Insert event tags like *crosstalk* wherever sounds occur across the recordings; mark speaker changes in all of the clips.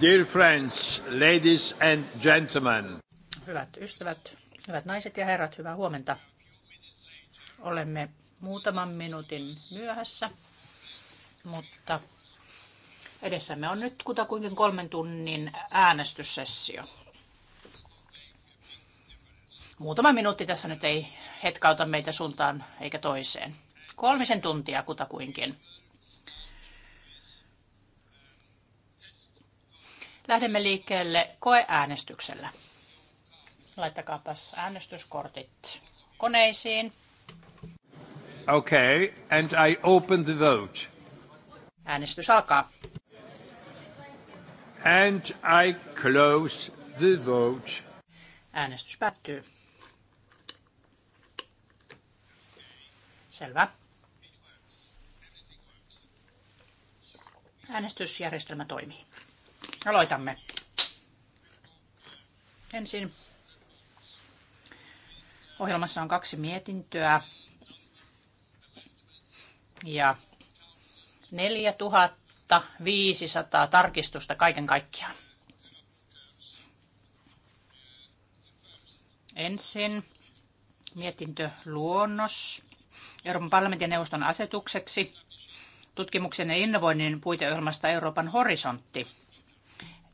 Speaker 1: Dear friends, ladies and gentlemen.
Speaker 2: Hyvät ystävät, hyvät naiset ja herrat, hyvää huomenta. Olemme muutaman minuutin myöhässä, mutta edessämme on nyt kutakuinkin kolmen tunnin äänestyssessio. Muutama minuutti tässä nyt ei hetkauta meitä suuntaan eikä toiseen. Kolmisen tuntia kutakuinkin. Lähdemme liikkeelle koeäänestyksellä. Laittakaa äänestyskortit koneisiin.
Speaker 1: Okay, and I open the vote.
Speaker 2: Äänestys alkaa.
Speaker 1: And I close the vote.
Speaker 2: Äänestys päättyy. Selvä. Äänestysjärjestelmä toimii. Aloitamme. Ensin ohjelmassa on kaksi mietintöä ja 4500 tarkistusta kaiken kaikkiaan. Ensin mietintö luonnos Euroopan parlamentin neuvoston asetukseksi tutkimuksen ja innovoinnin puiteohjelmasta Euroopan horisontti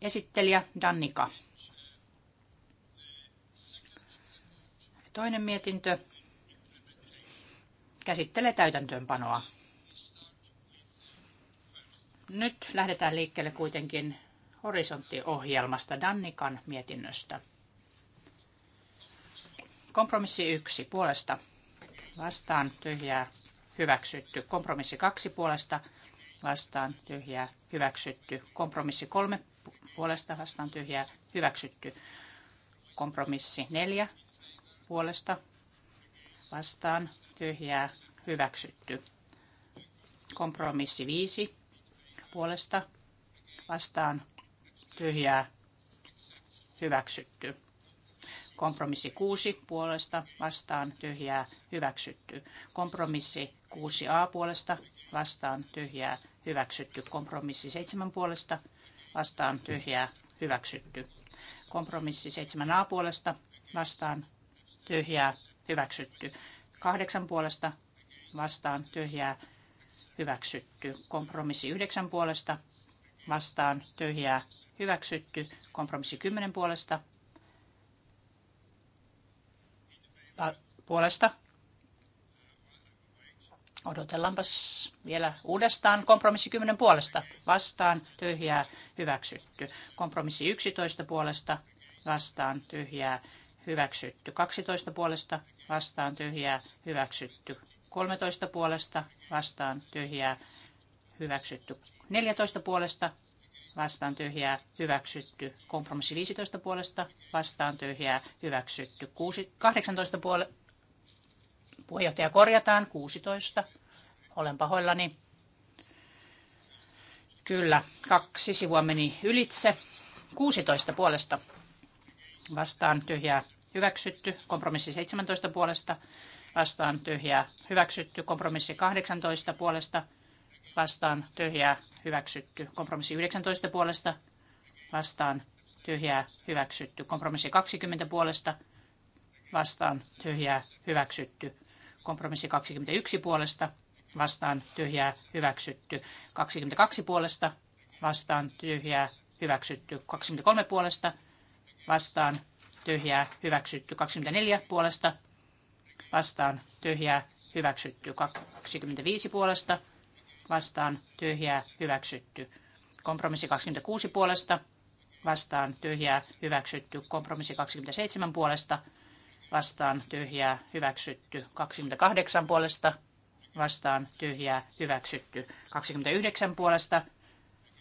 Speaker 2: Esittelijä Dannika. Toinen mietintö käsittelee täytäntöönpanoa. Nyt lähdetään liikkeelle kuitenkin horisonttiohjelmasta Dannikan mietinnöstä. Kompromissi 1 puolesta vastaan tyhjää hyväksytty. Kompromissi 2 puolesta vastaan tyhjää hyväksytty. Kompromissi 3 puolesta vastaan tyhjää hyväksytty. Kompromissi neljä puolesta vastaan tyhjää hyväksytty. Kompromissi viisi puolesta vastaan tyhjää hyväksytty. Kompromissi 6 puolesta vastaan tyhjää hyväksytty. Kompromissi 6a puolesta vastaan tyhjää hyväksytty. Kompromissi 7 puolesta vastaan tyhjää hyväksytty. Kompromissi 7a puolesta vastaan tyhjää hyväksytty. Kahdeksan puolesta vastaan tyhjää hyväksytty. Kompromissi yhdeksän puolesta vastaan tyhjää hyväksytty. Kompromissi kymmenen puolesta puolesta Odotellaanpas vielä uudestaan. Kompromissi 10 puolesta vastaan tyhjää hyväksytty. Kompromissi 11 puolesta vastaan tyhjää hyväksytty. 12 puolesta vastaan tyhjää hyväksytty. 13 puolesta vastaan tyhjää hyväksytty. 14 puolesta vastaan tyhjää hyväksytty. Kompromissi 15 puolesta vastaan tyhjää hyväksytty. 18 puolesta puheenjohtaja korjataan 16 olen pahoillani. Kyllä, kaksi sivua meni ylitse. 16 puolesta vastaan tyhjää hyväksytty, kompromissi 17 puolesta vastaan tyhjää hyväksytty, kompromissi 18 puolesta vastaan tyhjää hyväksytty, kompromissi 19 puolesta vastaan tyhjää hyväksytty, kompromissi 20 puolesta vastaan tyhjää hyväksytty, kompromissi 21 puolesta vastaan tyhjää hyväksytty. 22 puolesta vastaan tyhjää hyväksytty. 23 puolesta vastaan tyhjää hyväksytty. 24 puolesta vastaan tyhjää hyväksytty. 25 puolesta vastaan tyhjää hyväksytty. Kompromissi 26 puolesta vastaan tyhjää hyväksytty. Kompromissi 27 puolesta vastaan tyhjää hyväksytty. 28 puolesta vastaan tyhjää hyväksytty. 29 puolesta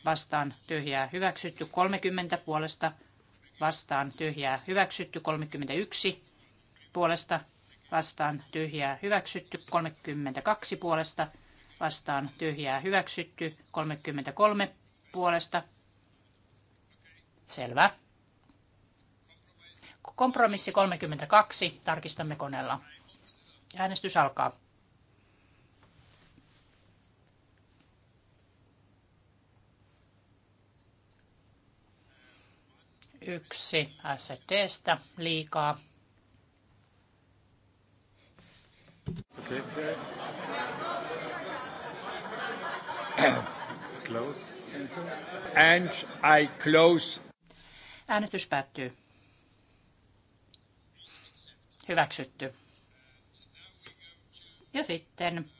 Speaker 2: vastaan tyhjää hyväksytty. 30 puolesta vastaan tyhjää hyväksytty. 31 puolesta vastaan tyhjää hyväksytty. 32 puolesta vastaan tyhjää hyväksytty. 33 puolesta. Selvä. Kompromissi 32. Tarkistamme koneella. Äänestys alkaa. Yksi SDstä liikaa.
Speaker 1: close. And I close.
Speaker 2: Äänestys päättyy. Hyväksytty. Ja sitten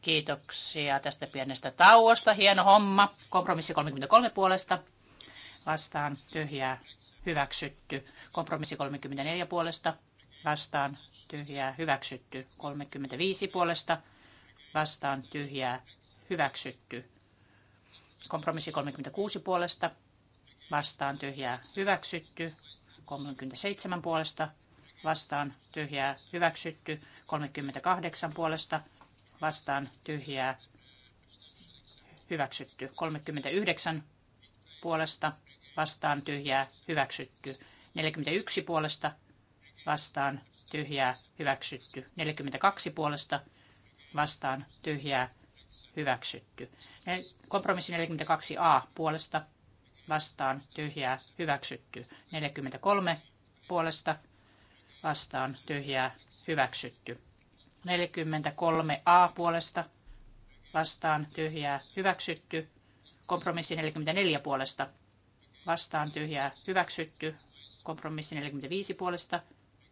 Speaker 2: kiitoksia tästä pienestä tauosta. Hieno homma. Kompromissi 33 puolesta vastaan tyhjää hyväksytty. Kompromissi 34 puolesta vastaan tyhjää hyväksytty. 35 puolesta vastaan tyhjää hyväksytty. Kompromissi 36 puolesta vastaan tyhjää hyväksytty. 37 puolesta vastaan tyhjää hyväksytty. 38 puolesta vastaan tyhjää hyväksytty. 39 puolesta vastaan tyhjää hyväksytty. 41 puolesta vastaan tyhjää hyväksytty. 42 puolesta vastaan tyhjää hyväksytty. Kompromissi 42a puolesta vastaan tyhjää hyväksytty. 43 puolesta vastaan tyhjää hyväksytty. 43a puolesta vastaan tyhjää hyväksytty. Kompromissi 44 puolesta vastaan tyhjää hyväksytty. Kompromissi 45 puolesta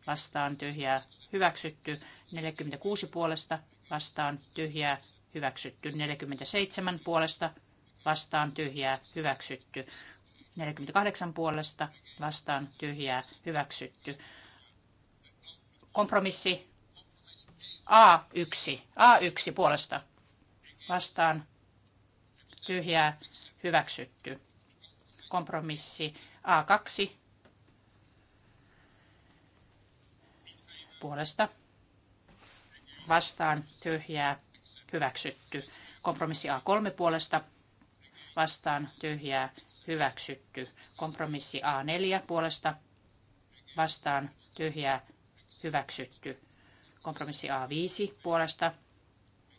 Speaker 2: vastaan tyhjää hyväksytty. 46 puolesta vastaan tyhjää hyväksytty. 47 puolesta vastaan tyhjää hyväksytty. 48 puolesta vastaan tyhjää hyväksytty. Kompromissi A1. A1 puolesta vastaan tyhjää hyväksytty kompromissi A2 puolesta vastaan tyhjää hyväksytty. Kompromissi A3 puolesta vastaan tyhjää hyväksytty. Kompromissi A4 puolesta vastaan tyhjää hyväksytty. Kompromissi A5 puolesta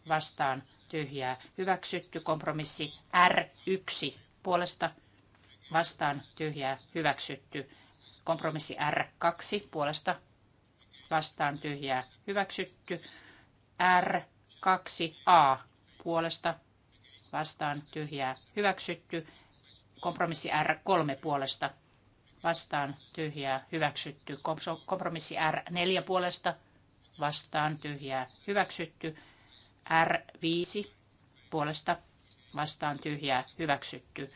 Speaker 2: vastaan tyhjää hyväksytty. Kompromissi R1 puolesta vastaan tyhjää hyväksytty. Kompromissi R2 puolesta vastaan tyhjää hyväksytty. R2A puolesta vastaan tyhjää hyväksytty. Kompromissi R3 puolesta vastaan tyhjää hyväksytty. Kompromissi R4 puolesta vastaan tyhjää hyväksytty. R5 puolesta vastaan tyhjää hyväksytty.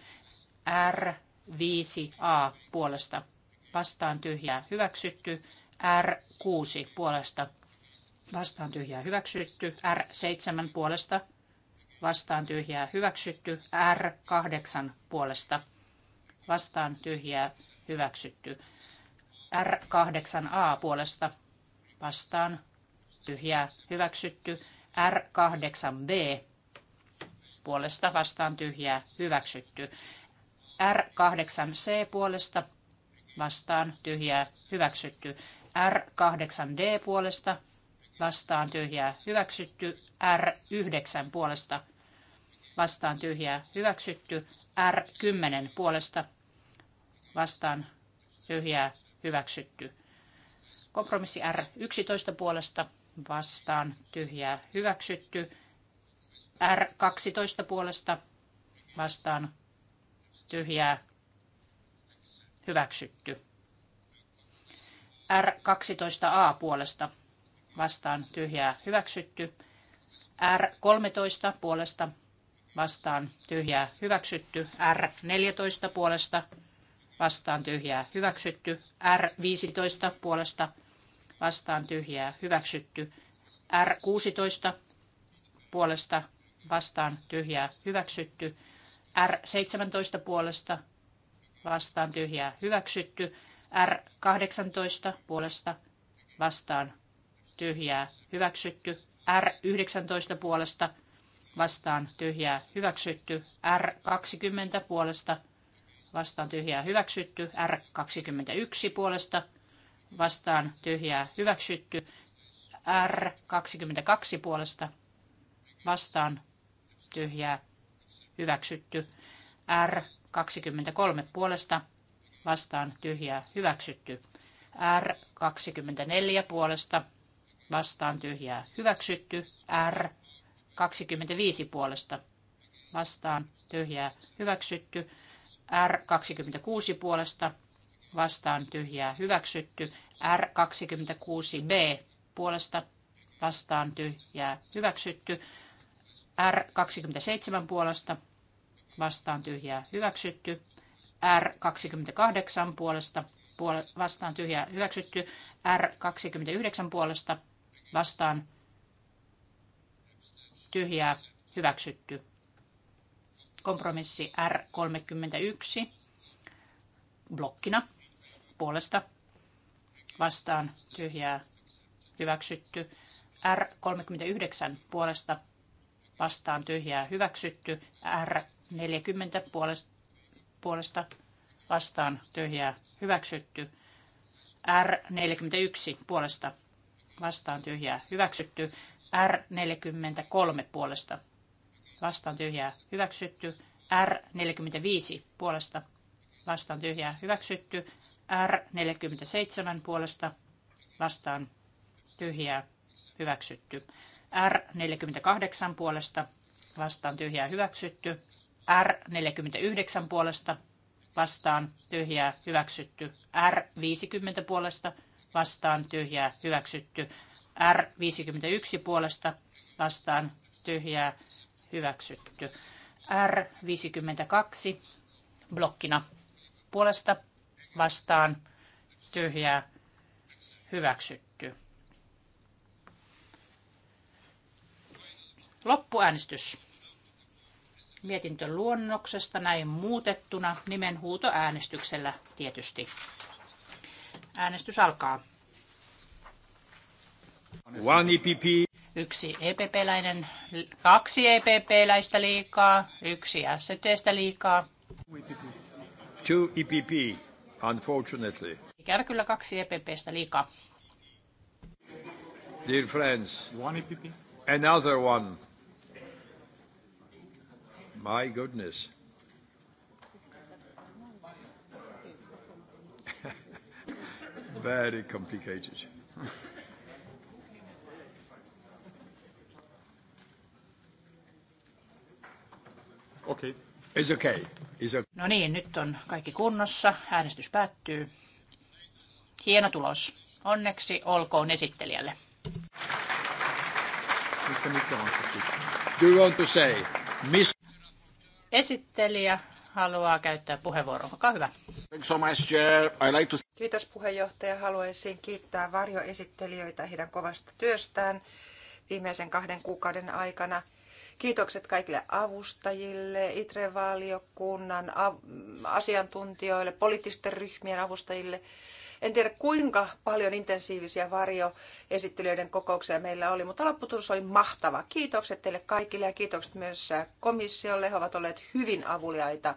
Speaker 2: R 5a puolesta. Vastaan tyhjää hyväksytty. R6 puolesta. Vastaan tyhjää hyväksytty. R7 puolesta. Vastaan tyhjää hyväksytty. R8 puolesta. Vastaan tyhjää hyväksytty. R8a puolesta. Vastaan tyhjää hyväksytty. R8b puolesta vastaan tyhjää hyväksytty. R8C puolesta vastaan tyhjää hyväksytty. R8D puolesta vastaan tyhjää hyväksytty. R9 puolesta vastaan tyhjää hyväksytty. R10 puolesta vastaan tyhjää hyväksytty. Kompromissi R11 puolesta vastaan tyhjää hyväksytty. R12 puolesta vastaan tyhjää hyväksytty. R12A puolesta vastaan tyhjää hyväksytty. R13 puolesta vastaan tyhjää hyväksytty. R14 puolesta vastaan tyhjää hyväksytty. R15 puolesta vastaan tyhjää hyväksytty. R16 puolesta vastaan tyhjää hyväksytty. R17 puolesta vastaan tyhjää hyväksytty. R18 puolesta vastaan tyhjää hyväksytty. R19 puolesta vastaan tyhjää hyväksytty. R20 puolesta vastaan tyhjää hyväksytty. R21 puolesta vastaan tyhjää hyväksytty. R22 puolesta vastaan tyhjää hyväksytty. R 23 puolesta vastaan tyhjää hyväksytty. R 24 puolesta vastaan tyhjää hyväksytty. R 25 puolesta vastaan tyhjää hyväksytty. R 26 puolesta vastaan tyhjää hyväksytty. R 26b puolesta vastaan tyhjää hyväksytty. R 27 puolesta vastaan tyhjää hyväksytty. R28 puolesta puole- vastaan tyhjää hyväksytty. R29 puolesta vastaan tyhjää hyväksytty. Kompromissi R31 blokkina puolesta vastaan tyhjää hyväksytty. R39 puolesta vastaan tyhjää hyväksytty. R 40 puolesta, puolesta vastaan tyhjää hyväksytty. R41 puolesta vastaan tyhjää hyväksytty. R43 puolesta vastaan tyhjää hyväksytty. R45 puolesta vastaan tyhjää hyväksytty. R47 puolesta vastaan tyhjää hyväksytty. R48 puolesta vastaan tyhjää hyväksytty. R49 puolesta vastaan tyhjää hyväksytty. R50 puolesta vastaan tyhjää hyväksytty. R51 puolesta vastaan tyhjää hyväksytty. R52 blokkina puolesta vastaan tyhjää hyväksytty. Loppuäänestys mietintöluonnoksesta luonnoksesta näin muutettuna nimenhuuto äänestyksellä tietysti. Äänestys alkaa.
Speaker 1: One EPP.
Speaker 2: Yksi EPP-läinen, kaksi EPP-läistä liikaa, yksi STstä liikaa.
Speaker 1: Two EPP, unfortunately.
Speaker 2: Ikävä kyllä kaksi EPPstä liikaa.
Speaker 1: Dear friends, one EPP. another one My goodness. *laughs* Very complicated. *laughs* Okay. It's okay. It's okay.
Speaker 2: No niin, nyt on kaikki kunnossa. Äänestys päättyy. Hieno tulos. Onneksi olkoon esittelijälle.
Speaker 1: Mr. Mikkelman, siis Do you want to say, Mr.
Speaker 2: Esittelijä haluaa käyttää puheenvuoron. Olkaa hyvä.
Speaker 1: so much, Chair. I like to...
Speaker 2: Kiitos
Speaker 3: puheenjohtaja. Haluaisin kiittää varjoesittelijöitä heidän kovasta työstään viimeisen kahden kuukauden aikana. Kiitokset kaikille avustajille, itre asiantuntijoille, poliittisten ryhmien avustajille en tiedä kuinka paljon intensiivisiä varjoesittelijöiden kokouksia meillä oli, mutta lopputulos oli mahtava. Kiitokset teille kaikille ja kiitokset myös äh, komissiolle. He ovat olleet hyvin avuliaita.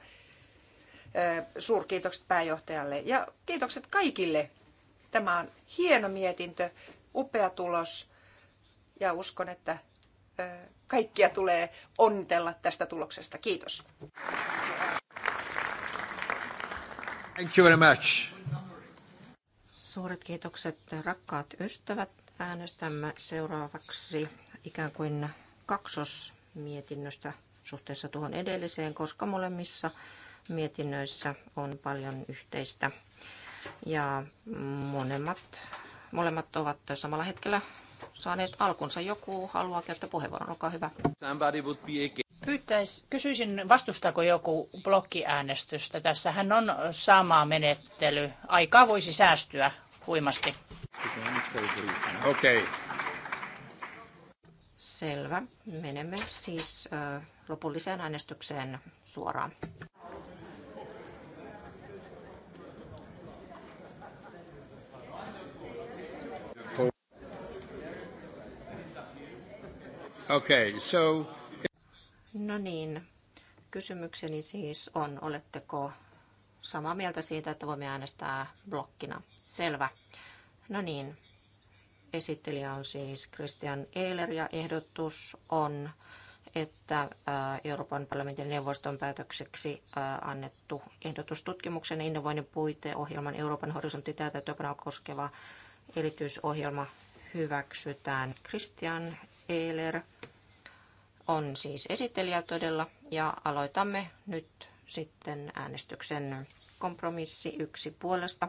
Speaker 3: Suurkiitokset pääjohtajalle ja kiitokset kaikille. Tämä on hieno mietintö, upea tulos ja uskon, että kaikkia tulee onnitella tästä tuloksesta. Kiitos.
Speaker 1: Thank you very much.
Speaker 4: Suuret kiitokset, rakkaat ystävät. Äänestämme seuraavaksi ikään kuin kaksosmietinnöstä suhteessa tuohon edelliseen, koska molemmissa mietinnöissä on paljon yhteistä. Ja molemmat, molemmat ovat samalla hetkellä saaneet alkunsa. Joku
Speaker 2: haluaa käyttää puheenvuoron, olkaa hyvä. Pyytäis, kysyisin, vastustaako joku blokkiäänestystä? Tässähän on sama menettely. Aikaa voisi säästyä huimasti.
Speaker 1: Okay.
Speaker 4: Selvä. Menemme siis äh, lopulliseen äänestykseen suoraan.
Speaker 1: Okay, so
Speaker 4: No niin, kysymykseni siis on, oletteko samaa mieltä siitä, että voimme äänestää blokkina? Selvä. No niin, esittelijä on siis Christian Eiler ja ehdotus on, että äh, Euroopan parlamentin neuvoston päätökseksi äh, annettu ehdotus tutkimuksen innovoinnin puiteohjelman Euroopan horisontti täytäntöönpanoa koskeva erityisohjelma hyväksytään. Christian Eiler, on siis esittelijä todella ja aloitamme nyt sitten äänestyksen kompromissi yksi puolesta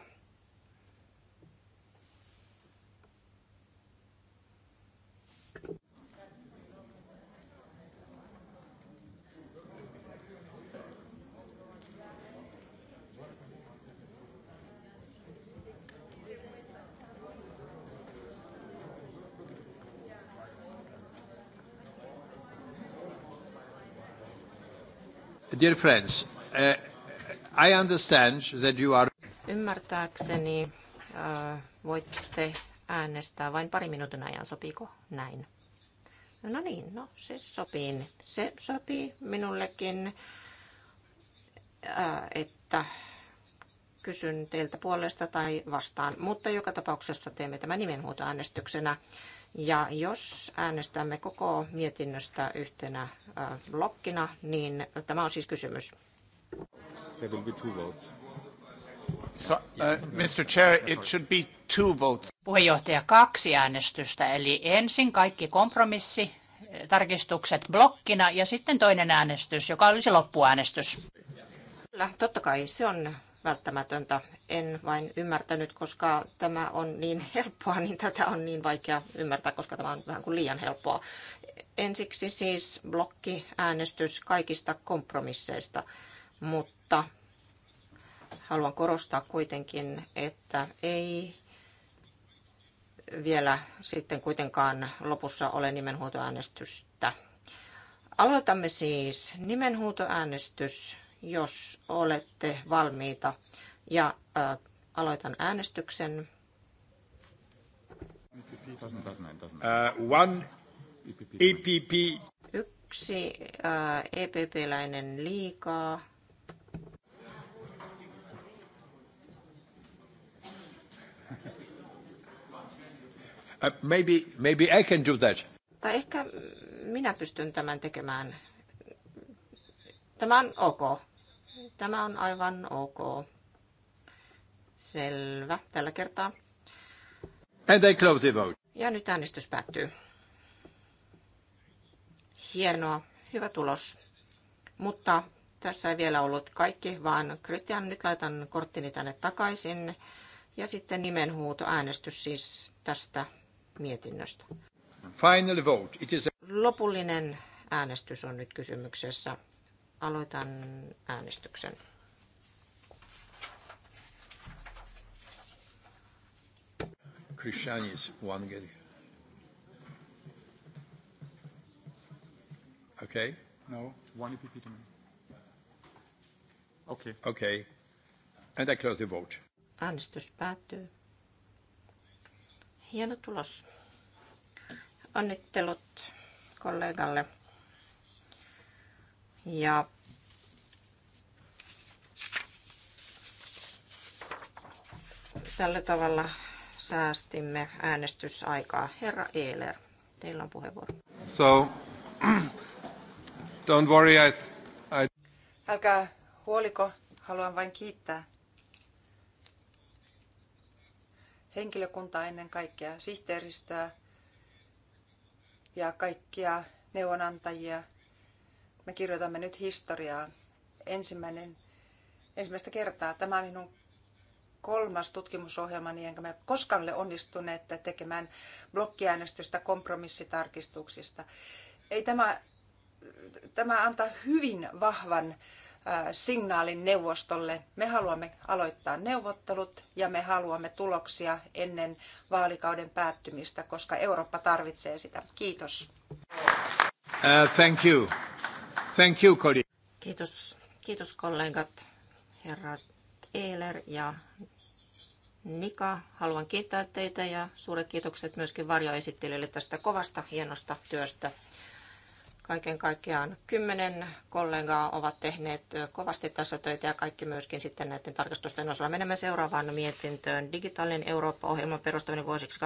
Speaker 1: Dear friends, uh, I understand that you are...
Speaker 4: Ymmärtääkseni uh, voitte äänestää vain pari minuutin ajan, sopiiko näin? No niin, no se sopii. Se sopii minullekin, uh, että kysyn teiltä puolesta tai vastaan, mutta joka tapauksessa teemme tämän nimenhuutoäänestyksenä. äänestyksenä ja jos äänestämme koko mietinnöstä yhtenä äh, blokkina, niin tämä on siis kysymys.
Speaker 1: There will be two votes. So, uh, Mr. Chair, it should be two votes.
Speaker 2: Puheenjohtaja, kaksi äänestystä, eli ensin kaikki kompromissi, eh, tarkistukset blokkina ja sitten toinen äänestys, joka olisi loppuäänestys. Kyllä, totta kai se on välttämätöntä. En vain
Speaker 4: ymmärtänyt, koska tämä on niin *laughs* helppoa, niin tätä on niin vaikea ymmärtää, koska tämä on vähän kuin liian helppoa. Ensiksi siis äänestys kaikista kompromisseista, mutta haluan korostaa kuitenkin, että ei vielä sitten kuitenkaan lopussa ole nimenhuutoäänestystä. Aloitamme siis nimenhuutoäänestys jos olette valmiita. Ja äh, aloitan äänestyksen.
Speaker 1: Uh, one EPP.
Speaker 4: Yksi e äh, EPP-läinen liikaa.
Speaker 1: Uh, maybe, maybe I can do that.
Speaker 4: Tai ehkä minä pystyn tämän tekemään. Tämä on ok. Tämä on aivan ok. Selvä, tällä kertaa.
Speaker 1: And they close the vote.
Speaker 4: Ja nyt äänestys päättyy. Hienoa, hyvä tulos. Mutta tässä ei vielä ollut kaikki, vaan Christian, nyt laitan korttini tänne takaisin. Ja sitten nimenhuuto äänestys siis tästä mietinnöstä.
Speaker 1: Final vote. It is a...
Speaker 4: Lopullinen äänestys on nyt kysymyksessä. Aloitan
Speaker 1: äänestyksen. Christianis one get. Okay. No, one EPP to Okay. Okay. And I close the vote.
Speaker 4: Äänestys päättyy. Hieno tulos. Onnittelut kollegalle. Ja tällä tavalla säästimme äänestysaikaa. Herra Eeler, teillä on puheenvuoro.
Speaker 1: So, *clears throat* don't worry, I, I...
Speaker 4: Älkää
Speaker 3: huoliko, haluan vain kiittää henkilökuntaa ennen kaikkea, sihteeristöä ja kaikkia neuvonantajia, me kirjoitamme nyt historiaa. Ensimmäinen, ensimmäistä kertaa tämä on minun kolmas tutkimusohjelmani, enkä me koskaan ole onnistuneet tekemään blokkiäänestystä kompromissitarkistuksista. Ei tämä, tämä antaa hyvin vahvan äh, signaalin neuvostolle. Me haluamme aloittaa neuvottelut ja me haluamme tuloksia ennen vaalikauden päättymistä, koska Eurooppa tarvitsee sitä. Kiitos.
Speaker 1: Uh, thank you. Thank you,
Speaker 4: Kiitos, kiitos kollegat, herrat Eeler ja Mika. Haluan kiittää teitä ja suuret kiitokset myöskin varjoesittelijöille tästä kovasta, hienosta työstä. Kaiken kaikkiaan kymmenen kollegaa ovat tehneet kovasti tässä töitä ja kaikki myöskin sitten näiden tarkastusten osalla. Menemme seuraavaan mietintöön. Digitaalinen Eurooppa-ohjelman perustaminen vuosiksi 2021-2027.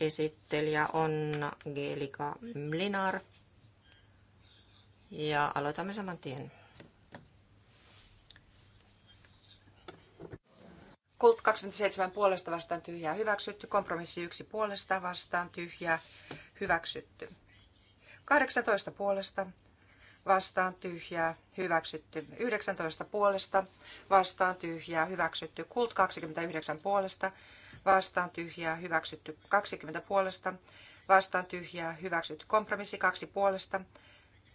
Speaker 4: Esittelijä on Gelika Mlinar. Ja aloitamme saman tien.
Speaker 3: Kult 27 puolesta vastaan tyhjää hyväksytty. Kompromissi 1 puolesta vastaan tyhjää hyväksytty. 18 puolesta vastaan tyhjää hyväksytty. 19 puolesta vastaan tyhjää hyväksytty. Kult 29 puolesta vastaan tyhjää, hyväksytty 20 puolesta, vastaan tyhjää, hyväksytty kompromissi 2 puolesta,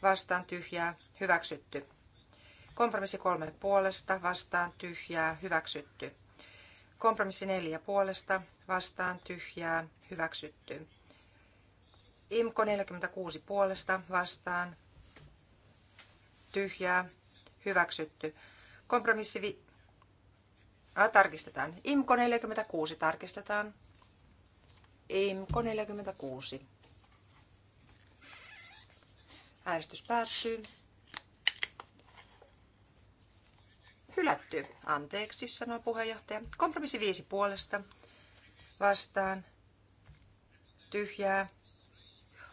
Speaker 3: vastaan tyhjää, hyväksytty. Kompromissi 3 puolesta, vastaan tyhjää, hyväksytty. Kompromissi 4 puolesta, vastaan tyhjää, hyväksytty. Imko 46 puolesta, vastaan tyhjää, hyväksytty. Kompromissi Ää, tarkistetaan. IMKO 46 tarkistetaan. IMKO 46. Äänestys päättyy. Hylätty. Anteeksi, sanoi puheenjohtaja. Kompromissi viisi puolesta. Vastaan. Tyhjää.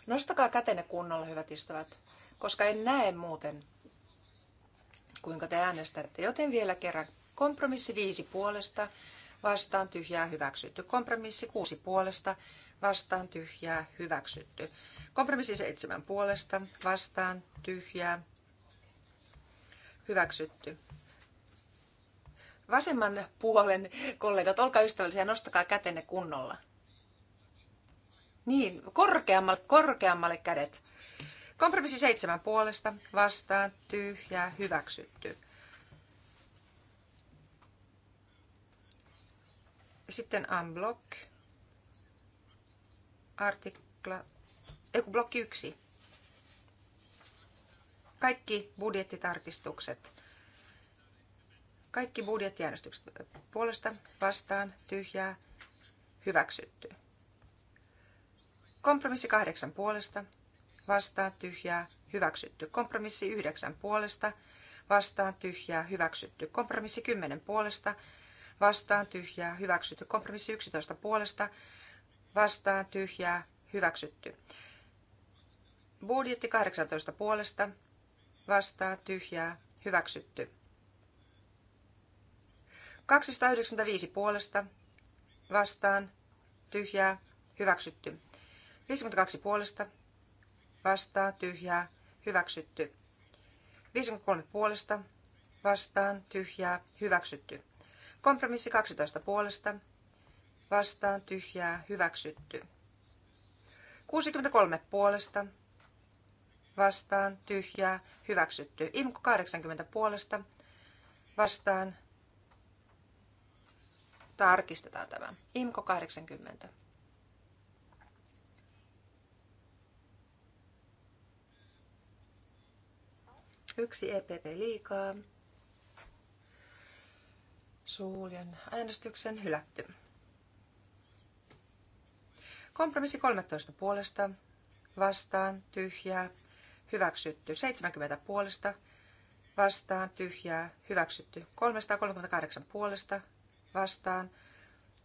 Speaker 3: Nostakaa kätenne kunnolla, hyvät ystävät, koska en näe muuten, kuinka te äänestätte. Joten vielä kerran Kompromissi 5 puolesta vastaan tyhjää hyväksytty. Kompromissi 6 puolesta vastaan tyhjää hyväksytty. Kompromissi 7 puolesta vastaan tyhjää hyväksytty. Vasemman puolen kollegat, olkaa ystävällisiä, nostakaa kätenne kunnolla. Niin, korkeammalle, korkeammalle kädet. Kompromissi seitsemän puolesta, vastaan, tyhjää, hyväksytty. Sitten unblock. Artikla. Eiku blokki yksi Kaikki budjettitarkistukset. Kaikki budjettiäänestykset puolesta, vastaan, tyhjää, hyväksytty. Kompromissi kahdeksan puolesta, vastaan tyhjää, hyväksytty. Kompromissi yhdeksän puolesta, vastaan tyhjää, hyväksytty. Kompromissi kymmenen puolesta, vastaan tyhjää hyväksytty. Kompromissi 11 puolesta vastaan tyhjää hyväksytty. Budjetti 18 puolesta vastaan tyhjää hyväksytty. 295 puolesta vastaan tyhjää hyväksytty. 52 puolesta vastaan tyhjää hyväksytty. 53 puolesta vastaan tyhjää hyväksytty. Kompromissi 12 puolesta vastaan tyhjää hyväksytty. 63 puolesta vastaan tyhjää hyväksytty. Imko 80 puolesta vastaan tarkistetaan tämä. Imko 80. Yksi EPP liikaa. Suljen äänestyksen hylätty. Kompromissi 13 puolesta, vastaan, tyhjää, hyväksytty. 70 puolesta, vastaan, tyhjää, hyväksytty. 338 puolesta, vastaan,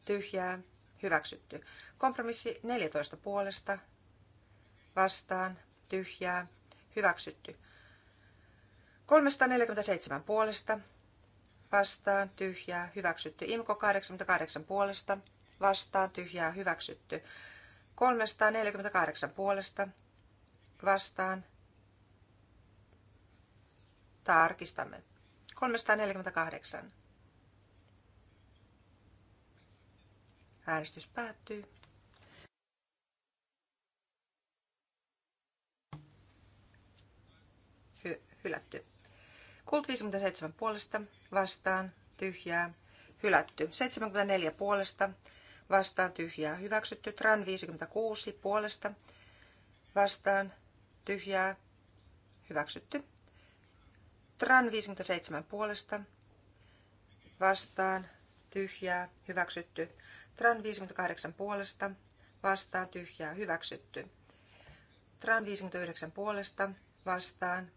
Speaker 3: tyhjää, hyväksytty. Kompromissi 14 puolesta, vastaan, tyhjää, hyväksytty. 347 puolesta, vastaan tyhjää hyväksytty. Imko 88 puolesta vastaan tyhjää hyväksytty. 348 puolesta vastaan tarkistamme. 348. Äänestys päättyy. Hy- hylätty. Kult 57 puolesta vastaan tyhjää hylätty. 74 puolesta vastaan tyhjää hyväksytty. Tran 56 puolesta vastaan tyhjää hyväksytty. Tran 57 puolesta vastaan tyhjää hyväksytty. Tran 58 puolesta vastaan tyhjää hyväksytty. Tran 59 puolesta vastaan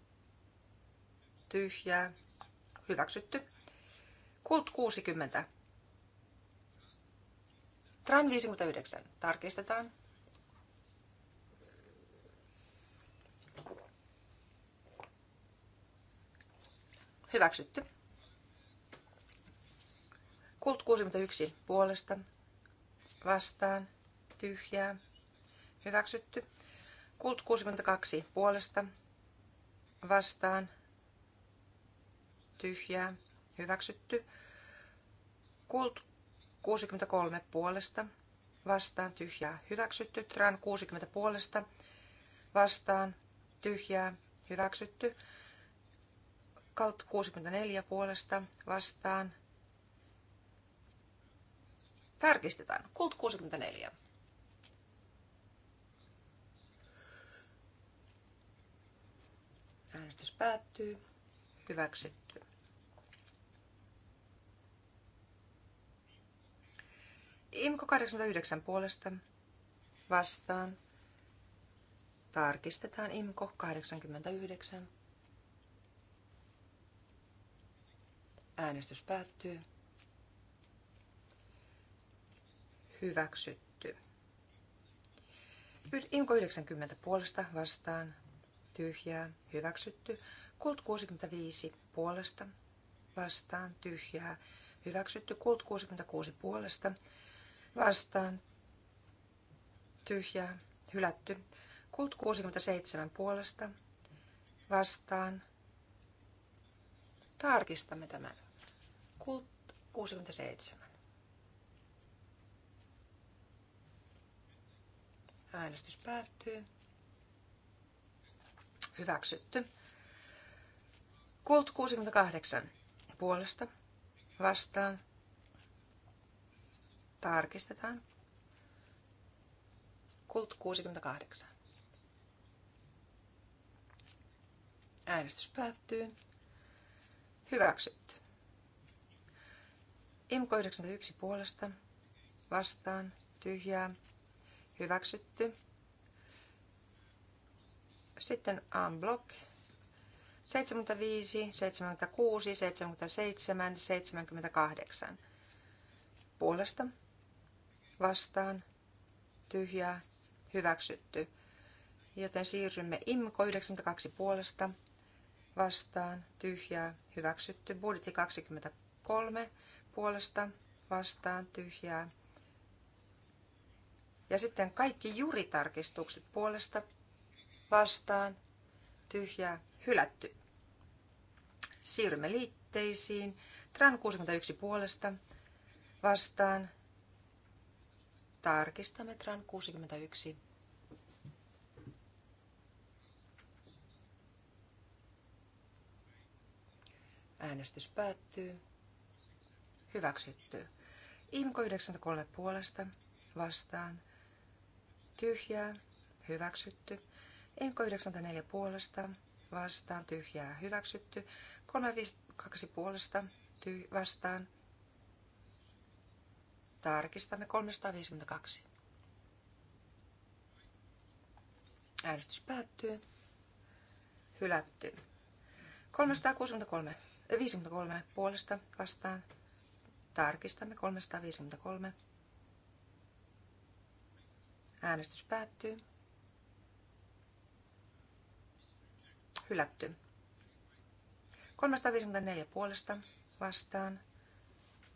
Speaker 3: tyhjää Hyväksytty. Kult 60. Tram 59. Tarkistetaan. Hyväksytty. Kult 61 puolesta. Vastaan. Tyhjää. Hyväksytty. Kult 62 puolesta. Vastaan tyhjää, hyväksytty. Kult 63 puolesta, vastaan tyhjää, hyväksytty. Tran 60 puolesta, vastaan tyhjää, hyväksytty. Kalt 64 puolesta, vastaan. Tarkistetaan. Kult 64. Äänestys päättyy. Hyväksytty. Imko 89 puolesta vastaan. Tarkistetaan Imko 89. Äänestys päättyy. Hyväksytty. Imko 90 puolesta vastaan. Tyhjää. Hyväksytty. Kult 65 puolesta vastaan. Tyhjää. Hyväksytty. Kult 66 puolesta vastaan tyhjää hylätty. Kult 67 puolesta vastaan. Tarkistamme tämän. Kult 67. Äänestys päättyy. Hyväksytty. Kult 68 puolesta vastaan Tarkistetaan. Kult 68. Äänestys päättyy. Hyväksytty. Imko 91 puolesta. Vastaan. Tyhjää. Hyväksytty. Sitten unblock. 75, 76, 77, 78. Puolesta vastaan, tyhjää, hyväksytty. Joten siirrymme IMKO 92 puolesta, vastaan, tyhjää, hyväksytty. Budjetti 23 puolesta, vastaan, tyhjää. Ja sitten kaikki juritarkistukset puolesta, vastaan, tyhjää, hylätty. Siirrymme liitteisiin. Tran 61 puolesta, vastaan, Tarkista metran 61. Äänestys päättyy. Hyväksytty. IMKO 93 puolesta vastaan. Tyhjää. Hyväksytty. IMKO 94 puolesta vastaan. Tyhjää. Hyväksytty. 352 puolesta ty- vastaan Tarkistamme 352. Äänestys päättyy. Hylätty. 363, 53 eh, puolesta vastaan. Tarkistamme 353. Äänestys päättyy. Hylätty. 354 puolesta vastaan.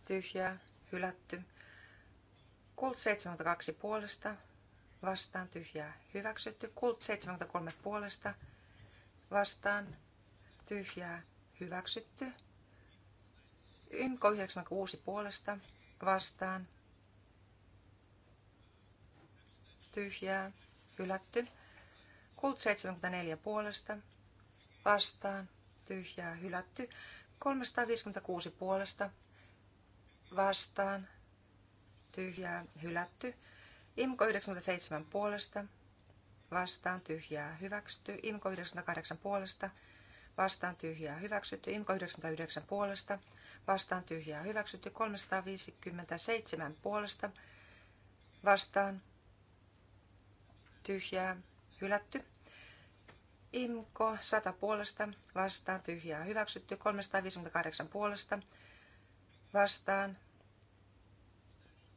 Speaker 3: Tyhjää. Hylätty. Kult 72 puolesta, vastaan tyhjää hyväksytty. Kult 73 puolesta, vastaan tyhjää hyväksytty. Ymko 96 puolesta, vastaan tyhjää hylätty. Kult 74 puolesta, vastaan tyhjää hylätty. 356 puolesta, vastaan tyhjää, hylätty. Imko 97 puolesta, vastaan tyhjää, hyväksytty. Imko 98 puolesta, vastaan tyhjää, hyväksytty. Imko 99 puolesta, vastaan tyhjää, hyväksytty. 357 puolesta, vastaan tyhjää, hylätty. Imko 100 puolesta, vastaan tyhjää, hyväksytty. 358 puolesta, vastaan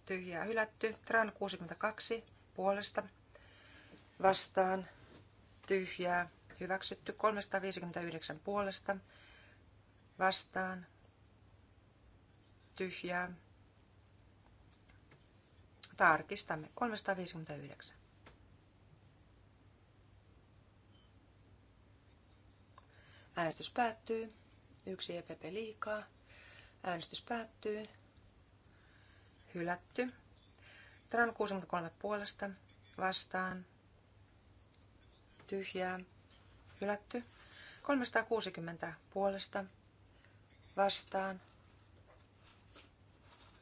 Speaker 3: tyhjää hylätty. Tran 62 puolesta vastaan tyhjää hyväksytty. 359 puolesta vastaan tyhjää. Tarkistamme. 359. Äänestys päättyy. Yksi EPP liikaa. Äänestys päättyy hylätty. Tran 63 puolesta vastaan tyhjää hylätty. 360 puolesta vastaan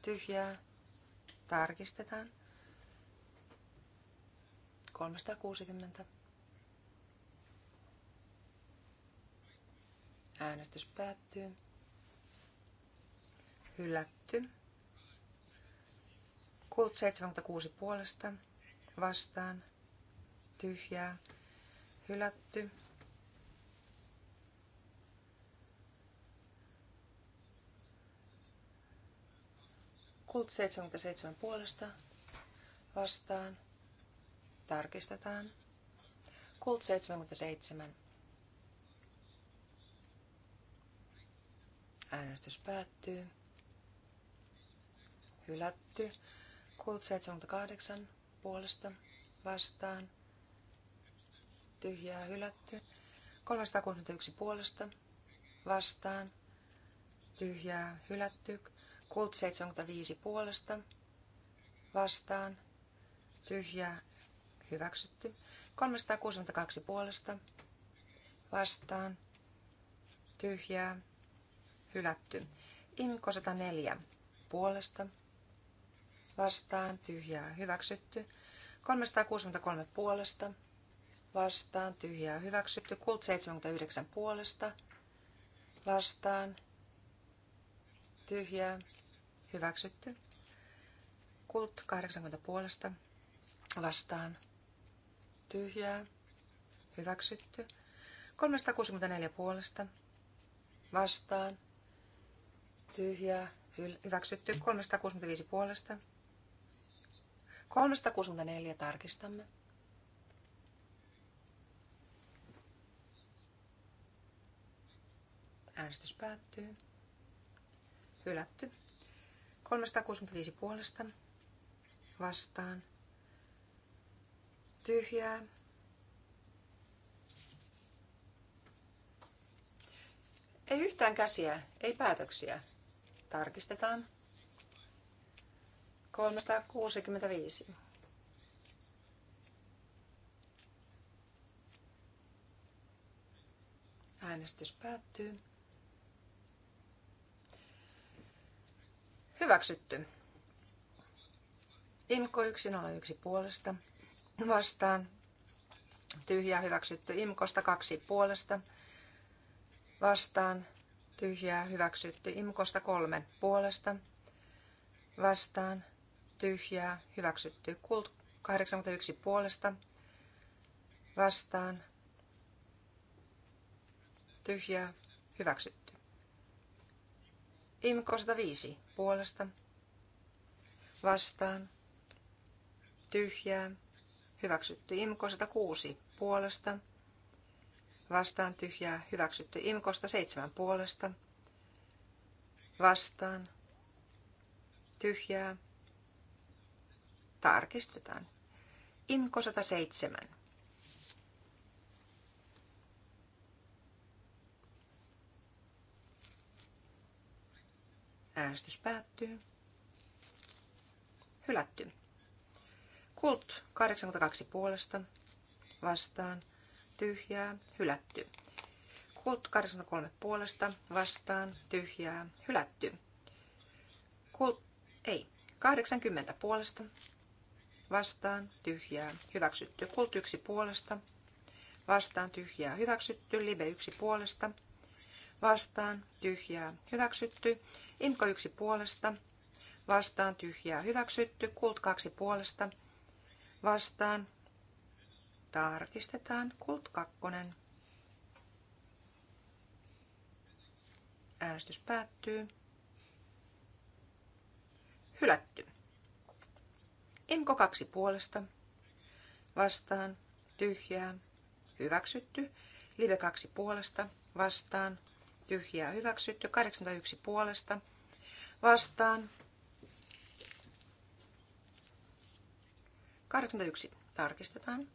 Speaker 3: tyhjää tarkistetaan. 360. Äänestys päättyy. Hylätty. Kult 76 puolesta vastaan tyhjää hylätty. Kult 77 puolesta vastaan. Tarkistetaan. Kult 77. Äänestys päättyy. Hylätty. Kult 78 puolesta vastaan. Tyhjää hylätty. 361 puolesta vastaan. Tyhjää hylätty. Kult 75 puolesta vastaan. Tyhjää hyväksytty. 362 puolesta vastaan. Tyhjää hylätty. Imko 104 puolesta vastaan vastaan, tyhjää hyväksytty. 363 puolesta vastaan, tyhjää hyväksytty. Kult 79 puolesta vastaan, tyhjää hyväksytty. Kult 80 puolesta vastaan, tyhjää hyväksytty. 364 puolesta vastaan, tyhjää hyväksytty. 365 puolesta 364 tarkistamme. Äänestys päättyy. Hylätty. 365 puolesta. Vastaan. Tyhjää. Ei yhtään käsiä, ei päätöksiä. Tarkistetaan. 365. Äänestys päättyy. Hyväksytty. IMKO 101 puolesta. Vastaan. Tyhjää hyväksytty. IMKOsta 2 puolesta. Vastaan. Tyhjää hyväksytty. IMKOsta 3 puolesta. Vastaan tyhjää, hyväksytty. Kult 81 puolesta, vastaan, tyhjää, hyväksytty. Imko 105 puolesta, vastaan, tyhjää, hyväksytty. Imko 106 puolesta, vastaan, tyhjää, hyväksytty. Imko 107 puolesta, vastaan, tyhjää, Tarkistetaan. Inko 107. Äänestys päättyy. Hylätty. Kult 82 puolesta. Vastaan. Tyhjää. Hylätty. Kult 83 puolesta. Vastaan. Tyhjää. Hylätty. Kult ei. 80 puolesta vastaan tyhjää hyväksytty. Kult yksi puolesta vastaan tyhjää hyväksytty. Live yksi puolesta vastaan tyhjää hyväksytty. Imko yksi puolesta vastaan tyhjää hyväksytty. Kult kaksi puolesta vastaan tarkistetaan. Kult kakkonen. Äänestys päättyy. Hylätty. Enko kaksi puolesta. Vastaan. Tyhjää. Hyväksytty. Live kaksi puolesta. Vastaan. Tyhjää. Hyväksytty. 81 puolesta. Vastaan. 81. Tarkistetaan.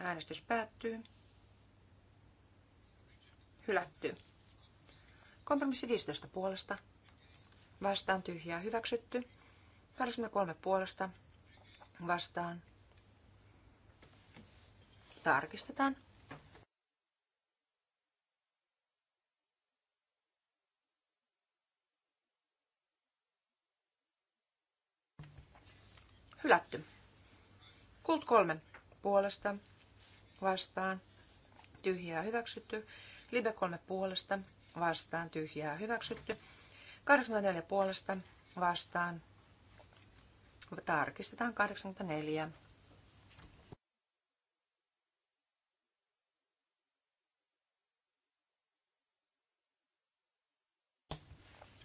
Speaker 3: Äänestys päättyy. Hylätty. Kompromissi 15 puolesta vastaan tyhjää hyväksytty. 83 puolesta vastaan. Tarkistetaan. Hylätty. Kult kolme puolesta vastaan. Tyhjää hyväksytty. Libe kolme puolesta vastaan. Tyhjää hyväksytty. 84 puolesta vastaan. Tarkistetaan 84.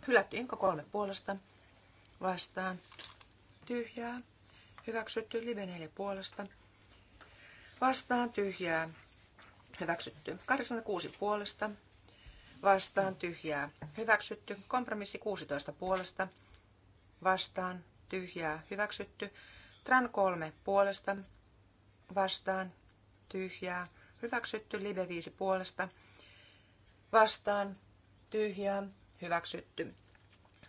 Speaker 3: Hylätty Inko kolme puolesta vastaan. Tyhjää. Hyväksytty Live 4 puolesta. Vastaan tyhjää. Hyväksytty 86 puolesta vastaan tyhjää. Hyväksytty. Kompromissi 16 puolesta vastaan tyhjää. Hyväksytty. Tran 3 puolesta vastaan tyhjää. Hyväksytty. Live 5 puolesta vastaan tyhjää. Hyväksytty.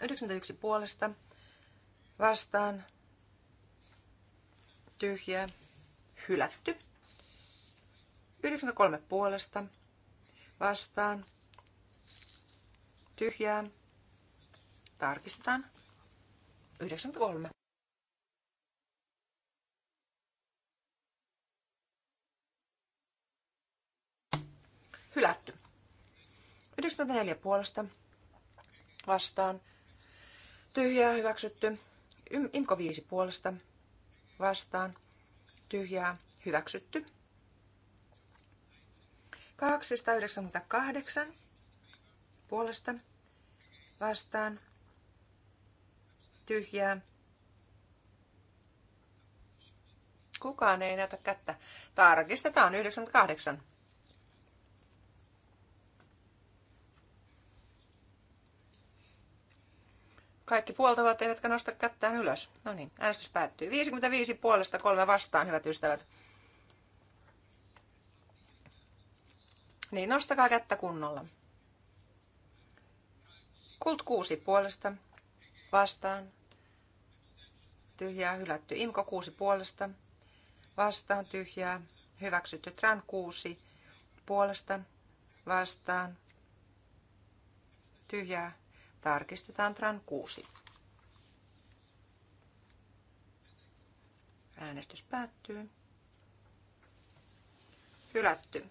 Speaker 3: 91 puolesta vastaan tyhjää. Hylätty. 93 puolesta vastaan Tyhjää. Tarkistetaan. 93. Hylätty. 94 puolesta vastaan. Tyhjää hyväksytty. Imko 5 puolesta vastaan. Tyhjää hyväksytty. 298 puolesta vastaan tyhjää. Kukaan ei näytä kättä. Tarkistetaan 98. Kaikki puoltavat eivätkä nosta kättään ylös. No niin, äänestys päättyy. 55 puolesta kolme vastaan, hyvät ystävät. Niin nostakaa kättä kunnolla. Kult 6 puolesta vastaan. Tyhjää hylätty. Imko 6 puolesta vastaan. Tyhjää hyväksytty. Tran 6 puolesta vastaan. Tyhjää tarkistetaan Tran 6. Äänestys päättyy. Hylätty.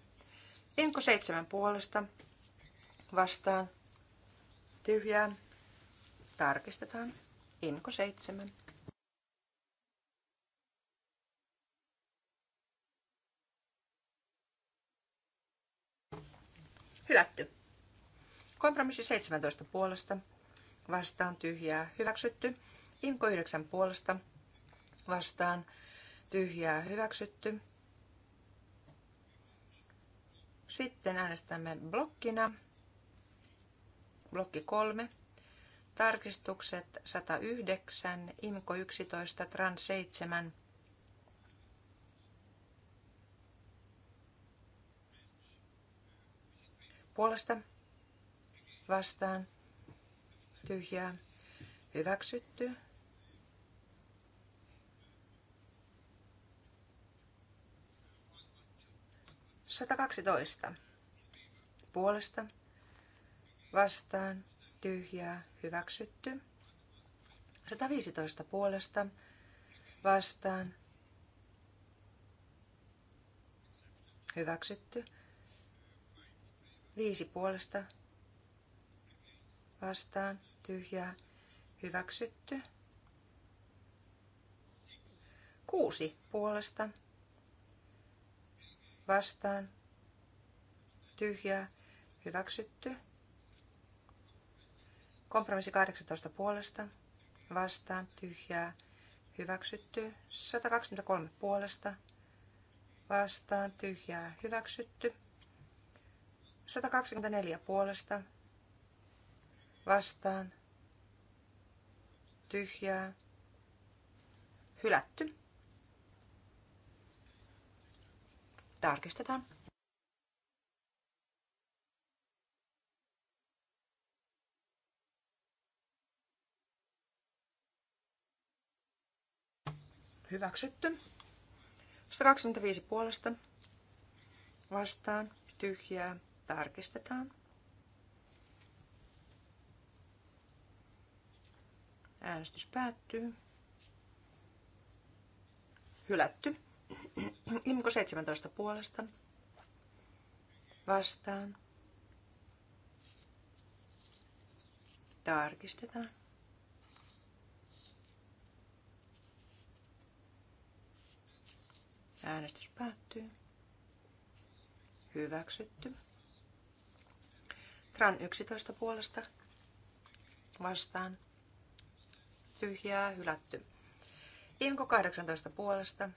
Speaker 3: Imko 7 puolesta vastaan tyhjää. Tarkistetaan. Inko 7. Hylätty. Kompromissi 17 puolesta. Vastaan tyhjää. Hyväksytty. Inko 9 puolesta. Vastaan tyhjää. Hyväksytty. Sitten äänestämme blokkina blokki 3. Tarkistukset 109, IMKO 11, TRANS 7. Puolesta vastaan tyhjää hyväksytty. kaksitoista puolesta vastaan, tyhjää, hyväksytty. 115 puolesta vastaan, hyväksytty. 5 puolesta vastaan, tyhjää, hyväksytty. 6 puolesta vastaan, tyhjää, hyväksytty. Kompromissi 18 puolesta, vastaan, tyhjää, hyväksytty. 123 puolesta, vastaan, tyhjää, hyväksytty. 124 puolesta, vastaan, tyhjää, hylätty. Tarkistetaan. Hyväksytty. 125 puolesta. Vastaan. Tyhjää. Tarkistetaan. Äänestys päättyy. Hylätty. Imko 17 puolesta. Vastaan. Tarkistetaan. Äänestys päättyy. Hyväksytty. Tran 11 puolesta vastaan. Tyhjää, hylätty. Inko 18 puolesta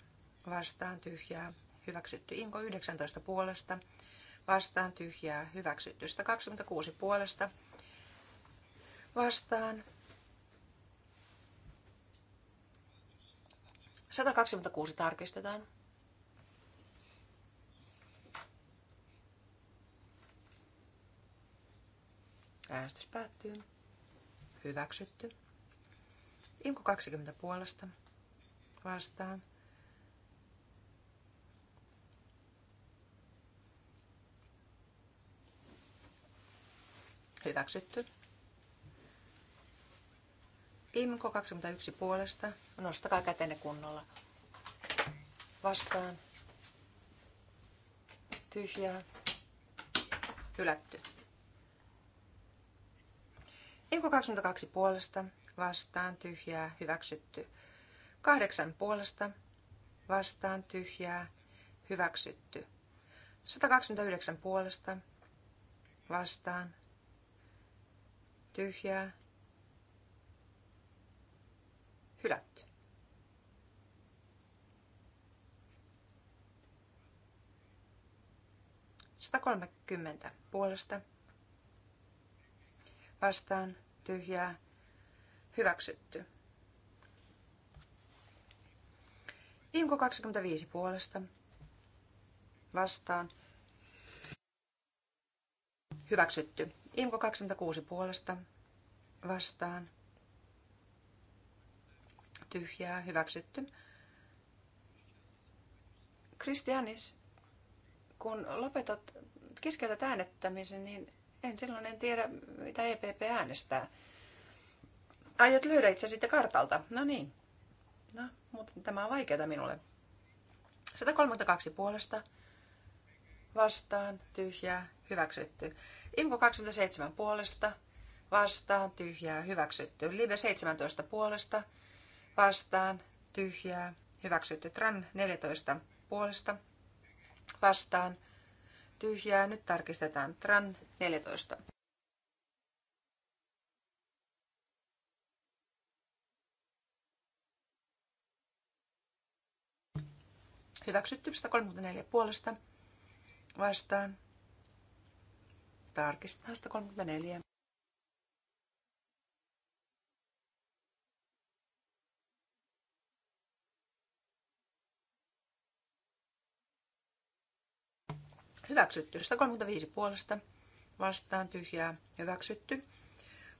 Speaker 3: vastaan tyhjää, hyväksytty. Inko 19 puolesta vastaan tyhjää, hyväksytty. 126 puolesta vastaan. 126 tarkistetaan. Äänestys päättyy. Hyväksytty. Imku 20 puolesta. Vastaan. Hyväksytty. Imko 21 puolesta. Nostakaa kätenne kunnolla. Vastaan. Tyhjää. Hylätty. Imko 22 puolesta vastaan tyhjää hyväksytty. 8 puolesta vastaan tyhjää hyväksytty. 129 puolesta vastaan tyhjää hylätty. kolmekymmentä puolesta vastaan tyhjää hyväksytty. Imko 25 puolesta vastaan hyväksytty. Imko 26 puolesta vastaan tyhjää hyväksytty. Kristianis, kun lopetat, keskeytät äänettämisen, niin en silloin en tiedä, mitä EPP äänestää. Aiot löydä itse sitten kartalta. No niin. No, mutta tämä on vaikeaa minulle. 132 puolesta. Vastaan, tyhjää, hyväksytty. Imko 27 puolesta. Vastaan, tyhjää, hyväksytty. Live 17 puolesta. Vastaan, tyhjää, hyväksytty. Tran 14 puolesta. Vastaan, tyhjää. Nyt tarkistetaan Tran 14. Hyväksytty 134 puolesta vastaan. Tarkistetaan 134. Hyväksytty. 135 puolesta. Vastaan tyhjää. Hyväksytty.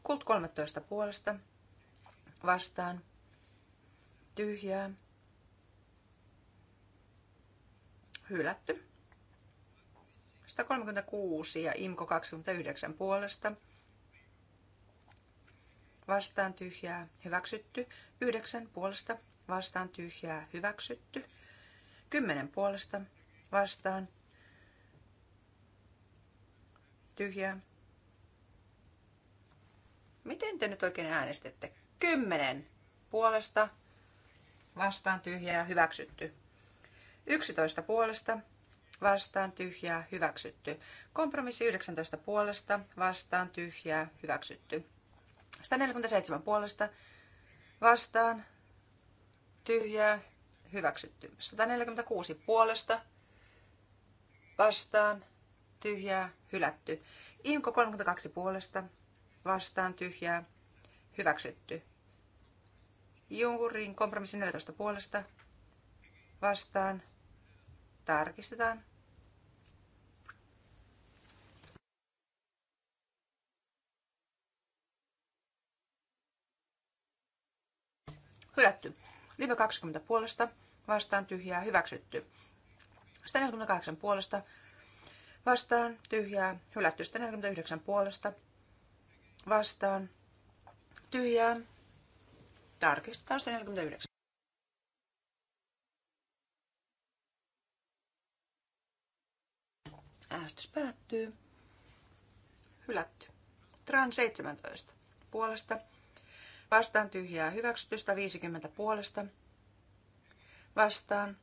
Speaker 3: Kult 13 puolesta. Vastaan tyhjää. Hylätty. 136 ja IMKO 29 puolesta. Vastaan tyhjää. Hyväksytty. 9 puolesta. Vastaan tyhjää. Hyväksytty. 10 puolesta. Vastaan Tyhjää. Miten te nyt oikein äänestitte? Kymmenen puolesta vastaan tyhjää hyväksytty. Yksitoista puolesta vastaan tyhjää hyväksytty. Kompromissi 19 puolesta vastaan tyhjää hyväksytty. 147 puolesta vastaan tyhjää hyväksytty. 146 puolesta vastaan tyhjää hylätty. Imko 32 puolesta vastaan tyhjää hyväksytty. Junkurin kompromissi 14 puolesta vastaan tarkistetaan. Hylätty. Libe 20 puolesta vastaan tyhjää hyväksytty. 148 puolesta vastaan, tyhjää, hylättystä 49 puolesta, vastaan, tyhjää, tarkistetaan 49. Äänestys päättyy. Hylätty. Tran 17 puolesta. Vastaan tyhjää hyväksytystä 50 puolesta. Vastaan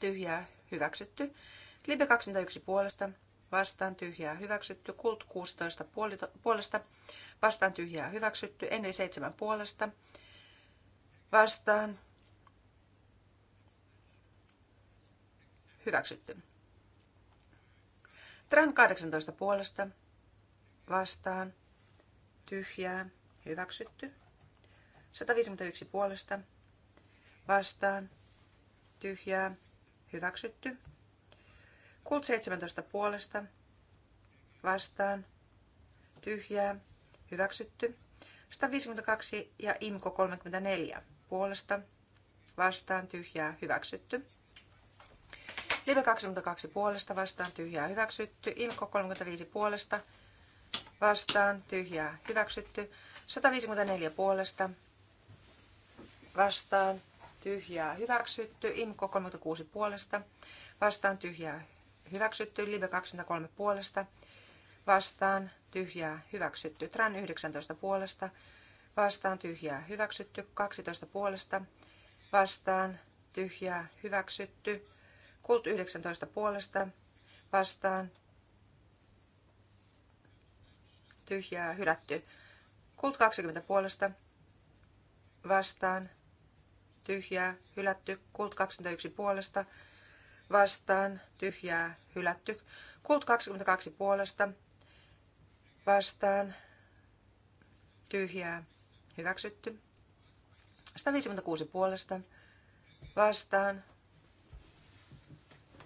Speaker 3: tyhjää hyväksytty Libe 21 puolesta, vastaan tyhjää hyväksytty. Kult 16 puolesta, vastaan tyhjää hyväksytty. Eni 7 puolesta, vastaan hyväksytty. Tran 18 puolesta, vastaan tyhjää hyväksytty. 151 puolesta, vastaan tyhjää hyväksytty. Kult 17 puolesta vastaan tyhjää hyväksytty. 152 ja Imko 34 puolesta vastaan tyhjää hyväksytty. Live 22 puolesta vastaan tyhjää hyväksytty. Imko 35 puolesta vastaan tyhjää hyväksytty. 154 puolesta vastaan tyhjää hyväksytty. Imko 36 puolesta vastaan tyhjää hyväksytty. Live 23 puolesta vastaan tyhjää hyväksytty. Tran 19 puolesta vastaan tyhjää hyväksytty. 12 puolesta vastaan tyhjää hyväksytty. Kult 19 puolesta vastaan tyhjää hylätty. Kult 20 puolesta vastaan tyhjää hylätty. Kult 21 puolesta vastaan, vastaan, tyhjää, hylätty. Kult 22 puolesta, vastaan, tyhjää, hyväksytty. 156 puolesta, vastaan,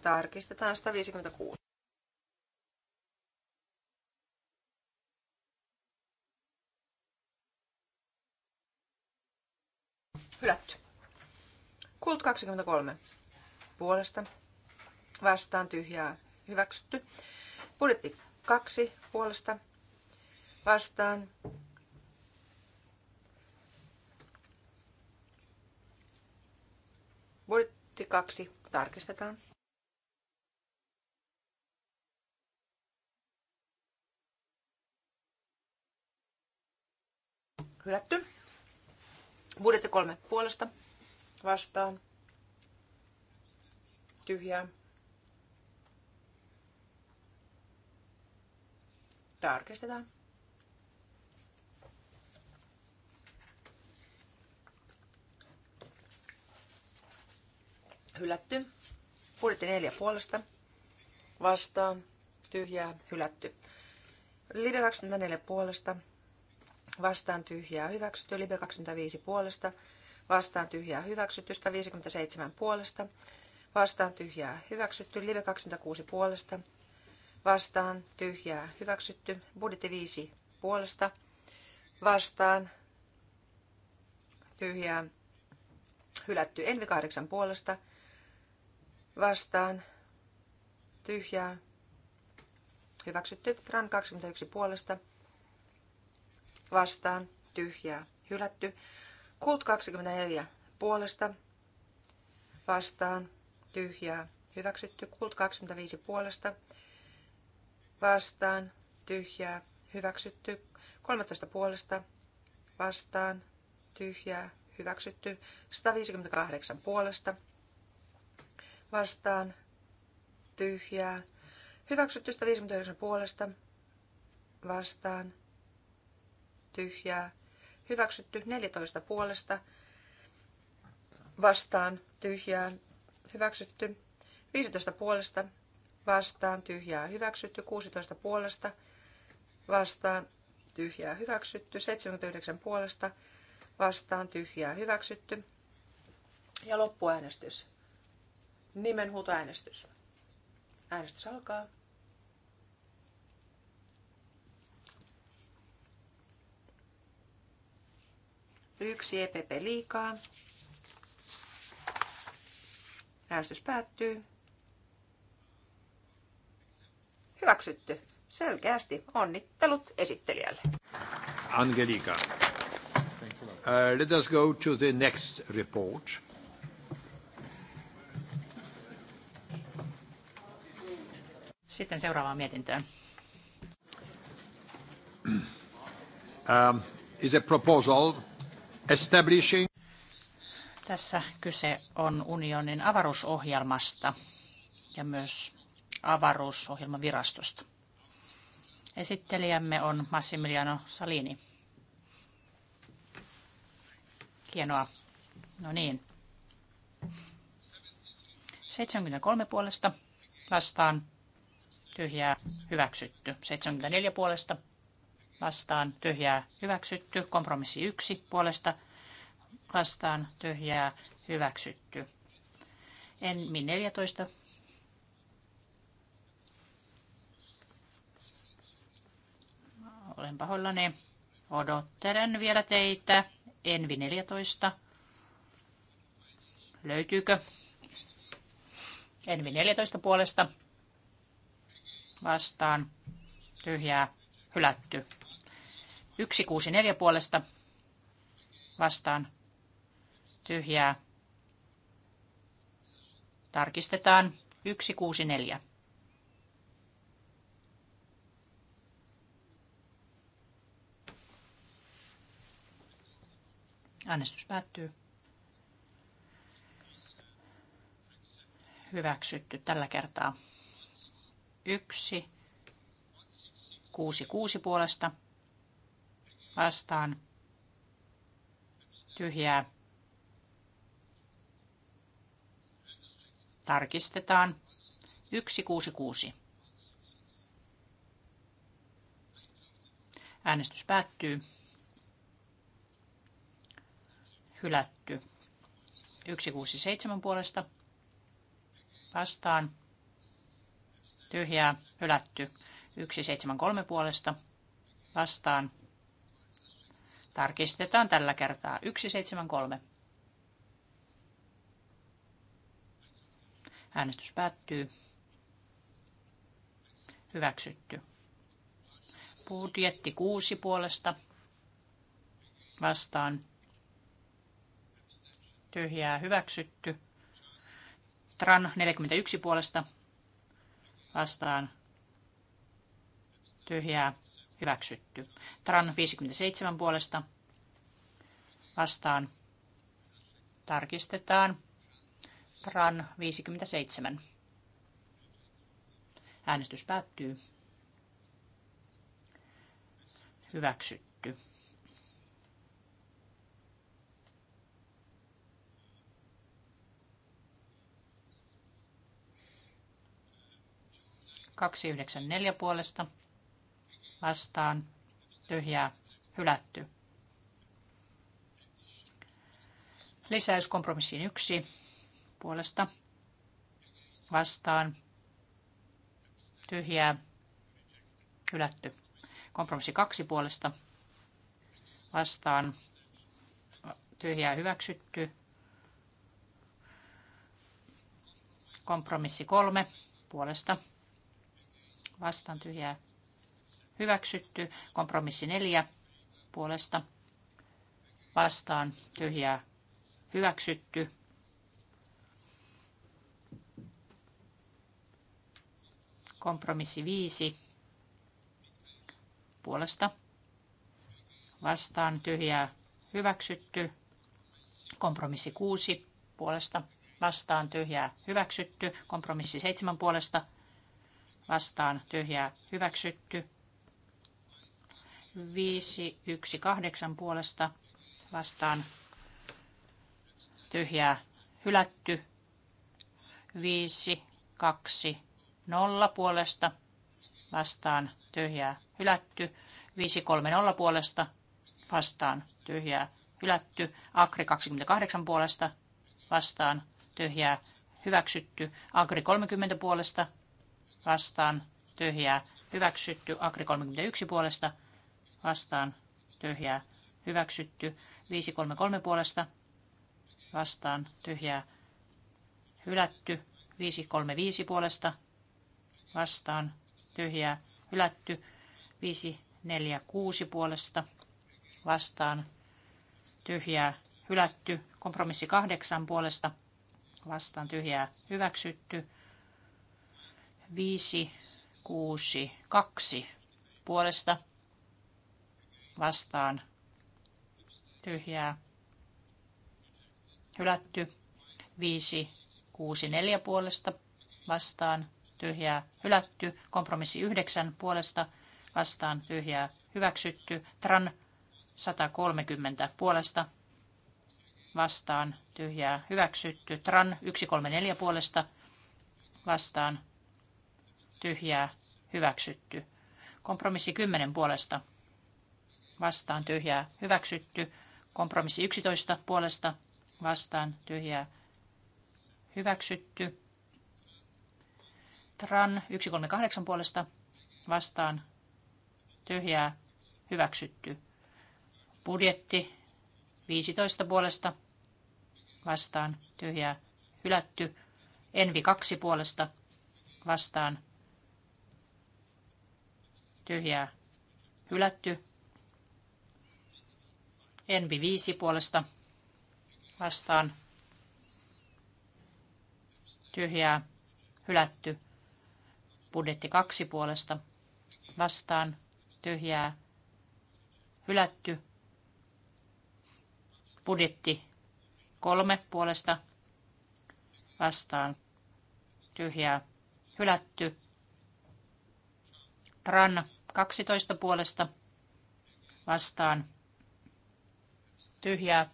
Speaker 3: tarkistetaan 156. Hylätty. Kult 23 puolesta, vastaan tyhjää hyväksytty. Budjetti kaksi puolesta vastaan Budjetti kaksi tarkistetaan. Hylätty. Budjetti kolme puolesta vastaan. Tyhjää. Tarkistetaan. Hylätty. Budjetti neljä puolesta. Vastaan. Tyhjää. Hylätty. Live 24 puolesta. Vastaan tyhjää hyväksytty. Live 25 puolesta. Vastaan tyhjää hyväksytty. 157 puolesta. Vastaan tyhjää hyväksytty. Live 26 puolesta vastaan tyhjää hyväksytty. Budjetti 5 puolesta vastaan tyhjää hylätty. Envi 8 puolesta vastaan tyhjää hyväksytty. Tran 21 puolesta vastaan tyhjää hylätty. Kult 24 puolesta vastaan tyhjää hyväksytty. Kult 25 puolesta vastaan, vastaan, tyhjää, hyväksytty. 13 puolesta vastaan, tyhjää, hyväksytty. 158 puolesta vastaan, tyhjää, hyväksytty. 159 puolesta vastaan, tyhjää, hyväksytty. 14 puolesta vastaan, tyhjää, hyväksytty. 15 puolesta vastaan tyhjää hyväksytty, 16 puolesta vastaan tyhjää hyväksytty, 79 puolesta vastaan tyhjää hyväksytty. Ja loppuäänestys. Nimenhuutoäänestys. Äänestys alkaa. Yksi EPP liikaa. Äänestys päättyy. Hyväksytty. Selkeästi. Onnittelut esittelijälle.
Speaker 1: Angelika. Uh, let us go to the next report.
Speaker 2: Sitten seuraavaan mietintöön.
Speaker 1: *clears throat* Uh, is a proposal establishing...
Speaker 2: Tässä kyse on unionin avaruusohjelmasta ja myös avaruusohjelmavirastosta. Esittelijämme on Massimiliano Salini. Hienoa. No niin. 73 puolesta vastaan tyhjää hyväksytty. 74 puolesta vastaan tyhjää hyväksytty. Kompromissi 1 puolesta vastaan tyhjää hyväksytty. Enmi 14 Olen pahoillani. Odottelen vielä teitä. Envi 14. Löytyykö? Envi 14 puolesta. Vastaan. Tyhjää. Hylätty. 164 puolesta. Vastaan. Tyhjää. Tarkistetaan. 164. Äänestys päättyy. Hyväksytty tällä kertaa. Yksi, kuusi, kuusi puolesta. Vastaan. Tyhjää. Tarkistetaan. yksi kuusi kuusi. Äänestys päättyy hylätty. 167 puolesta vastaan tyhjää hylätty. 173 puolesta vastaan tarkistetaan tällä kertaa 173. Äänestys päättyy. Hyväksytty. Budjetti 6 puolesta vastaan tyhjää hyväksytty. Tran 41 puolesta vastaan tyhjää hyväksytty. Tran 57 puolesta vastaan tarkistetaan. Tran 57. Äänestys päättyy. Hyväksytty. 294 puolesta vastaan tyhjää hylätty. Lisäys kompromissiin 1 puolesta vastaan tyhjää hylätty. Kompromissi 2 puolesta vastaan tyhjää hyväksytty. Kompromissi 3 puolesta vastaan tyhjää hyväksytty. Kompromissi neljä puolesta vastaan tyhjää hyväksytty. Kompromissi viisi puolesta vastaan tyhjää hyväksytty. Kompromissi kuusi puolesta vastaan tyhjää hyväksytty. Kompromissi seitsemän puolesta vastaan tyhjää hyväksytty. 8 puolesta vastaan tyhjää hylätty. 0 puolesta vastaan tyhjää hylätty. 0 puolesta vastaan tyhjää hylätty. Akri 28 puolesta vastaan tyhjää hyväksytty. Agri 30 puolesta vastaan tyhjää hyväksytty. Agri 31 puolesta vastaan tyhjää hyväksytty. 533 puolesta vastaan tyhjää hylätty. 535 puolesta vastaan tyhjää hylätty. 546 puolesta vastaan tyhjää hylätty. Kompromissi 8 puolesta vastaan tyhjää hyväksytty. 5, 6, 2 puolesta vastaan tyhjää hylätty 5, 6, 4 puolesta vastaan tyhjää hylätty kompromissi 9 puolesta vastaan tyhjää hyväksytty tran 130 puolesta vastaan tyhjää hyväksytty tran 134 puolesta vastaan tyhjää, hyväksytty. Kompromissi 10 puolesta, vastaan tyhjää, hyväksytty. Kompromissi 11 puolesta, vastaan tyhjää, hyväksytty. Tran 138 puolesta, vastaan tyhjää, hyväksytty. Budjetti 15 puolesta, vastaan tyhjää, hylätty. Envi 2 puolesta, vastaan tyhjää hylätty. Envi 5 puolesta vastaan tyhjää hylätty. Budjetti 2 puolesta vastaan tyhjää hylätty. Budjetti 3 puolesta vastaan tyhjää hylätty. Tran 12 puolesta vastaan tyhjää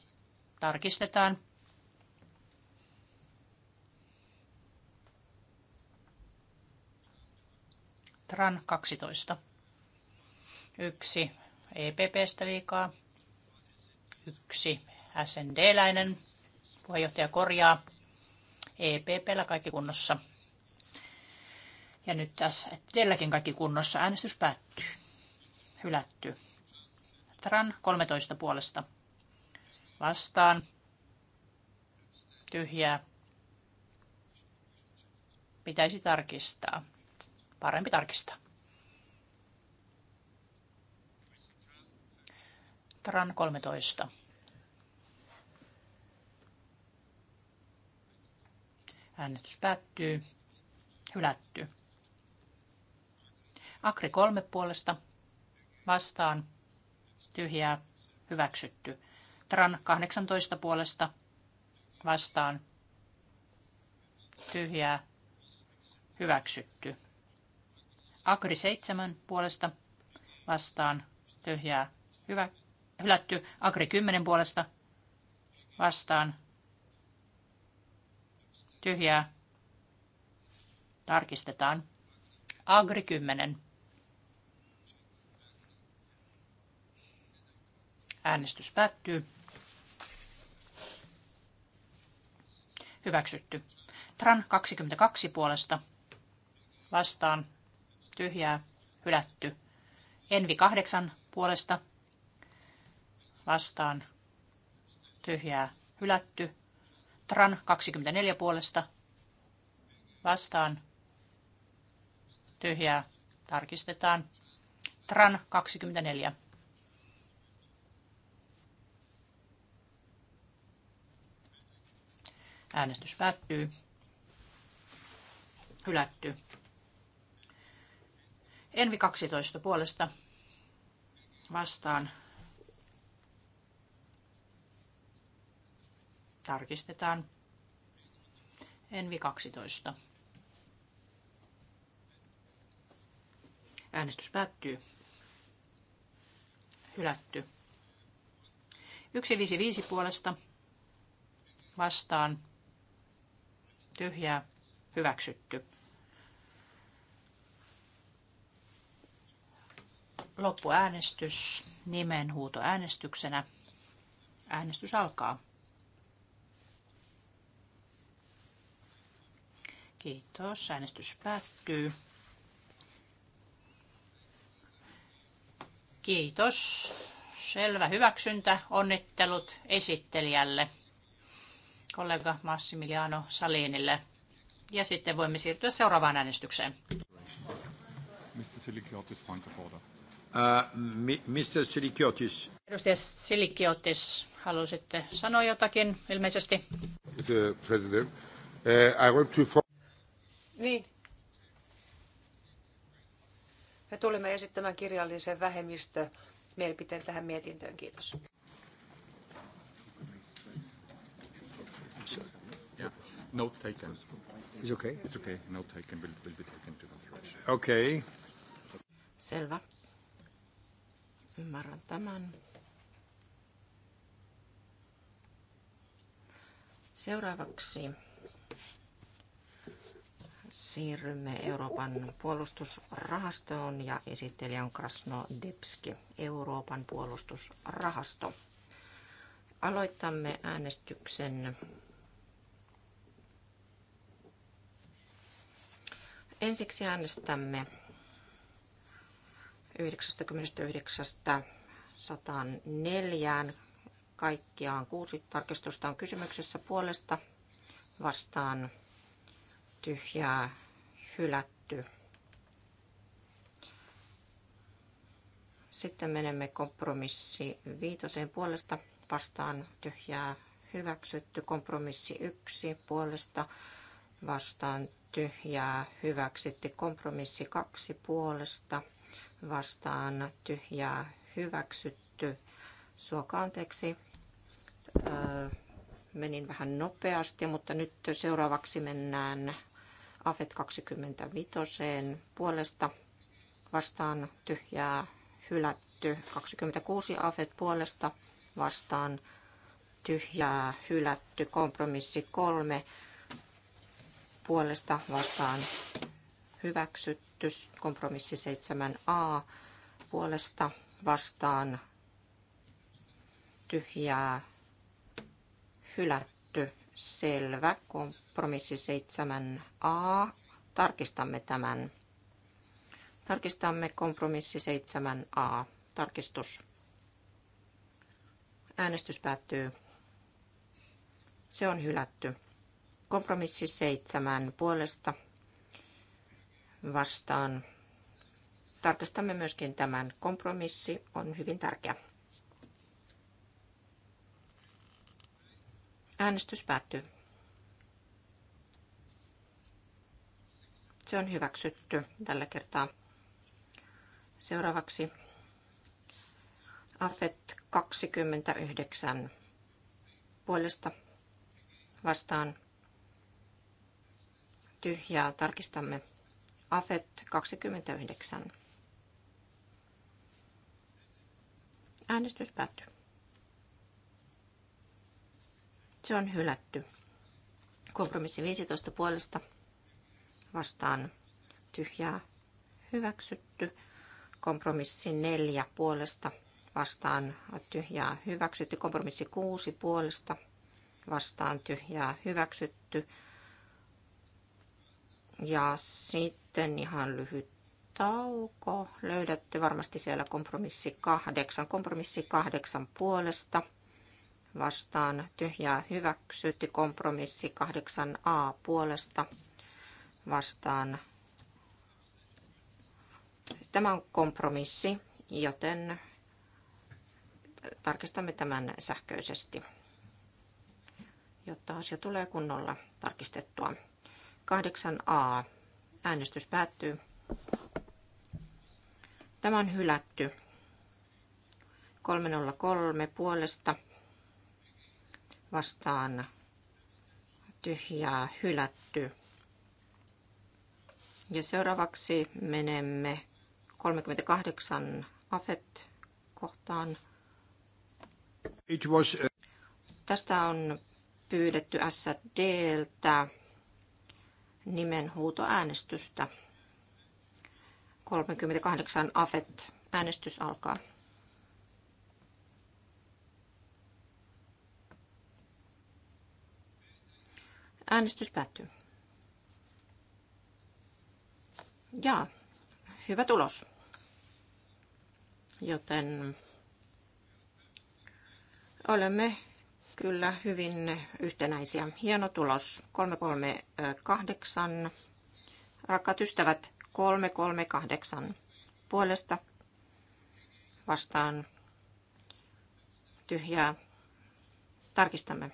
Speaker 2: tarkistetaan. Tran 12. Yksi EPPstä liikaa. Yksi SND-läinen. Puheenjohtaja korjaa. EPPllä kaikki kunnossa. Ja nyt tässä edelläkin kaikki kunnossa. Äänestys päättyy. Hylätty. Tran 13 puolesta. Vastaan. Tyhjää. Pitäisi tarkistaa. Parempi tarkistaa. Tran 13. Äänestys päättyy. Hylätty. Akri kolme puolesta vastaan tyhjää hyväksytty. Tran 18 puolesta vastaan tyhjää hyväksytty. Akri 7 puolesta vastaan tyhjää hyvä, hylätty. Akri 10 puolesta vastaan tyhjää tarkistetaan. Agri 10. Äänestys päättyy. Hyväksytty. Tran 22 puolesta. Vastaan. Tyhjää. Hylätty. Envi 8 puolesta. Vastaan. Tyhjää. Hylätty. Tran 24 puolesta. Vastaan. Tyhjää. Tarkistetaan. Tran 24. Äänestys päättyy. Hylätty. Envi 12 puolesta vastaan. Tarkistetaan. Envi 12. Äänestys päättyy. Hylätty. 155 puolesta vastaan tyhjää, hyväksytty. Loppuäänestys nimenhuutoäänestyksenä. Äänestys alkaa. Kiitos. Äänestys päättyy. Kiitos. Selvä hyväksyntä. Onnittelut esittelijälle kollega Massimiliano Salinille. Ja sitten voimme siirtyä seuraavaan äänestykseen.
Speaker 1: Mr. Silikiotis, point of order. Uh, Mr. Silikiotis.
Speaker 2: Edustaja Silikiotis, halusitte sanoa jotakin ilmeisesti?
Speaker 1: Mr. President, uh, I want to...
Speaker 2: Niin.
Speaker 3: Me tulemme esittämään kirjallisen vähemmistö mielipiteen tähän mietintöön. Kiitos.
Speaker 1: Note taken. It's okay? It's okay. Note taken will, be taken into consideration. Okay.
Speaker 4: Selvä. Ymmärrän tämän. Seuraavaksi siirrymme Euroopan puolustusrahastoon ja esittelijä on Krasno Debski, Euroopan puolustusrahasto. Aloitamme äänestyksen Ensiksi äänestämme 99 104 kaikkiaan kuusi tarkistusta on kysymyksessä puolesta vastaan tyhjää hylätty. Sitten menemme kompromissi viitoseen puolesta vastaan tyhjää hyväksytty. Kompromissi yksi puolesta vastaan tyhjää hyväksytty. Kompromissi kaksi puolesta vastaan tyhjää hyväksytty. Suoka anteeksi. Öö, menin vähän nopeasti, mutta nyt seuraavaksi mennään AFET 25 puolesta vastaan tyhjää hylätty. 26 AFET puolesta vastaan tyhjää hylätty. Kompromissi kolme puolesta vastaan hyväksytty. Kompromissi 7a puolesta vastaan tyhjää hylätty. Selvä. Kompromissi 7a. Tarkistamme tämän. Tarkistamme kompromissi 7a. Tarkistus. Äänestys päättyy. Se on hylätty. Kompromissi seitsemän puolesta vastaan. Tarkastamme myöskin tämän. Kompromissi on hyvin tärkeä. Äänestys päättyy. Se on hyväksytty tällä kertaa. Seuraavaksi AFET 29 puolesta vastaan ja Tarkistamme AFET 29. Äänestys päättyy. Se on hylätty. Kompromissi 15 puolesta vastaan tyhjää hyväksytty. Kompromissi 4 puolesta vastaan tyhjää hyväksytty. Kompromissi 6 puolesta vastaan tyhjää hyväksytty. Ja sitten ihan lyhyt tauko. Löydätte varmasti siellä kompromissi kahdeksan. Kompromissi kahdeksan puolesta vastaan tyhjää hyväksytti Kompromissi kahdeksan a puolesta vastaan. Tämä on kompromissi, joten tarkistamme tämän sähköisesti, jotta asia tulee kunnolla tarkistettua. 8a. Äänestys päättyy. Tämä on hylätty. 303 puolesta vastaan tyhjää hylätty. Ja seuraavaksi menemme 38 afet kohtaan. It was, uh, Tästä on pyydetty SDltä nimenhuutoäänestystä. 38 AFET. Äänestys alkaa. Äänestys päättyy. Ja hyvä tulos. Joten olemme Kyllä, hyvin yhtenäisiä. Hieno tulos. 338. Rakkaat ystävät, 338 puolesta vastaan tyhjää. Tarkistamme.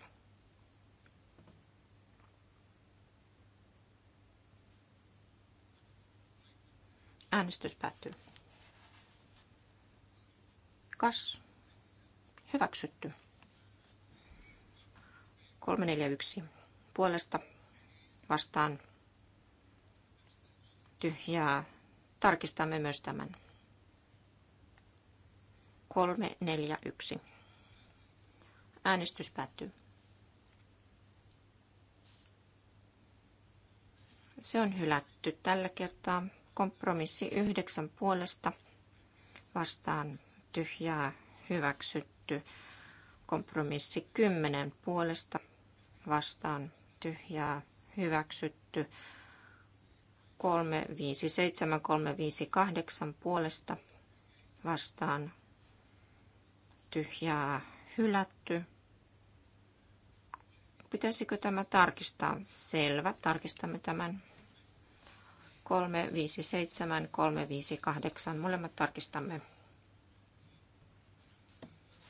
Speaker 4: Äänestys päättyy. Kas. Hyväksytty. 341 puolesta vastaan tyhjää. Tarkistamme myös tämän. 341. Äänestys päättyy. Se on hylätty tällä kertaa. Kompromissi 9 puolesta vastaan tyhjää hyväksytty. Kompromissi 10 puolesta vastaan tyhjää hyväksytty. 357, 358 puolesta vastaan tyhjää hylätty. Pitäisikö tämä tarkistaa? Selvä, tarkistamme tämän. 357, 358, molemmat tarkistamme.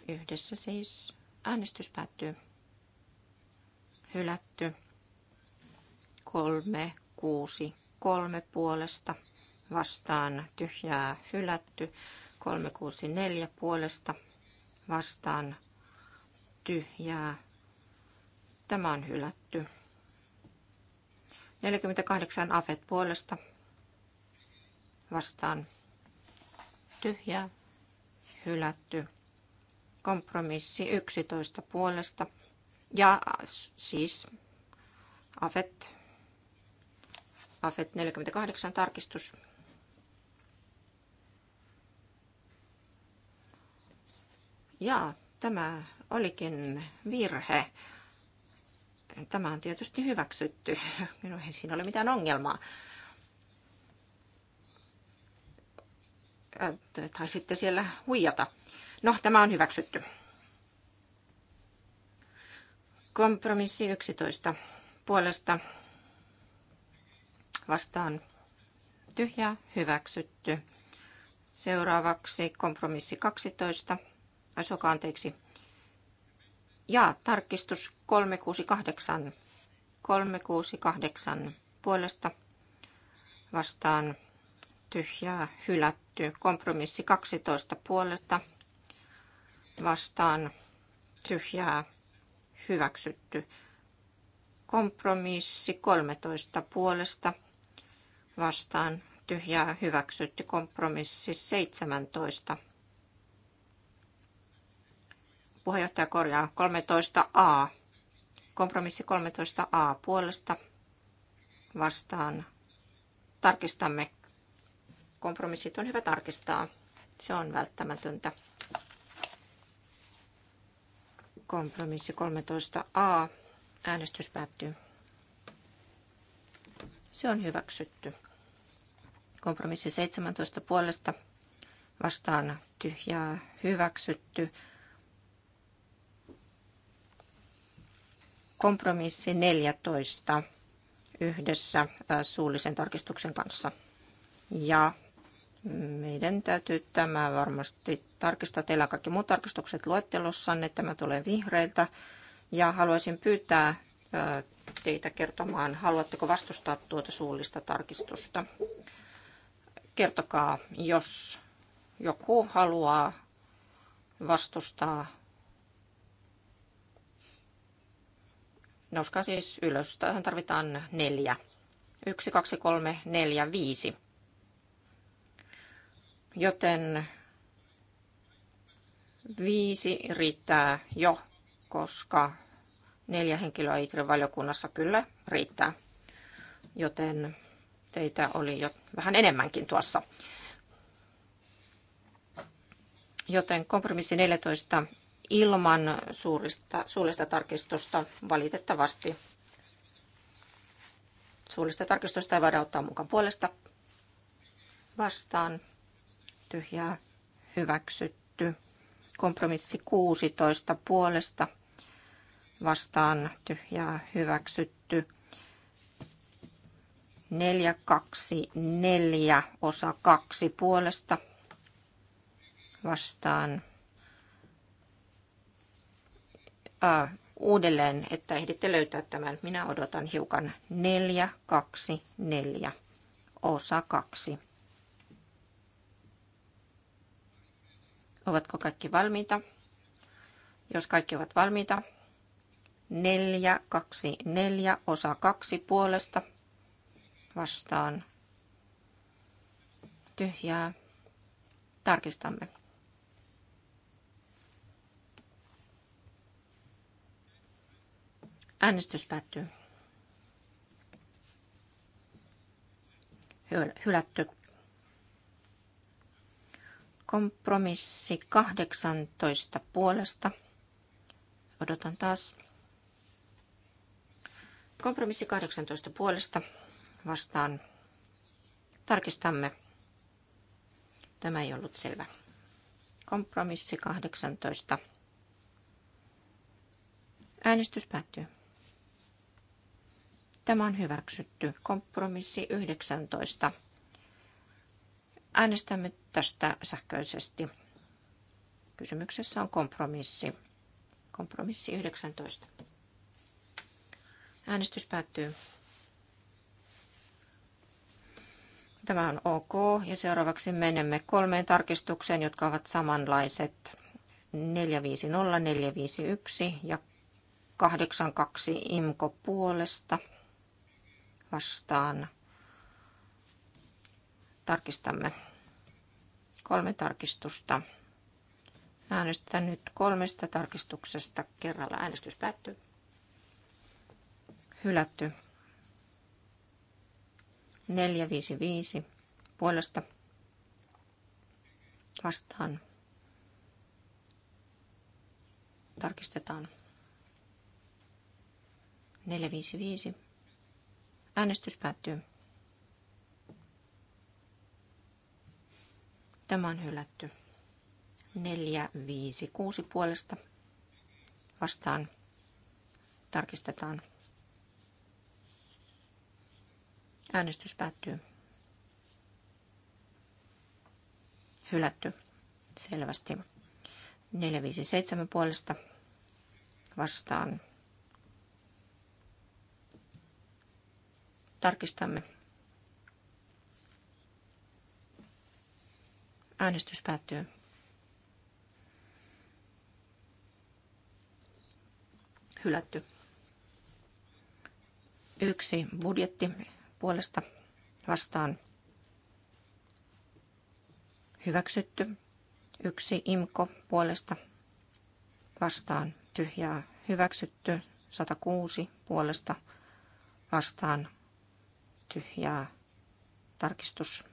Speaker 4: Yhdessä siis äänestys päättyy hylätty. kolme kuusi kolme puolesta vastaan tyhjää hylätty. kolme kuusi neljä puolesta vastaan tyhjää. Tämä on hylätty. 48 afet puolesta vastaan tyhjää hylätty. Kompromissi 11 puolesta ja siis AFET, AFET 48 tarkistus. Ja tämä olikin virhe. Tämä on tietysti hyväksytty. *laughs* Minun ei siinä ole mitään ongelmaa. Tai sitten siellä huijata. No, tämä on hyväksytty. Kompromissi 11 puolesta vastaan tyhjä hyväksytty. Seuraavaksi kompromissi 12, asuka anteeksi, ja tarkistus 368, 368 puolesta vastaan tyhjää hylätty. Kompromissi 12 puolesta vastaan tyhjää hyväksytty. Kompromissi 13 puolesta vastaan tyhjää hyväksytty. Kompromissi 17 puheenjohtaja korjaa 13a. Kompromissi 13a puolesta vastaan. Tarkistamme. Kompromissit on hyvä tarkistaa. Se on välttämätöntä. Kompromissi 13a. Äänestys päättyy. Se on hyväksytty. Kompromissi 17 puolesta vastaan tyhjää hyväksytty. Kompromissi 14 yhdessä äh, suullisen tarkistuksen kanssa. Ja meidän täytyy tämä varmasti tarkistaa. Teillä on kaikki muut tarkistukset luettelossanne. Tämä tulee vihreiltä. Ja haluaisin pyytää teitä kertomaan, haluatteko vastustaa tuota suullista tarkistusta. Kertokaa, jos joku haluaa vastustaa. Nouskaa siis ylös. Tähän tarvitaan neljä. Yksi, kaksi, kolme, neljä, viisi. Joten viisi riittää jo, koska neljä henkilöä Itrin valiokunnassa kyllä riittää. Joten teitä oli jo vähän enemmänkin tuossa. Joten kompromissi 14 ilman suurista, suullista tarkistusta valitettavasti. Suullista tarkistusta ei voida ottaa mukaan puolesta vastaan ja hyväksytty. Kompromissi 16 puolesta vastaan tyhjää hyväksytty. 4, 2, 4 osa 2 puolesta vastaan Ää, uudelleen, että ehditte löytää tämän. Minä odotan hiukan 4, 2, 4 osa 2 Ovatko kaikki valmiita? Jos kaikki ovat valmiita, 4, 2, 4, osa 2 puolesta vastaan tyhjää. Tarkistamme. Äänestys päättyy. Hylätty. Kompromissi 18 puolesta. Odotan taas. Kompromissi 18 puolesta vastaan. Tarkistamme. Tämä ei ollut selvä. Kompromissi 18. Äänestys päättyy. Tämä on hyväksytty. Kompromissi 19 Äänestämme tästä sähköisesti. Kysymyksessä on kompromissi. Kompromissi 19. Äänestys päättyy. Tämä on ok. Ja seuraavaksi menemme kolmeen tarkistukseen, jotka ovat samanlaiset. 450, 451 ja 82 imko puolesta vastaan Tarkistamme kolme tarkistusta. Äänestän nyt kolmesta tarkistuksesta. Kerralla äänestys päättyy. Hylätty. 455 puolesta vastaan. Tarkistetaan. 455. Äänestys päättyy. Tämä on hylätty. 4, 5, 6 puolesta vastaan. Tarkistetaan. Äänestys päättyy. Hylätty selvästi. 4, 5, 7 puolesta vastaan. Tarkistamme. Äänestys päättyy. Hylätty. Yksi budjetti puolesta vastaan. Hyväksytty. Yksi imko puolesta vastaan. Tyhjää hyväksytty. 106 puolesta vastaan tyhjää tarkistus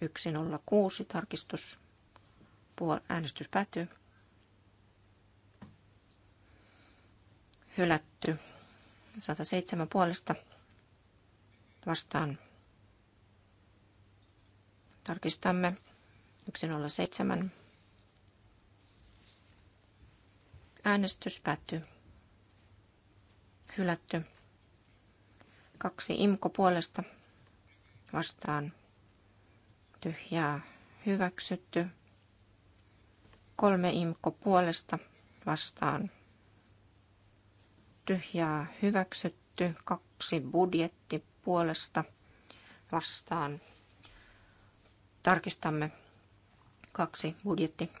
Speaker 4: 106 tarkistus. Puol- äänestys päättyy. Hylätty. 107 puolesta vastaan. Tarkistamme. 107. Äänestys päättyy. Hylätty. Kaksi imko puolesta vastaan tyhjää hyväksytty. Kolme imko puolesta vastaan tyhjää hyväksytty. Kaksi budjetti puolesta vastaan. Tarkistamme kaksi budjetti.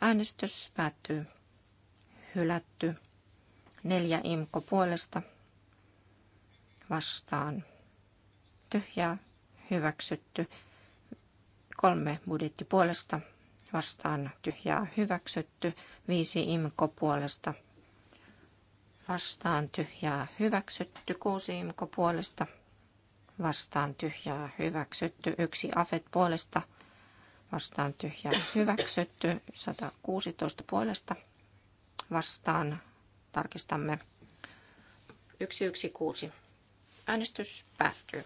Speaker 4: Äänestys päättyy. Hylätty. Neljä imko puolesta vastaan tyhjää hyväksytty. Kolme budjettipuolesta vastaan tyhjää hyväksytty. Viisi imko puolesta vastaan tyhjää hyväksytty. Kuusi imko puolesta vastaan tyhjää hyväksytty. Yksi afet puolesta vastaan tyhjää hyväksytty. 116 puolesta vastaan tarkistamme 116. Äänestys päättyy.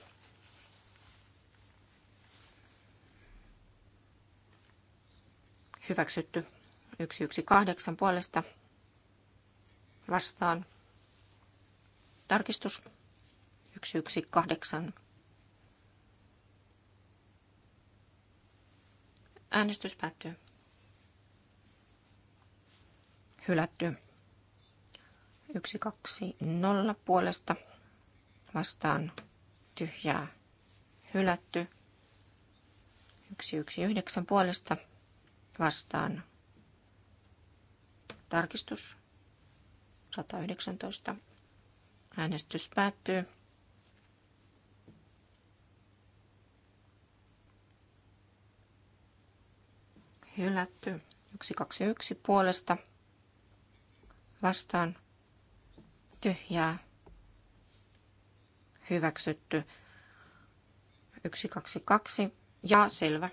Speaker 4: hyväksytty 118 puolesta vastaan. Tarkistus 118. Äänestys päättyy. Hylätty. 120 puolesta vastaan tyhjää. Hylätty. 119 puolesta vastaan tarkistus 119. Äänestys päättyy. Hylätty 121 puolesta vastaan tyhjää hyväksytty 122 ja selvä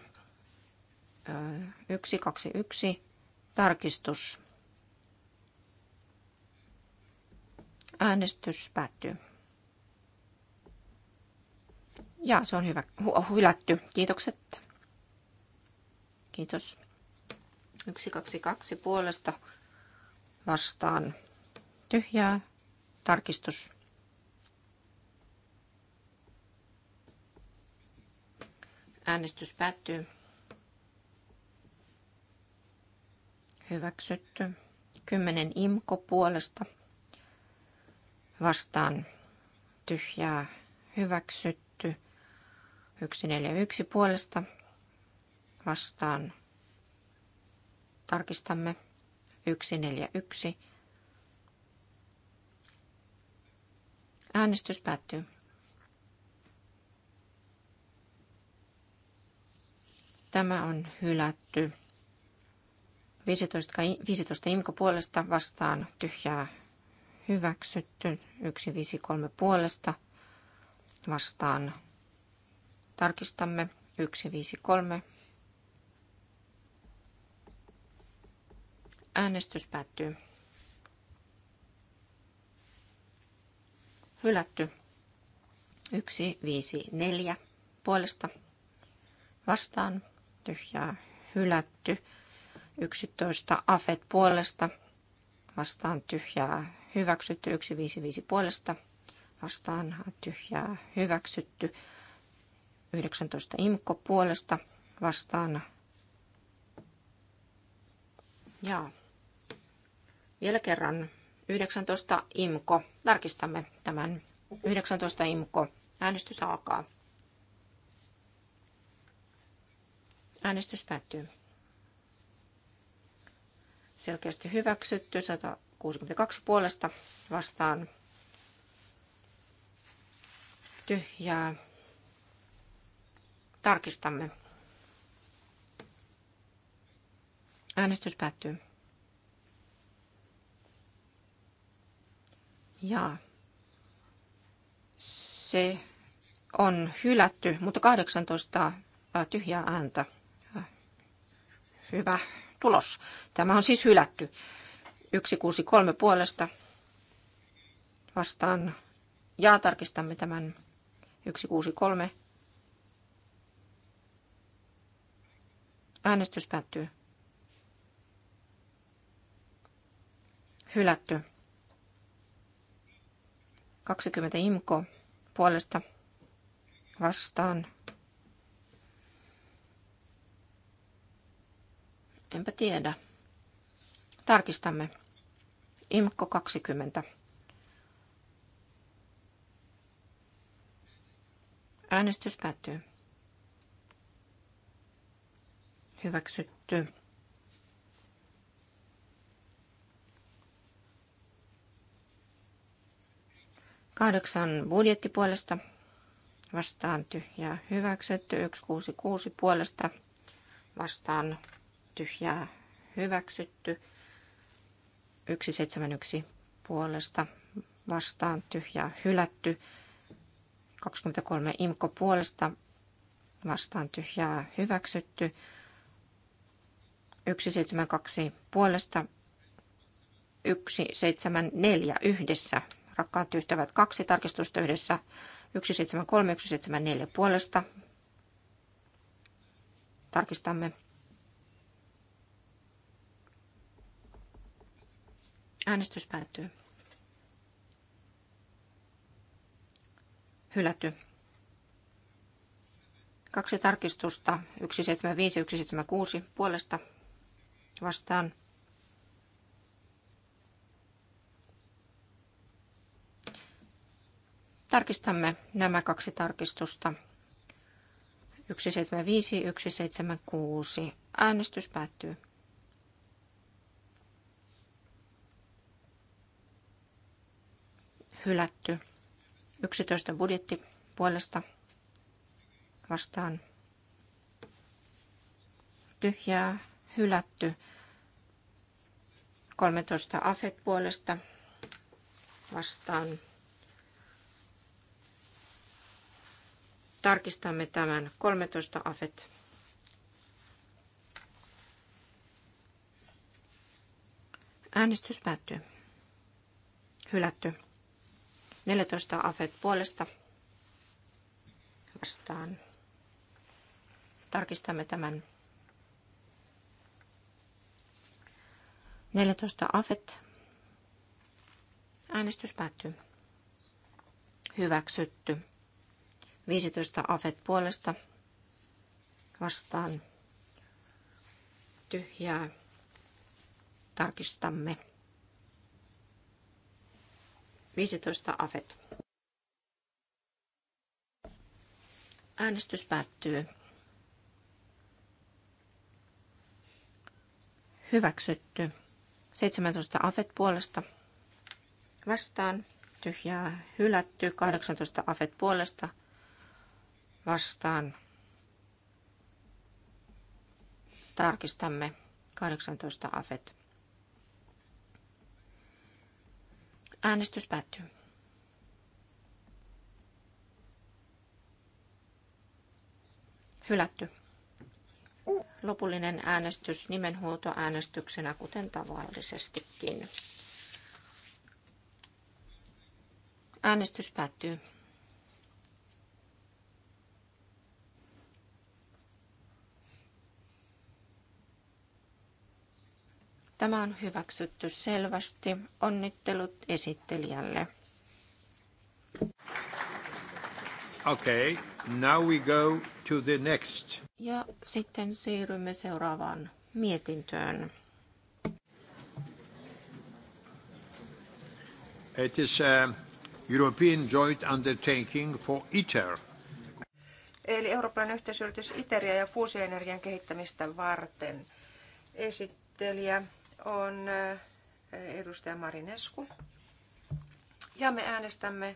Speaker 4: 121 tarkistus. Äänestys päättyy. Ja se on hyvä, oh, hylätty. Kiitokset. Kiitos. 122 puolesta vastaan tyhjää tarkistus. Äänestys päättyy. hyväksytty. kymmenen imko puolesta vastaan tyhjää hyväksytty. yksi puolesta vastaan tarkistamme yksi Äänestys päättyy. Tämä on hylätty. 15, 15 imko puolesta vastaan tyhjää hyväksytty. 153 puolesta vastaan tarkistamme. 153. Äänestys päättyy. Hylätty. 154 puolesta vastaan tyhjää hylätty. 11 afet puolesta vastaan tyhjää hyväksytty. 155 puolesta vastaan tyhjää hyväksytty. 19 imko puolesta vastaan. Ja vielä kerran 19 imko. Tarkistamme tämän 19 imko. Äänestys alkaa. Äänestys päättyy selkeästi hyväksytty. 162 puolesta vastaan tyhjää. Tarkistamme. Äänestys päättyy. Ja se on hylätty, mutta 18 tyhjää ääntä. Hyvä, tulos. Tämä on siis hylätty. 163 puolesta vastaan ja tarkistamme tämän 163. Äänestys päättyy. Hylätty. 20 imko puolesta vastaan Enpä tiedä. Tarkistamme. Imkko 20. Äänestys päättyy. Hyväksytty. Kahdeksan budjettipuolesta vastaan tyhjää hyväksytty. 166 puolesta vastaan tyhjää hyväksytty. 171 puolesta vastaan tyhjää hylätty. 23 imko puolesta vastaan tyhjää hyväksytty. 172 puolesta 174 yhdessä. Rakkaat tyhtävät kaksi tarkistusta yhdessä. 173 174 puolesta. Tarkistamme. Äänestys päättyy. Hylätty. Kaksi tarkistusta, 175 ja 176 puolesta vastaan. Tarkistamme nämä kaksi tarkistusta. 175, 176. Äänestys päättyy. hylätty. 11 budjetti puolesta vastaan tyhjää hylätty. 13 afet puolesta vastaan. Tarkistamme tämän 13 afet. Äänestys päättyy. Hylätty. 14 afet puolesta vastaan. Tarkistamme tämän. 14 afet. Äänestys päättyy. Hyväksytty. 15 afet puolesta vastaan. Tyhjää. Tarkistamme. 15 afet. Äänestys päättyy. Hyväksytty. 17 afet puolesta. Vastaan. Tyhjää hylätty. 18 afet puolesta. Vastaan. Tarkistamme. 18 afet. Äänestys päättyy. Hylätty. Lopullinen äänestys nimenhuoltoäänestyksenä, kuten tavallisestikin. Äänestys päättyy. Tämä on hyväksytty selvästi. Onnittelut esittelijälle.
Speaker 1: Okay, now we go to the next.
Speaker 4: Ja sitten siirrymme seuraavaan mietintöön.
Speaker 1: It is a European joint undertaking for ITER.
Speaker 3: Eli Euroopan yhteisyritys ITERia ja fuusioenergian kehittämistä varten. Esittelijä on edustaja Marinesku. Ja me äänestämme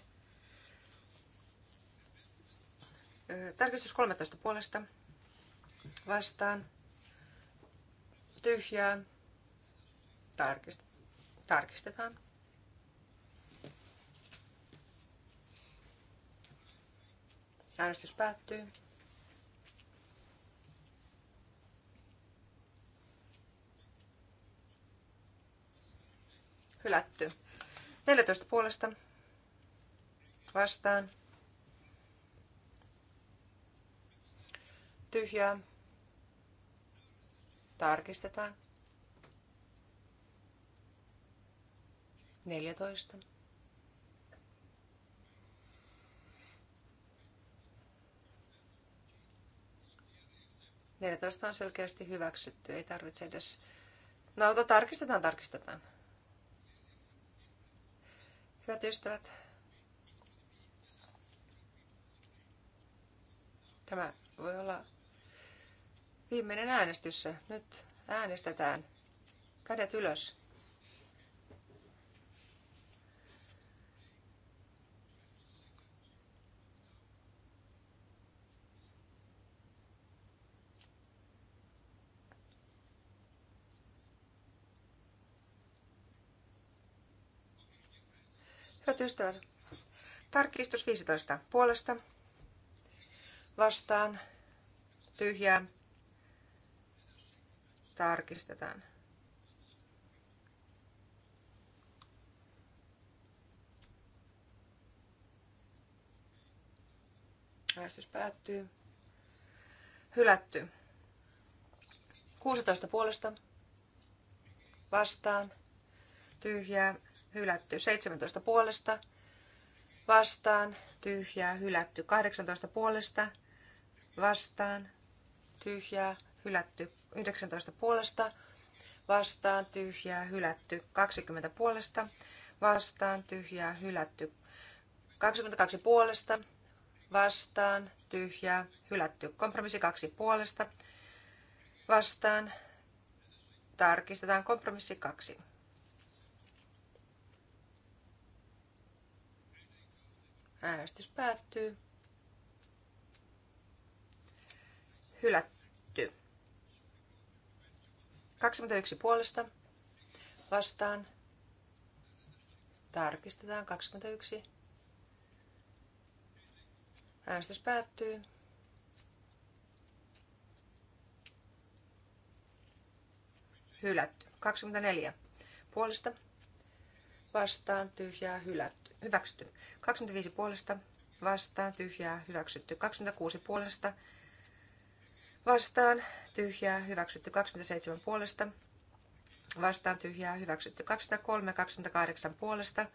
Speaker 3: tarkistus 13 puolesta vastaan tyhjään tarkist, tarkistetaan. Äänestys päättyy. hylätty. 14 puolesta vastaan. Tyhjää. Tarkistetaan. 14. Neljätoista on selkeästi hyväksytty, ei tarvitse edes... No, tarkistetaan, tarkistetaan. Hyvät ystävät, tämä voi olla viimeinen äänestys. Nyt äänestetään. Kädet ylös. Hyvät ystävät, tarkistus 15 puolesta. Vastaan. Tyhjää. Tarkistetaan. Äänestys päättyy. Hylätty. 16 puolesta. Vastaan. Tyhjää hylätty. 17 puolesta vastaan, tyhjää, hylätty. 18 puolesta vastaan, tyhjää, hylätty. 19 puolesta vastaan, tyhjää, hylätty. 20 puolesta vastaan, tyhjää, hylätty. 22 puolesta vastaan, tyhjää, hylätty. Kompromissi 2 puolesta vastaan, tarkistetaan kompromissi 2. Äänestys päättyy. Hylätty. 21 puolesta vastaan. Tarkistetaan 21. Äänestys päättyy. Hylätty. 24 puolesta vastaan tyhjää hylätty. Hyväksytty. 25 puolesta vastaan tyhjää hyväksytty. 26 puolesta vastaan tyhjää hyväksytty. 27 puolesta vastaan tyhjää hyväksytty. 23 28 puolesta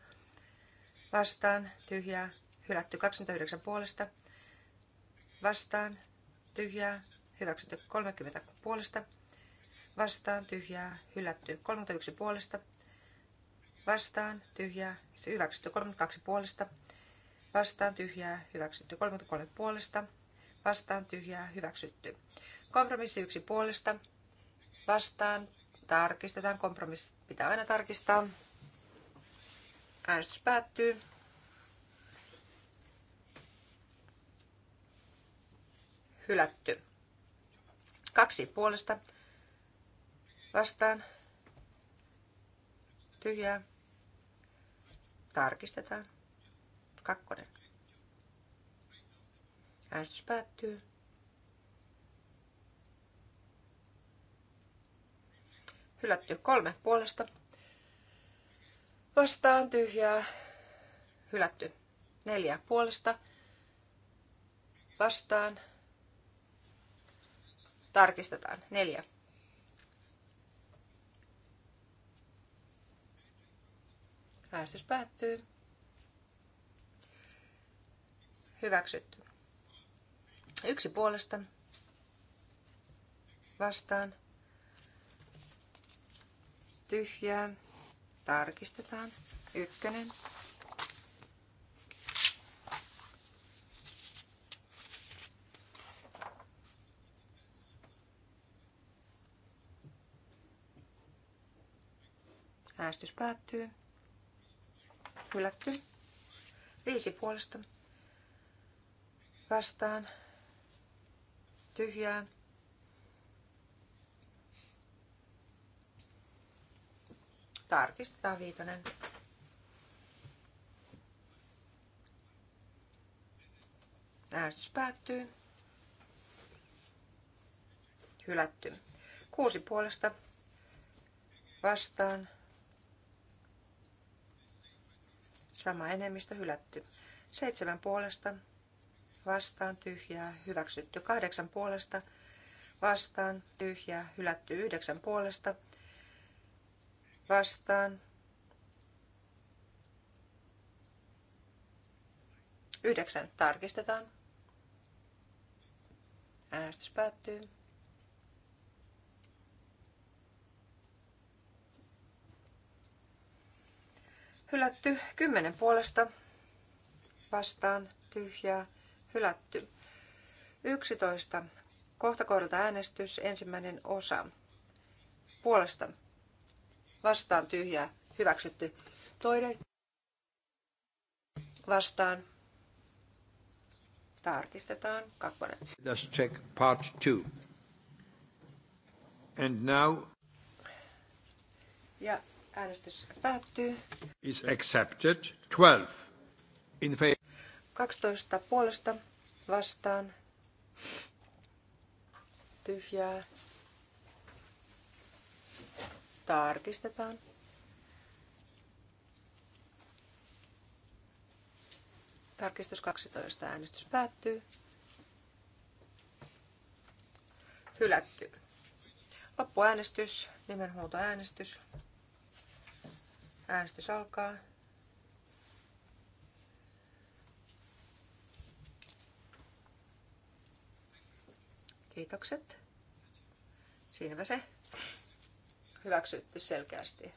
Speaker 3: vastaan tyhjää hylätty. 29 puolesta vastaan tyhjää hyväksytty. 30 puolesta vastaan tyhjää hylätty. 31 puolesta vastaan, vastaan, tyhjää, se hyväksytty 32 puolesta, vastaan tyhjää, hyväksytty 33 puolesta, vastaan tyhjää, hyväksytty. Kompromissi 1 puolesta, vastaan, tarkistetaan, kompromissi pitää aina tarkistaa. Äänestys päättyy. Hylätty. Kaksi puolesta, vastaan, tyhjää, Tarkistetaan. Kakkonen. Äänestys päättyy. Hylätty kolme puolesta. Vastaan tyhjää. Hylätty neljä puolesta. Vastaan. Tarkistetaan neljä. Äänestys päättyy. Hyväksytty. Yksi puolesta. Vastaan. Tyhjää. Tarkistetaan. Ykkönen. Äänestys päättyy. Hylätty. Viisi puolesta. Vastaan. Tyhjää. Tarkistetaan viitonen. Äänestys päättyy. Hylätty. Kuusi puolesta vastaan Sama enemmistö hylätty. Seitsemän puolesta vastaan tyhjää hyväksytty. Kahdeksan puolesta vastaan tyhjää hylätty. Yhdeksän puolesta vastaan Yhdeksän. Tarkistetaan. Äänestys päättyy. hylätty. 10 puolesta vastaan tyhjää hylätty. 11. Kohta kohdalta äänestys, ensimmäinen osa. Puolesta vastaan tyhjää hyväksytty. Toinen vastaan tarkistetaan kakkonen.
Speaker 1: Let's check part two. And now...
Speaker 3: Ja Äänestys päättyy.
Speaker 1: Is accepted. 12. In favor.
Speaker 3: 12 puolesta vastaan. Tyhjää. Tarkistetaan. Tarkistus 12. Äänestys päättyy. Hylätty. Loppuäänestys, nimenhuoltoäänestys. äänestys. Äänestys alkaa. Kiitokset. Siinäpä se. Hyväksytty selkeästi.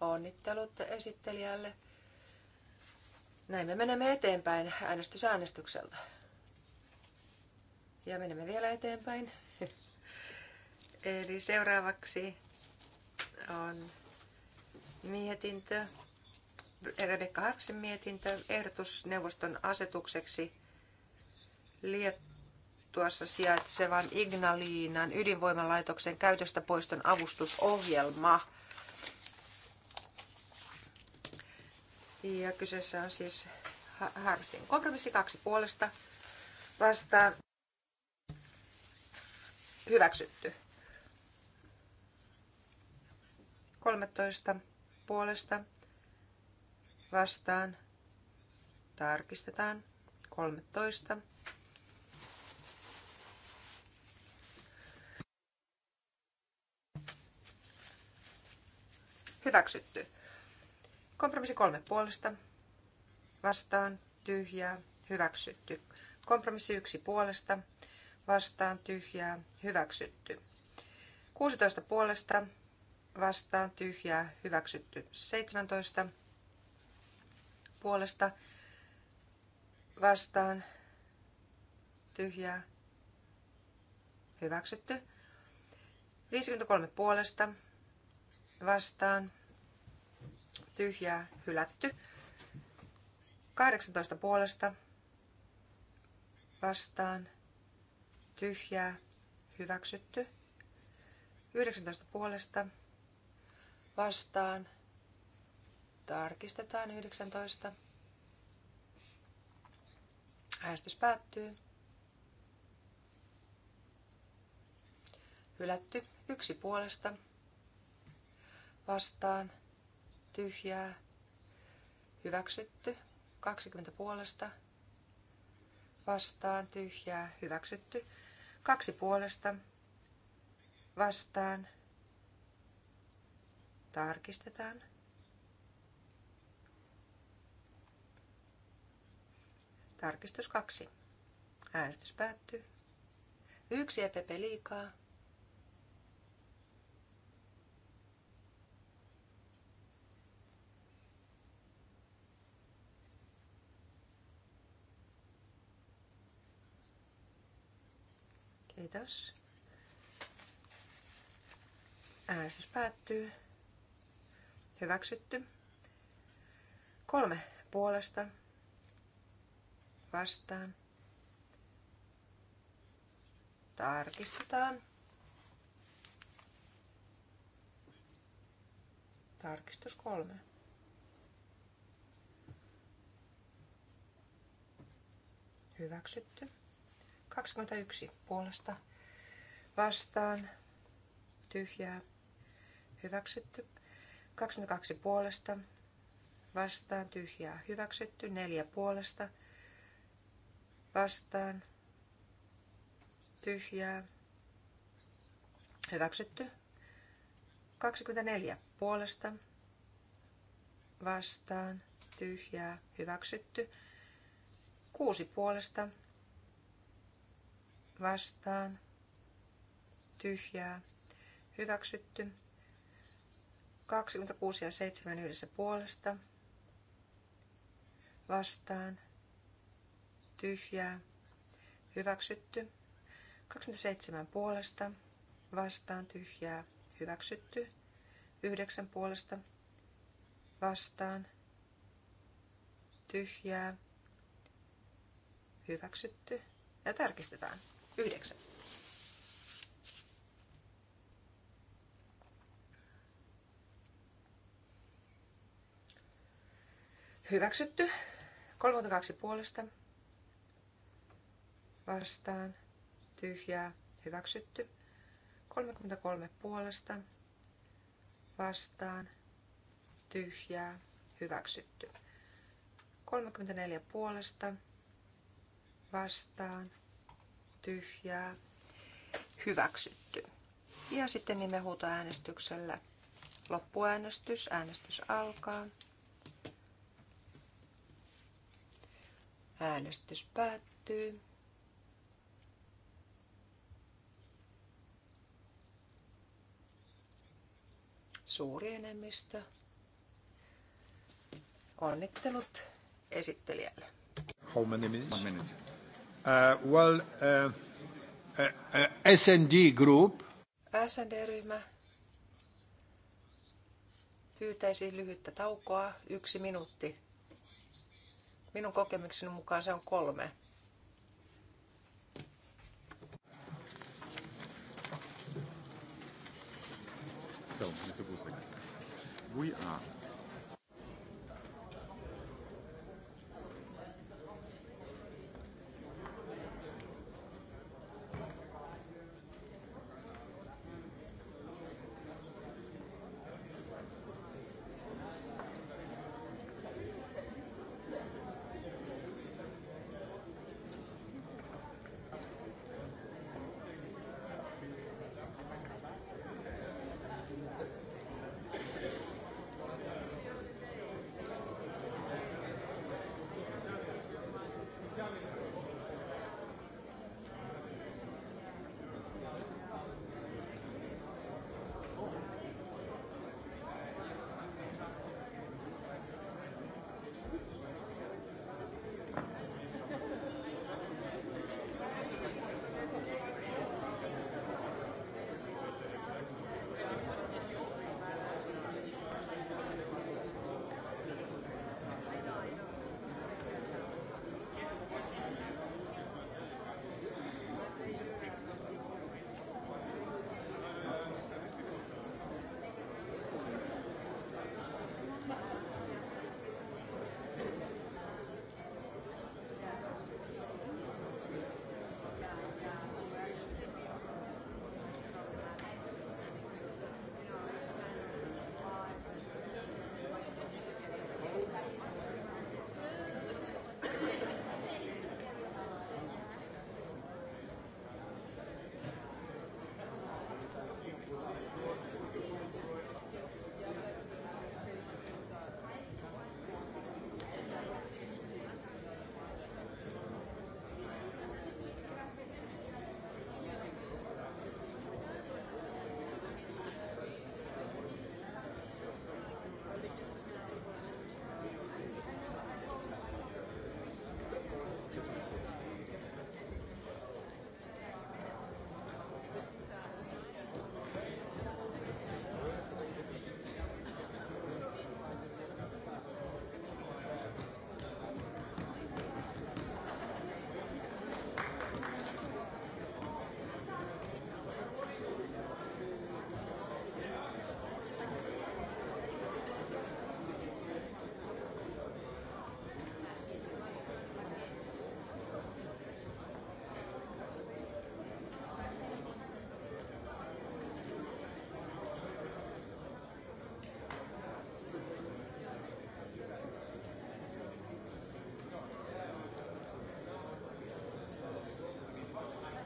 Speaker 3: Onnittelut esittelijälle. Näin me menemme eteenpäin äänestysäänestykseltä. Ja menemme vielä eteenpäin. *laughs* Eli seuraavaksi on mietintö, Rebekka Harksin mietintö, ehdotus neuvoston asetukseksi Liettuassa sijaitsevan Ignaliinan ydinvoimalaitoksen käytöstä poiston avustusohjelma. Ja kyseessä on siis Harsin kompromissi kaksi puolesta vastaan hyväksytty. 13 puolesta vastaan. Tarkistetaan. 13. Hyväksytty. Kompromissi kolme puolesta. Vastaan tyhjää. Hyväksytty. Kompromissi yksi puolesta. Vastaan tyhjää. Hyväksytty. 16 puolesta vastaan tyhjää hyväksytty 17 puolesta vastaan tyhjää hyväksytty 53 puolesta vastaan tyhjää hylätty 18 puolesta vastaan tyhjää hyväksytty 19 puolesta vastaan, vastaan. Tarkistetaan 19. Äänestys päättyy. Hylätty yksi puolesta. Vastaan. Tyhjää. Hyväksytty. 20 puolesta. Vastaan. Tyhjää. Hyväksytty. Kaksi puolesta. Vastaan. Tarkistetaan. Tarkistus kaksi. Äänestys päättyy. Yksi EPP liikaa. Kiitos. Äänestys päättyy. Hyväksytty. Kolme puolesta. Vastaan. Tarkistetaan. Tarkistus kolme. Hyväksytty. 21 puolesta. Vastaan. Tyhjää. Hyväksytty. 22 puolesta, vastaan tyhjää hyväksytty, 4 puolesta, vastaan tyhjää hyväksytty, 24 puolesta, vastaan tyhjää hyväksytty, 6 puolesta, vastaan tyhjää hyväksytty, 26 ja 7 yhdessä puolesta. Vastaan. Tyhjää. Hyväksytty. 27 puolesta. Vastaan tyhjää. Hyväksytty. 9 puolesta. Vastaan. Tyhjää. Hyväksytty. Ja tarkistetaan. 9. Hyväksytty. 32 puolesta. Vastaan. Tyhjää. Hyväksytty. 33 puolesta. Vastaan. Tyhjää. Hyväksytty. 34 puolesta. Vastaan. Tyhjää. Hyväksytty. Ja sitten nimenhuutoäänestyksellä loppuäänestys. Äänestys alkaa. Äänestys päättyy. Suuri enemmistö. Onnittelut esittelijälle.
Speaker 1: How many minutes? One minute. Uh, well, uh, uh, uh S&D Group.
Speaker 3: S&D-ryhmä pyytäisi lyhyttä taukoa, yksi minuutti. Minun kokemukseni mukaan se on kolme.
Speaker 1: So, Mr. Busek, we are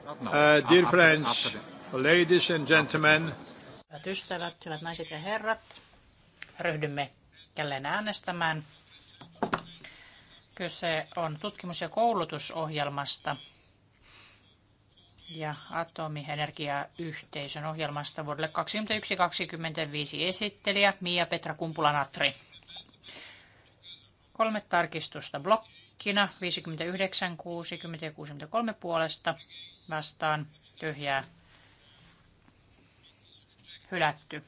Speaker 1: No, uh, dear friends, ladies and gentlemen.
Speaker 2: Hyvät ystävät, hyvät naiset ja herrat, ryhdymme jälleen äänestämään. Kyse on tutkimus- ja koulutusohjelmasta ja atomienergiayhteisön ohjelmasta vuodelle 2021-2025 esittelijä Mia-Petra Kumpulanatri. Kolme tarkistusta blokkina 59, 60 ja 63 puolesta vastaan tyhjää hylätty.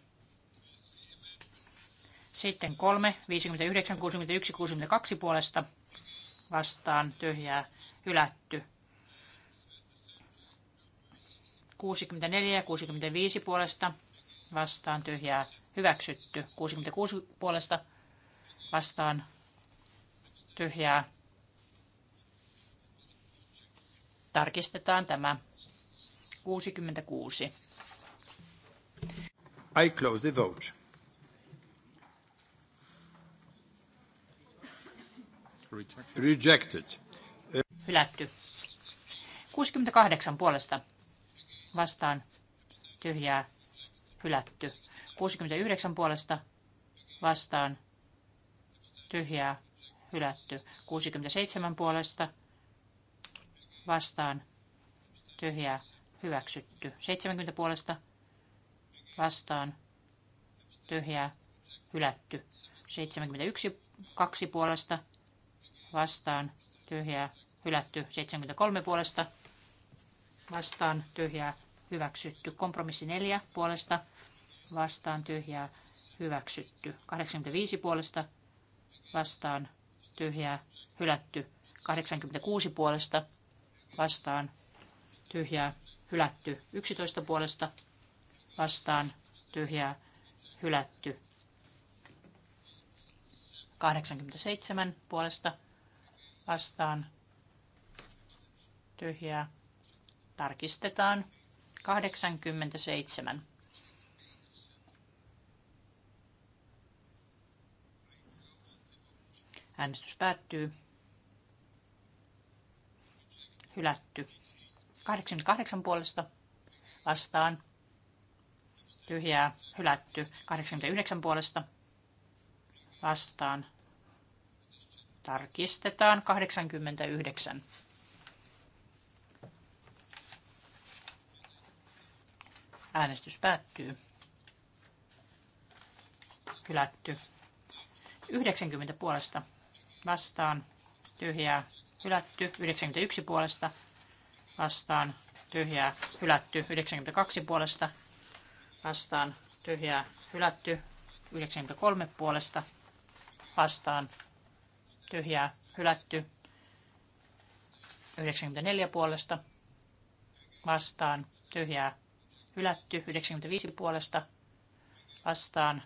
Speaker 2: Sitten 3, 59, 61, 62 puolesta vastaan tyhjää hylätty. 64 ja 65 puolesta vastaan tyhjää hyväksytty. 66 puolesta vastaan tyhjää Tarkistetaan tämä 66.
Speaker 1: I close the vote. Rejected.
Speaker 2: Hylätty. 68 puolesta vastaan tyhjää hylätty. 69 puolesta vastaan tyhjää hylätty. 67 puolesta vastaan tyhjää hyväksytty. 70 puolesta vastaan tyhjää hylätty. 71 kaksi puolesta vastaan tyhjää hylätty. 73 puolesta vastaan tyhjää hyväksytty. Kompromissi 4 puolesta vastaan tyhjää hyväksytty. 85 puolesta vastaan tyhjää hylätty. 86 puolesta vastaan tyhjää hylätty. 11 puolesta vastaan tyhjää hylätty. 87 puolesta vastaan tyhjää. Tarkistetaan 87. Äänestys päättyy hylätty. 88 puolesta vastaan tyhjää hylätty. 89 puolesta vastaan tarkistetaan 89. Äänestys päättyy. Hylätty. 90 puolesta vastaan tyhjää hylätty 91 puolesta vastaan tyhjää hylätty 92 puolesta vastaan tyhjää hylätty 93 puolesta vastaan tyhjää hylätty 94 puolesta vastaan tyhjää hylätty 95 puolesta vastaan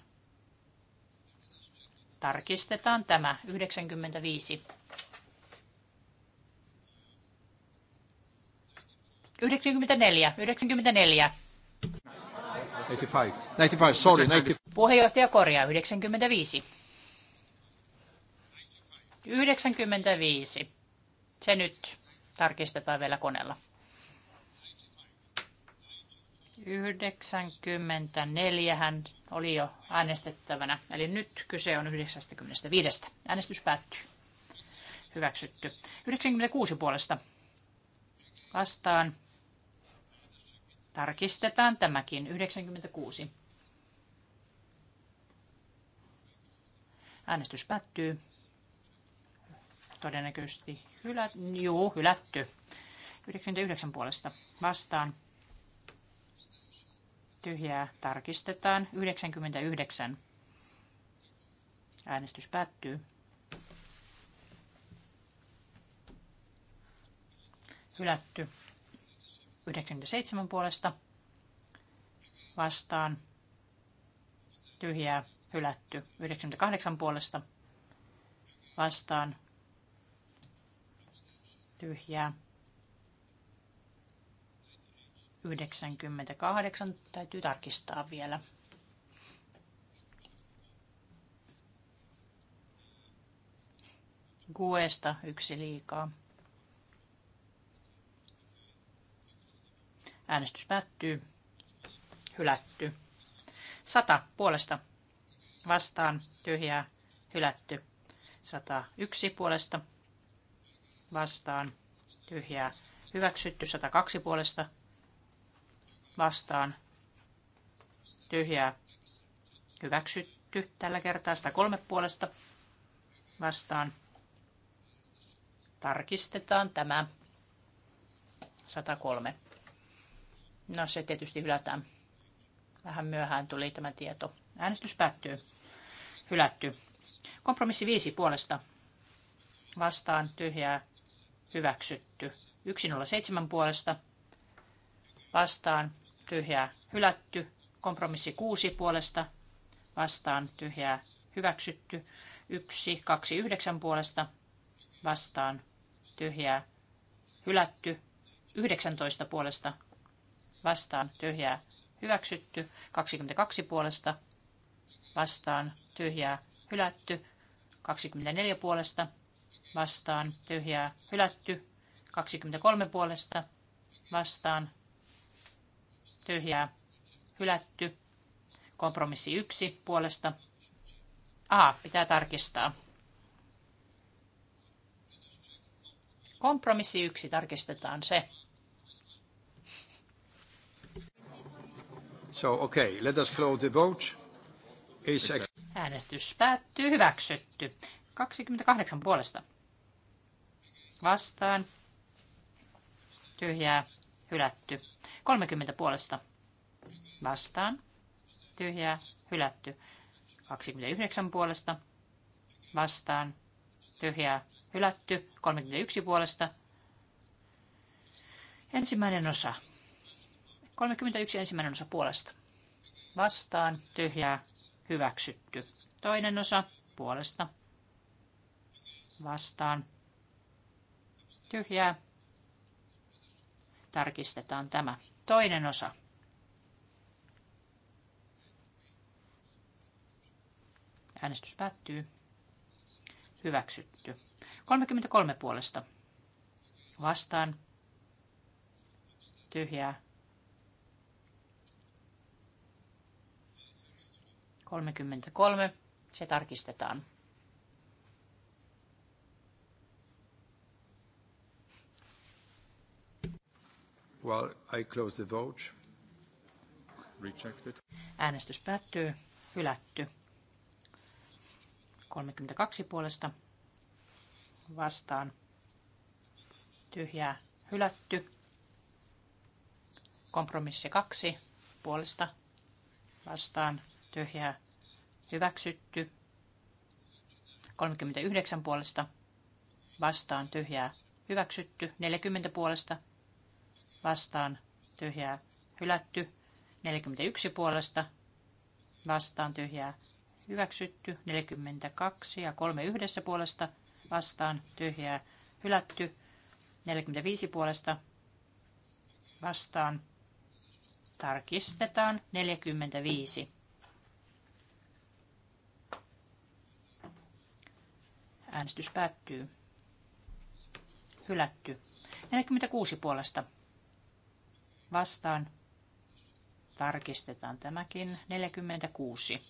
Speaker 2: tarkistetaan tämä 95 94, 94. 95,
Speaker 1: 95, sorry, 95.
Speaker 2: Puheenjohtaja korjaa 95. 95. Se nyt tarkistetaan vielä koneella. 94 hän oli jo äänestettävänä, eli nyt kyse on 95. Äänestys päättyy. Hyväksytty. 96 puolesta vastaan Tarkistetaan tämäkin. 96. Äänestys päättyy. Todennäköisesti hylä... Juu, hylätty. 99 puolesta vastaan. Tyhjää tarkistetaan. 99. Äänestys päättyy. Hylätty. 97 puolesta vastaan tyhjää hylätty 98 puolesta vastaan tyhjää 98 täytyy tarkistaa vielä. Kuesta yksi liikaa. Äänestys päättyy. Hylätty. sata puolesta vastaan tyhjää hylätty. sata yksi puolesta vastaan tyhjää hyväksytty. sata kaksi puolesta vastaan tyhjää hyväksytty. Tällä kertaa kolme puolesta vastaan tarkistetaan tämä 103. No se tietysti hylätään. Vähän myöhään tuli tämä tieto. Äänestys päättyy. Hylätty. Kompromissi viisi puolesta. Vastaan tyhjää. Hyväksytty. 107 puolesta. Vastaan tyhjää. Hylätty. Kompromissi kuusi puolesta. Vastaan tyhjää. Hyväksytty. 129 puolesta. Vastaan tyhjää. Hylätty. 19 puolesta vastaan tyhjää hyväksytty. 22 puolesta vastaan tyhjää hylätty. 24 puolesta vastaan tyhjää hylätty. 23 puolesta vastaan tyhjää hylätty. Kompromissi 1 puolesta. A, pitää tarkistaa. Kompromissi 1 tarkistetaan se.
Speaker 1: okay, let us close the vote.
Speaker 2: Äänestys päättyy. Hyväksytty. 28 puolesta. Vastaan. Tyhjää. Hylätty. 30 puolesta. Vastaan. Tyhjää. Hylätty. 29 puolesta. Vastaan. Tyhjää. Hylätty. 31 puolesta. Ensimmäinen osa 31 ensimmäinen osa puolesta. Vastaan tyhjää hyväksytty. Toinen osa puolesta. Vastaan tyhjää. Tarkistetaan tämä. Toinen osa. Äänestys päättyy. Hyväksytty. 33 puolesta. Vastaan. Tyhjää. 33. Se tarkistetaan.
Speaker 1: Well, I close the vote. Rejected.
Speaker 2: Äänestys päättyy. Hylätty. 32 puolesta vastaan. Tyhjää hylätty. Kompromissi 2 puolesta vastaan tyhjää hyväksytty. 39 puolesta vastaan tyhjää hyväksytty. 40 puolesta vastaan tyhjää hylätty. 41 puolesta vastaan tyhjää hyväksytty. 42 ja 3 yhdessä puolesta vastaan tyhjää hylätty. 45 puolesta vastaan tarkistetaan 45. Äänestys päättyy. Hylätty. 46 puolesta. Vastaan. Tarkistetaan tämäkin. 46.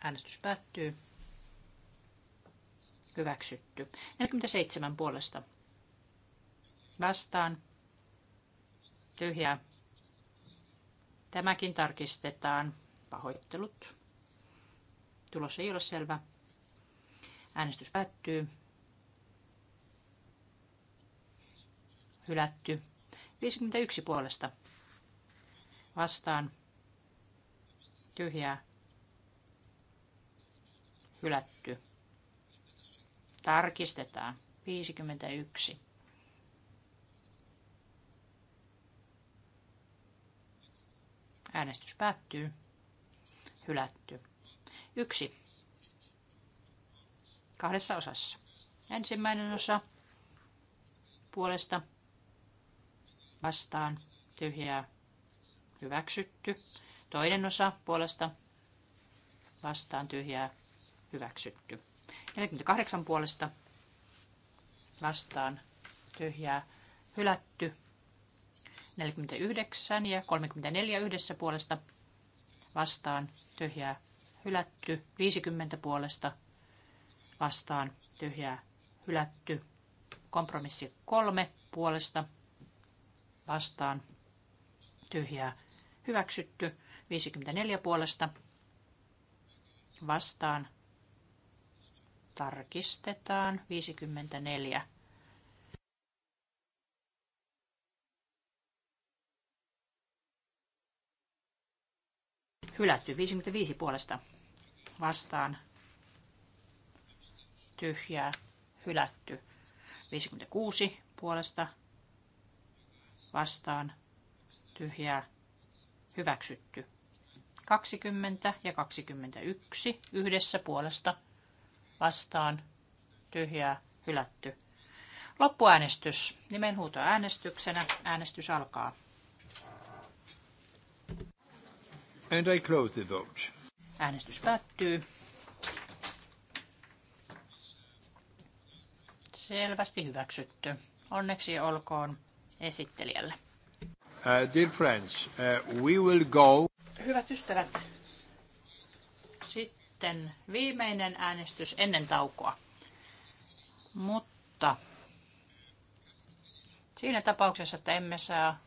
Speaker 2: Äänestys päättyy. Hyväksytty. 47 puolesta. Vastaan. Tyhjää. Tämäkin tarkistetaan. Pahoittelut. Tulos ei ole selvä. Äänestys päättyy. Hylätty. 51 puolesta. Vastaan. Tyhjää. Hylätty. Tarkistetaan. 51. Äänestys päättyy. Hylätty. Yksi kahdessa osassa. Ensimmäinen osa puolesta vastaan tyhjää hyväksytty. Toinen osa puolesta vastaan tyhjää hyväksytty. 48 puolesta vastaan tyhjää hylätty. 49 ja 34 yhdessä puolesta vastaan tyhjää hylätty. 50 puolesta vastaan tyhjää hylätty. Kompromissi kolme puolesta vastaan tyhjää hyväksytty. 54 puolesta vastaan tarkistetaan 54 hylätty 55 puolesta vastaan tyhjää, hylätty. 56 puolesta vastaan, tyhjää, hyväksytty. 20 ja 21 yhdessä puolesta vastaan, tyhjää, hylätty. Loppuäänestys nimenhuuto äänestyksenä. Äänestys alkaa.
Speaker 1: And I close the vote.
Speaker 2: Äänestys päättyy. selvästi hyväksytty. Onneksi olkoon esittelijälle.
Speaker 1: Uh, dear friends, uh, we will go...
Speaker 2: Hyvät ystävät, sitten viimeinen äänestys ennen taukoa.
Speaker 1: Mutta
Speaker 2: siinä tapauksessa, että emme saa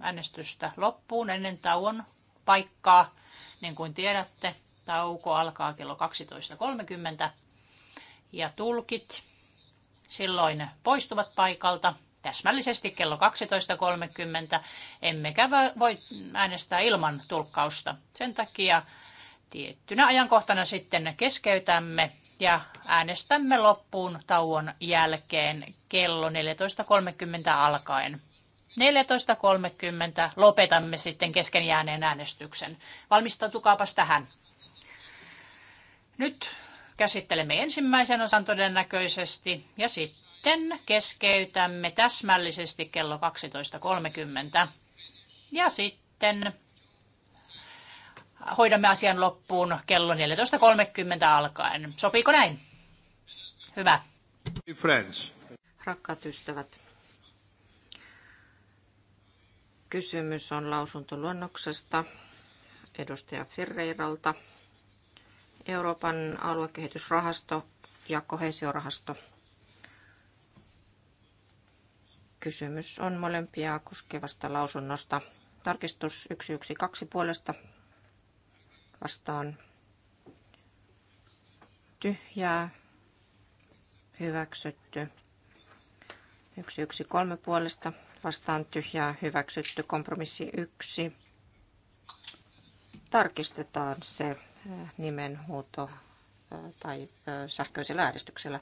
Speaker 2: äänestystä loppuun ennen tauon paikkaa, niin kuin tiedätte, tauko alkaa kello 12.30 ja tulkit silloin poistuvat paikalta täsmällisesti kello 12.30, emmekä voi äänestää ilman tulkkausta. Sen takia tiettynä ajankohtana sitten keskeytämme ja äänestämme loppuun tauon jälkeen kello 14.30 alkaen. 14.30 lopetamme sitten kesken jääneen äänestyksen. Valmistautukaapas tähän. Nyt Käsittelemme ensimmäisen osan todennäköisesti ja sitten keskeytämme täsmällisesti kello 12.30. Ja sitten hoidamme asian loppuun kello 14.30 alkaen. Sopiiko näin? Hyvä. Friends. Rakkaat ystävät, kysymys on
Speaker 4: lausuntoluonnoksesta edustaja Ferreiralta. Euroopan aluekehitysrahasto ja kohesiorahasto. Kysymys on molempia koskevasta lausunnosta. Tarkistus 112 puolesta vastaan tyhjää, hyväksytty. 113 puolesta vastaan tyhjää, hyväksytty. Kompromissi 1. Tarkistetaan se. Äh, nimenhuuto äh, tai äh, sähköisellä äänestyksellä.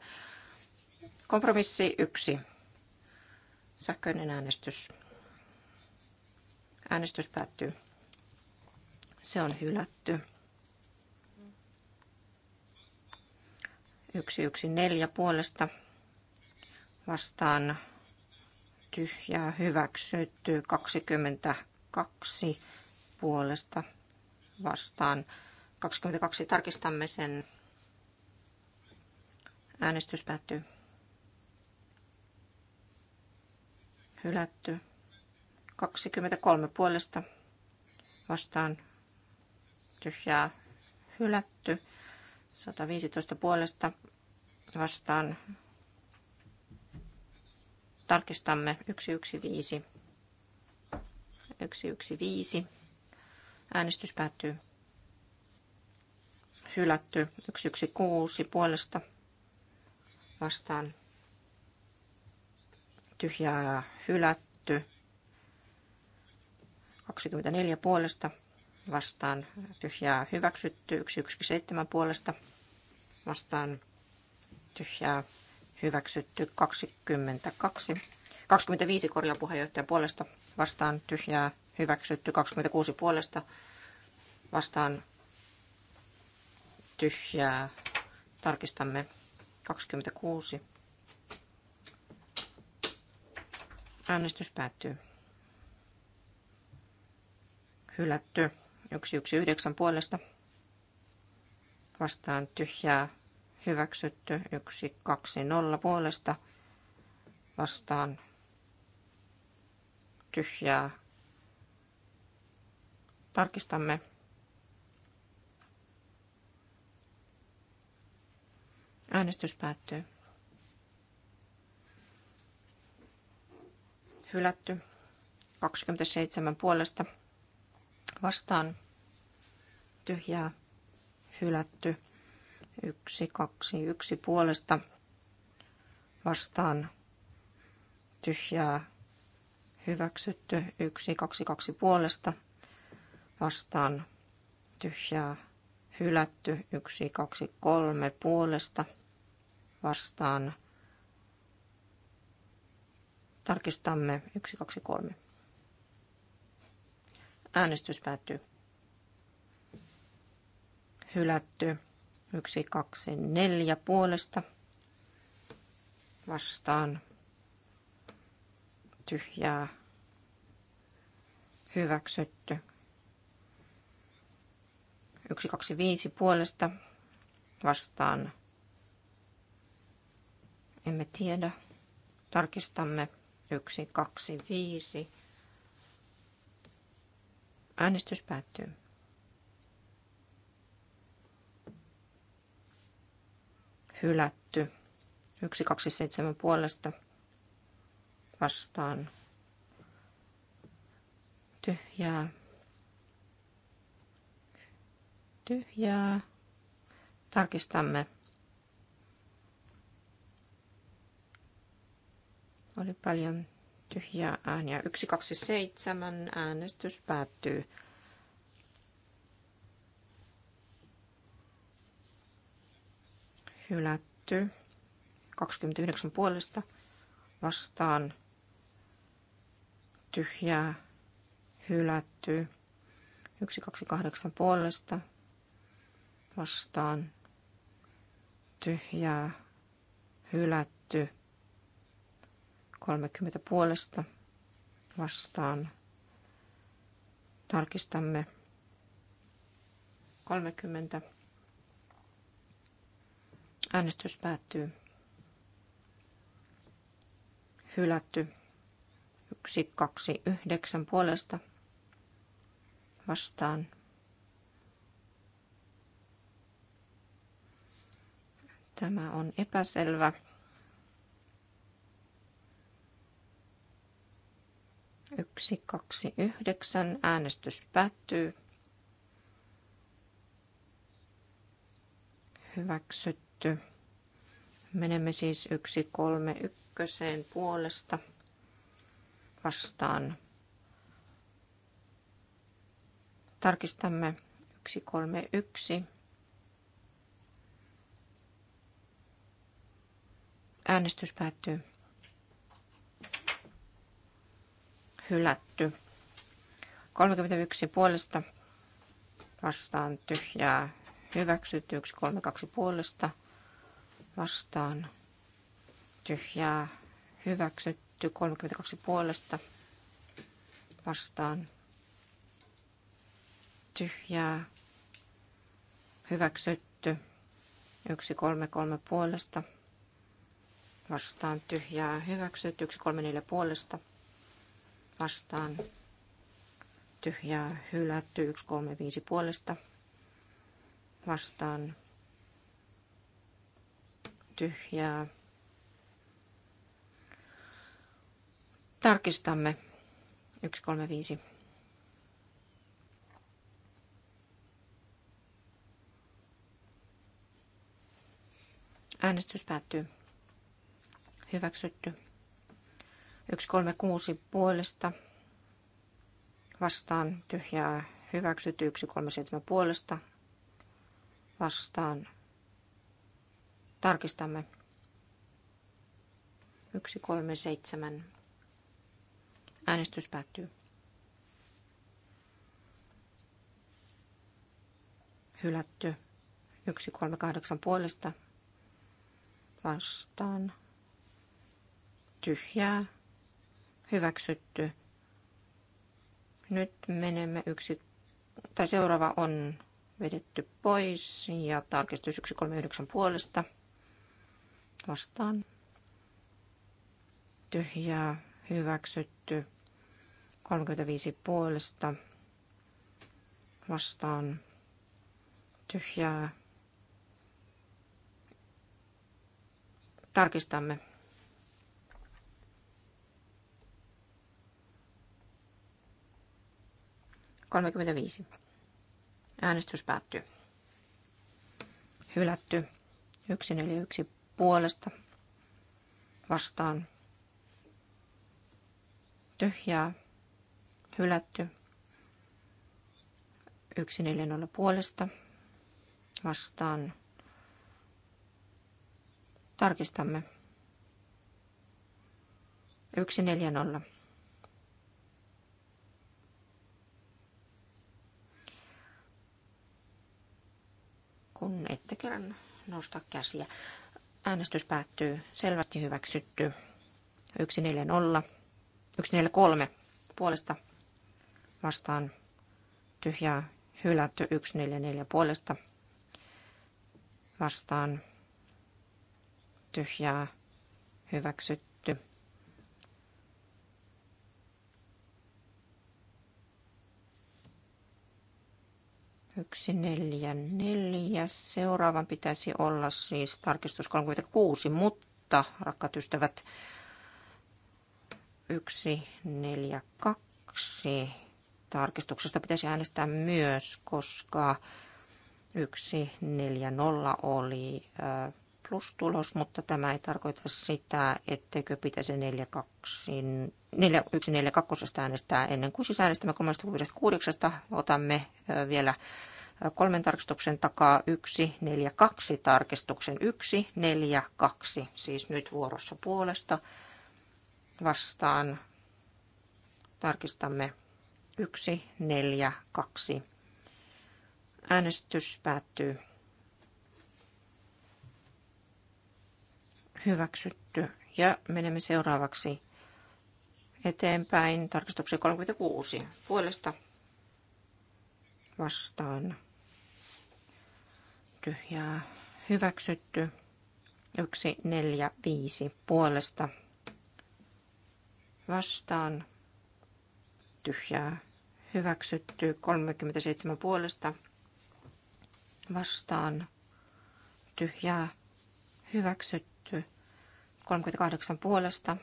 Speaker 4: Kompromissi yksi Sähköinen äänestys. Äänestys päättyy. Se on hylätty. neljä puolesta vastaan tyhjää hyväksytty 22 puolesta vastaan 22 tarkistamme sen. Äänestys päättyy. Hylätty. 23 puolesta vastaan tyhjää hylätty. 115 puolesta vastaan tarkistamme 115. 115. Äänestys päättyy hylätty 116 puolesta vastaan tyhjää ja hylätty 24 puolesta vastaan tyhjää hyväksytty 117 puolesta vastaan tyhjää hyväksytty 22 25 korjaa puheenjohtajan puolesta vastaan tyhjää hyväksytty 26 puolesta vastaan tyhjää. Tarkistamme 26. Äänestys päättyy. Hylätty. 119 puolesta. Vastaan tyhjää. Hyväksytty. 120 puolesta. Vastaan tyhjää. Tarkistamme Äänestys päättyy. Hylätty. 27 puolesta vastaan tyhjää hylätty. 1, 2, 1 puolesta vastaan tyhjää hyväksytty. 1, 2, 2 puolesta vastaan tyhjää hylätty. 1, 2, 3 puolesta vastaan. Tarkistamme 3. Äänestys päättyy. Hylätty 4 puolesta vastaan. Tyhjää. Hyväksytty 5 puolesta vastaan emme tiedä. Tarkistamme 1, 2, 5. Äänestys päättyy. Hylätty. 1, 2, 7 puolesta vastaan. Tyhjää. Tyhjää. Tarkistamme Oli paljon tyhjää ääniä. 127 äänestys päättyy. Hylätty. 29 puolesta vastaan tyhjää hylätty. 1, 2, 8 puolesta vastaan tyhjää hylätty. 30 puolesta vastaan. Tarkistamme 30. Äänestys päättyy. Hylätty. 1, 2, 9 puolesta vastaan. Tämä on epäselvä. Yksi, kaksi, yhdeksän. Äänestys päättyy. Hyväksytty. Menemme siis yksi, kolme, ykköseen puolesta vastaan. Tarkistamme yksi kolme yksi Äänestys päättyy. hylätty. 31 puolesta vastaan tyhjää hyväksytyksi. 32 puolesta vastaan tyhjää hyväksytty. 32 puolesta vastaan tyhjää hyväksytty. 133 puolesta vastaan tyhjää hyväksytty. 134 puolesta vastaan tyhjää hylätty 135 puolesta vastaan tyhjää. Tarkistamme 135. Äänestys päättyy. Hyväksytty. 136 puolesta vastaan tyhjää hyväksytty 137 puolesta vastaan tarkistamme 137 äänestys päättyy hylätty 138 puolesta vastaan tyhjää hyväksytty. Nyt menemme yksi, tai seuraava on vedetty pois ja tarkistus 139 puolesta vastaan. Tyhjää hyväksytty 35 puolesta vastaan. Tyhjää tarkistamme 35. Äänestys päättyy. Hylätty. 1 141 puolesta. Vastaan. Tyhjää. Hylätty. 1 140 puolesta. Vastaan. Tarkistamme. 1 140. kun ette kerran nosta käsiä. Äänestys päättyy selvästi hyväksytty. 143 puolesta vastaan tyhjää hylätty 144 puolesta vastaan tyhjää hyväksytty Yksi, neljä, neljä. Seuraavan pitäisi olla siis tarkistus 36, mutta, rakkaat ystävät, yksi, neljä, kaksi. Tarkistuksesta pitäisi äänestää myös, koska yksi neljä nolla oli äh, plus-tulos, mutta tämä ei tarkoita sitä, etteikö pitäisi 4142 äänestää ennen kuin siis äänestämme 36. Otamme vielä kolmen tarkistuksen takaa 1, 4, 2 tarkistuksen 1, 4, 2. Siis nyt vuorossa puolesta vastaan tarkistamme 1, 4, 2. Äänestys päättyy. Hyväksytty. Ja menemme seuraavaksi eteenpäin tarkistukseen 36. Puolesta vastaan. Tyhjää. Hyväksytty. 1, 4, 5. Puolesta vastaan. Tyhjää. Hyväksytty. 37 puolesta vastaan. Tyhjää. Hyväksytty 38 puolesta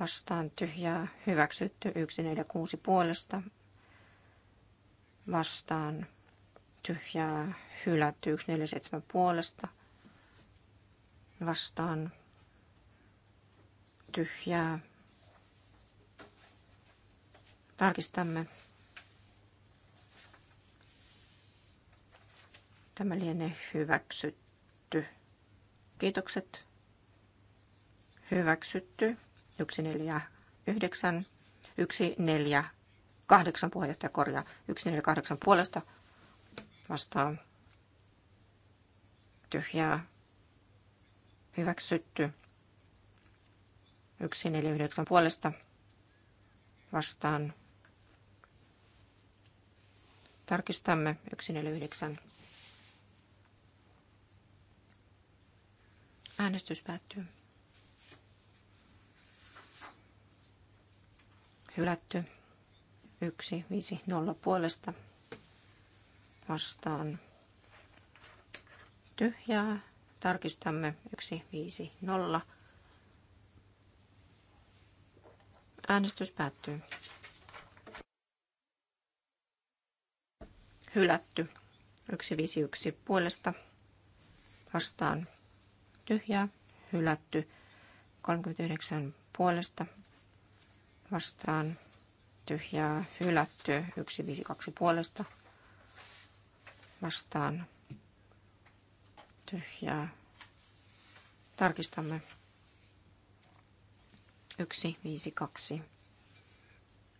Speaker 4: vastaan tyhjää hyväksytty 146 puolesta vastaan tyhjää hylätty 147 puolesta vastaan tyhjää. Tarkistamme. Tämä lienee hyväksytty. Kiitokset hyväksytty. 149, 148 puheenjohtaja korjaa. 148 puolesta vastaan tyhjää hyväksytty. 149 puolesta vastaan tarkistamme 149. Äänestys päättyy. hylätty. 1, 5, 0 puolesta vastaan tyhjää. Tarkistamme 1, 5, 0. Äänestys päättyy. Hylätty. 1, 5, 1 puolesta vastaan tyhjää. Hylätty. 39 puolesta vastaan tyhjää hylätty 152 puolesta vastaan tyhjää. Tarkistamme 152.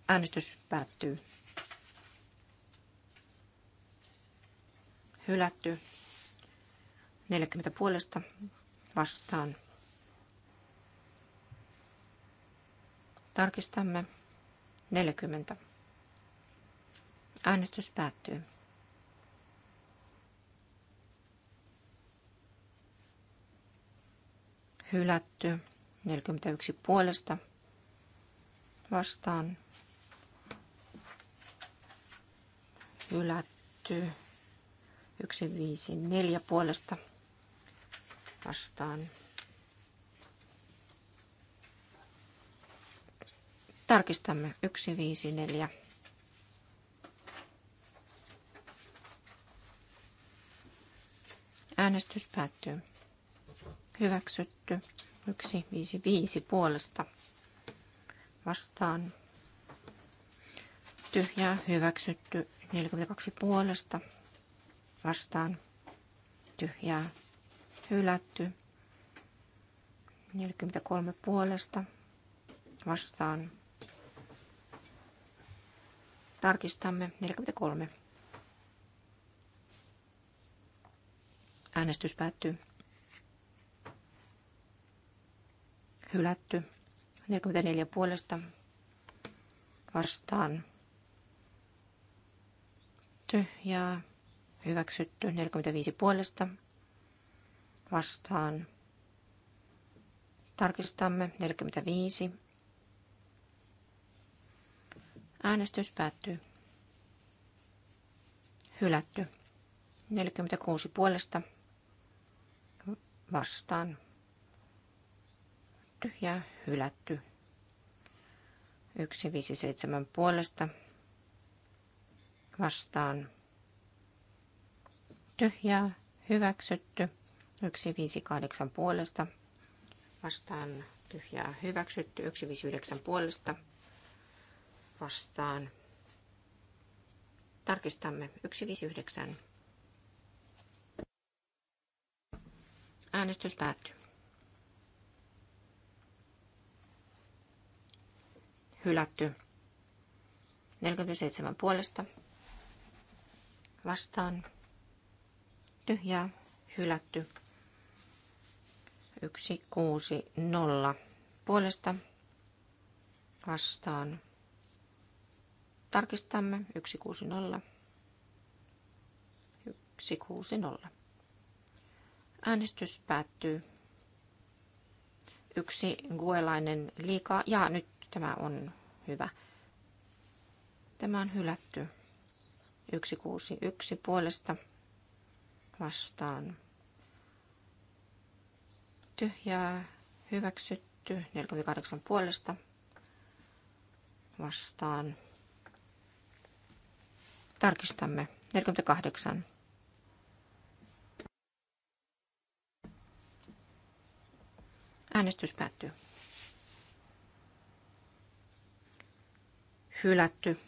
Speaker 4: Äänestys päättyy. Hylätty 40 puolesta vastaan Tarkistamme 40. Äänestys päättyy. Hylätty 41 puolesta vastaan. Hylätty 154 puolesta vastaan Tarkistamme 154. Äänestys päättyy. Hyväksytty. 155 puolesta. Vastaan. Tyhjää. Hyväksytty. 42 puolesta. Vastaan. Tyhjää. Hylätty. 43 puolesta. Vastaan. Tarkistamme 43. Äänestys päättyy. Hylätty. 44 puolesta vastaan. Ja Hyväksytty. 45 puolesta vastaan. Tarkistamme 45. Äänestys päättyy. Hylätty. 46 puolesta vastaan. Tyhjä. hylätty. 157 puolesta vastaan. tyhjä hyväksytty. 158 puolesta vastaan tyhjää hyväksytty. 159 puolesta vastaan. Tarkistamme 159. Äänestys päättyy. Hylätty. 47 puolesta. Vastaan. Tyhjää. Hylätty. 160 puolesta. Vastaan Tarkistamme 160. 160. Äänestys päättyy. Yksi guelainen liikaa. Ja nyt tämä on hyvä. Tämä on hylätty. 161 puolesta vastaan. Tyhjää hyväksytty. 48 puolesta vastaan Tarkistamme. 48. Äänestys päättyy. Hylätty.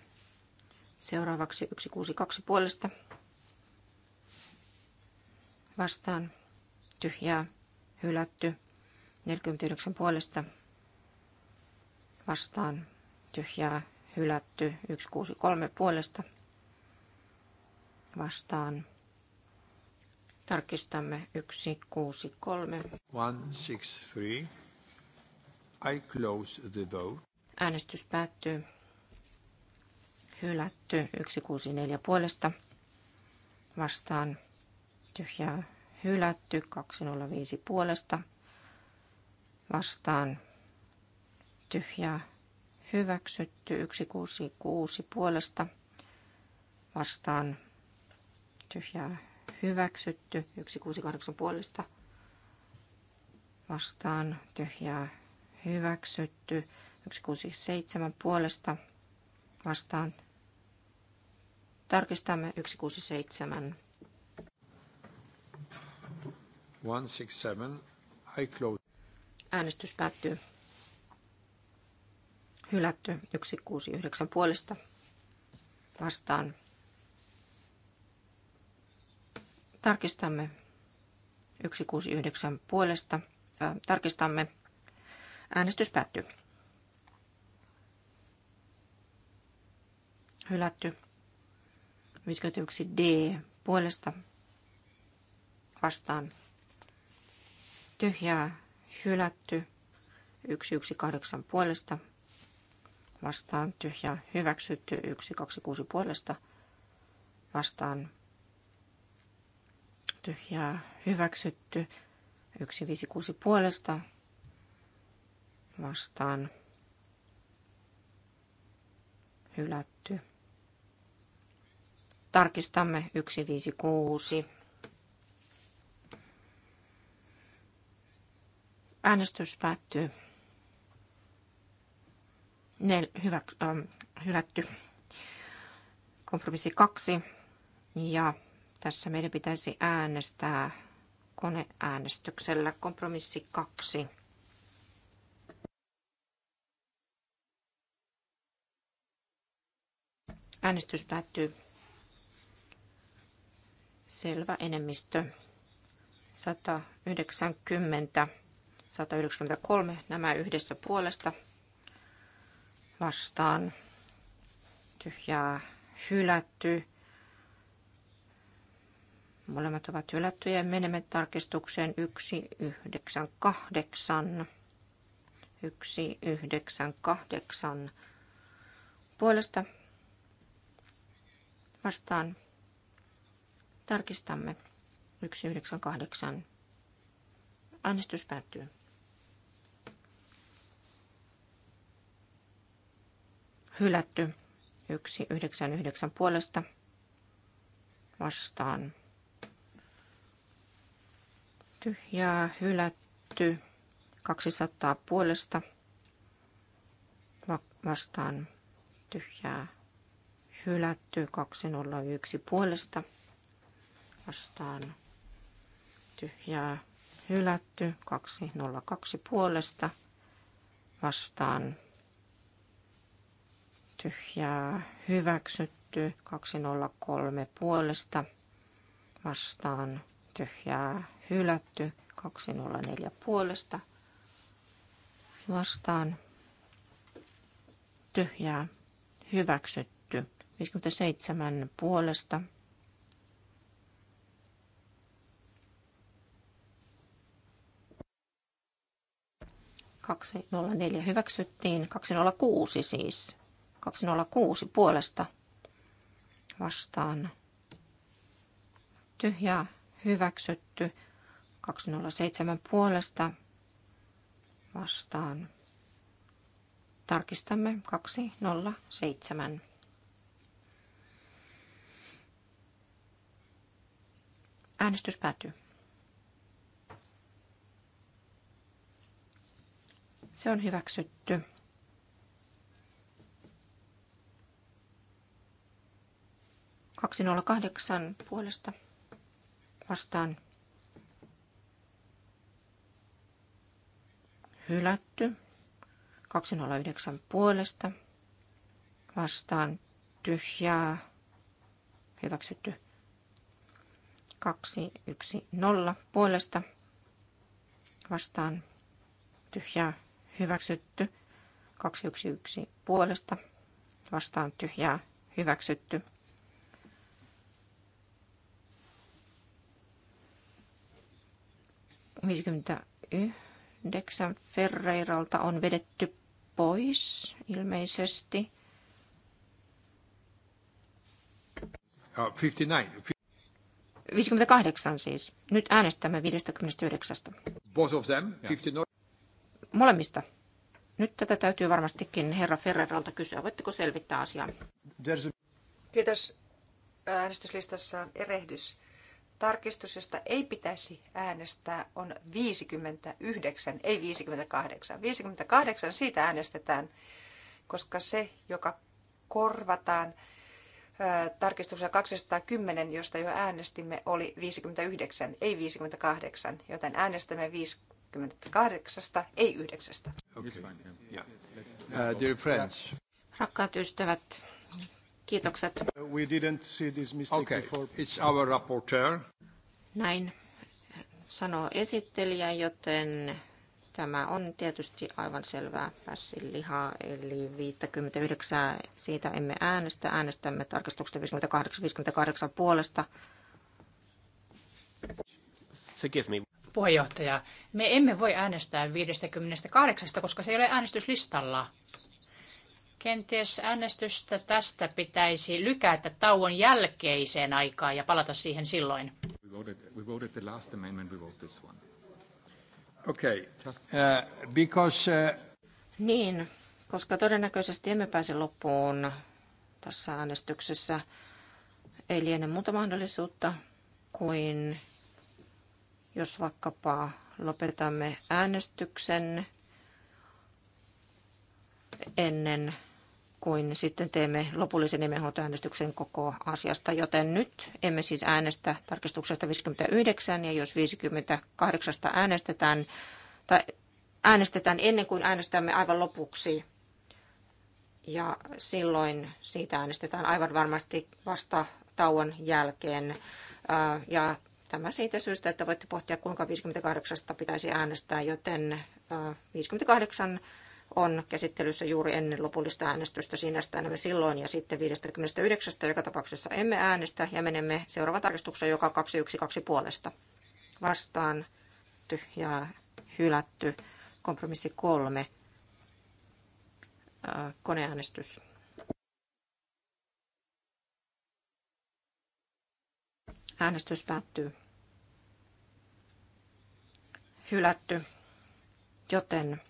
Speaker 4: Seuraavaksi 162 puolesta. Vastaan. Tyhjää. Hylätty. 49 puolesta. Vastaan. Tyhjää. Hylätty. 163 puolesta vastaan. Tarkistamme 163.
Speaker 1: 163. I close the vote.
Speaker 4: Äänestys päättyy. Hylätty 164 puolesta vastaan. Tyhjää hylätty 205 puolesta vastaan. Tyhjää hyväksytty 166 puolesta vastaan tyhjää hyväksytty. 168 puolesta vastaan tyhjää hyväksytty. 167 puolesta vastaan. Tarkistamme 167.
Speaker 1: 167. I close.
Speaker 4: Äänestys päättyy. Hylätty 169 puolesta vastaan Tarkistamme 169 puolesta. Tarkistamme. Äänestys päättyy. Hylätty. 51 D puolesta vastaan. Tyhjää hylätty. 118 puolesta vastaan. Tyhjää hyväksytty. 126 puolesta vastaan tyhjää hyväksytty. 156 puolesta vastaan hylätty. Tarkistamme 156. Äänestys päättyy. Nel, hyvä, äh, hylätty. Kompromissi 2 ja tässä meidän pitäisi äänestää koneäänestyksellä kompromissi 2. Äänestys päättyy. Selvä enemmistö. 190, 193, nämä yhdessä puolesta vastaan. Tyhjää hylätty. Molemmat ovat hylättyjä. Menemme tarkistukseen 198. 198 puolesta vastaan. Tarkistamme 198. Äänestys päättyy. Hylätty 199 puolesta vastaan tyhjää hylätty 200 puolesta vastaan tyhjää hylätty 201 puolesta vastaan tyhjää hylätty 202 puolesta vastaan tyhjää hyväksytty 203 puolesta vastaan tyhjää hylätty. 204 puolesta vastaan tyhjää hyväksytty. 57 puolesta Kaksi nolla neljä hyväksyttiin, kaksi nolla kuusi siis, kaksi nolla kuusi puolesta vastaan tyhjää hyväksytty. 207 puolesta vastaan. Tarkistamme 207. Äänestys päätyy. Se on hyväksytty. Kaksi puolesta vastaan hylätty. 209 puolesta vastaan tyhjää hyväksytty. 210 puolesta vastaan tyhjää hyväksytty. 211 puolesta vastaan tyhjää hyväksytty. 59 Ferreiralta on vedetty pois ilmeisesti.
Speaker 1: 59.
Speaker 4: 58 siis. Nyt äänestämme 59.
Speaker 1: Both of them, 59.
Speaker 4: Molemmista. Nyt tätä täytyy varmastikin herra Ferreralta kysyä. Voitteko selvittää asiaa? Kiitos.
Speaker 3: Äänestyslistassa on erehdys tarkistus, josta ei pitäisi äänestää, on 59, ei 58. 58 siitä äänestetään, koska se, joka korvataan tarkistuksella 210, josta jo äänestimme, oli 59, ei 58, joten äänestämme 58, ei 9.
Speaker 1: Okay. Yeah. Uh, dear friends.
Speaker 4: Rakkaat ystävät, Kiitokset.
Speaker 1: We didn't see this mistake okay. before. It's our rapporteur.
Speaker 4: Näin sanoo esittelijä, joten tämä on tietysti aivan selvää lihaa, eli 59 siitä emme äänestä. Äänestämme tarkastuksesta
Speaker 2: 58, 58 puolesta. Forgive me. Puheenjohtaja, me emme voi äänestää 58, koska se ei ole äänestyslistalla. Kenties äänestystä tästä pitäisi lykätä tauon jälkeiseen aikaan ja palata siihen silloin
Speaker 1: voted the last amendment, we vote this one. Okay. Just... Uh, because, uh...
Speaker 4: Niin, koska todennäköisesti emme pääse loppuun tässä äänestyksessä, ei liene muuta mahdollisuutta kuin jos vaikkapa lopetamme äänestyksen ennen kuin sitten teemme lopullisen nimenhuoltoäänestyksen koko asiasta, joten nyt emme siis äänestä tarkistuksesta 59, ja jos 58 äänestetään, tai äänestetään ennen kuin äänestämme aivan lopuksi, ja silloin siitä äänestetään aivan varmasti vasta tauon jälkeen. Äh, ja tämä siitä syystä, että voitte pohtia, kuinka 58 pitäisi äänestää, joten 58 äh, on käsittelyssä juuri ennen lopullista äänestystä. Siinä äänestämme silloin ja sitten 59, joka tapauksessa emme äänestä ja menemme seuraavan tarkistuksen joka 212 puolesta. Vastaan tyhjää hylätty. Kompromissi kolme. Koneäänestys. Äänestys päättyy. Hylätty. Joten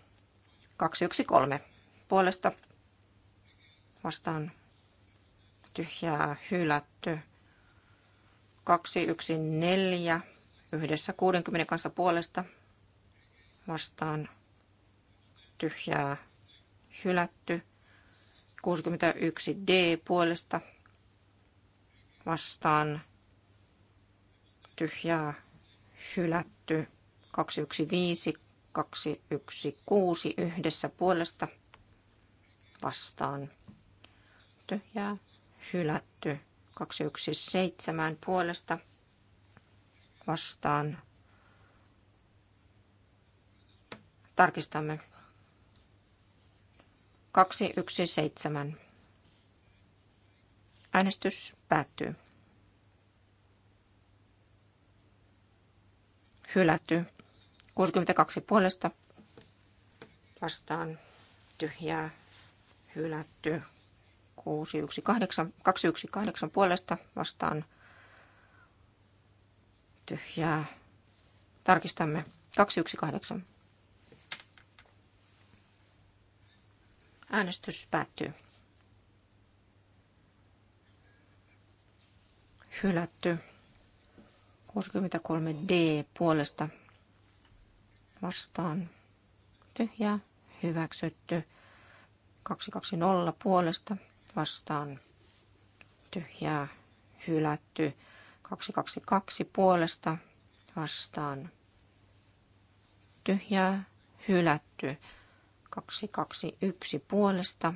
Speaker 4: 213 puolesta vastaan tyhjää hylätty. 214 yhdessä 60 kanssa puolesta vastaan tyhjää hylätty. 61D puolesta vastaan tyhjää hylätty. 215 216 yhdessä puolesta vastaan. Tyhjää hylätty. 217 puolesta vastaan. Tarkistamme. 217. Äänestys päättyy. Hylätty. 62 puolesta vastaan tyhjää hylätty. 618, 218 puolesta vastaan tyhjää. Tarkistamme 218. Äänestys päättyy. Hylätty. 63D puolesta vastaan tyhjä hyväksytty. 220 puolesta vastaan tyhjää hylätty. 222 puolesta vastaan tyhjää hylätty. 221 puolesta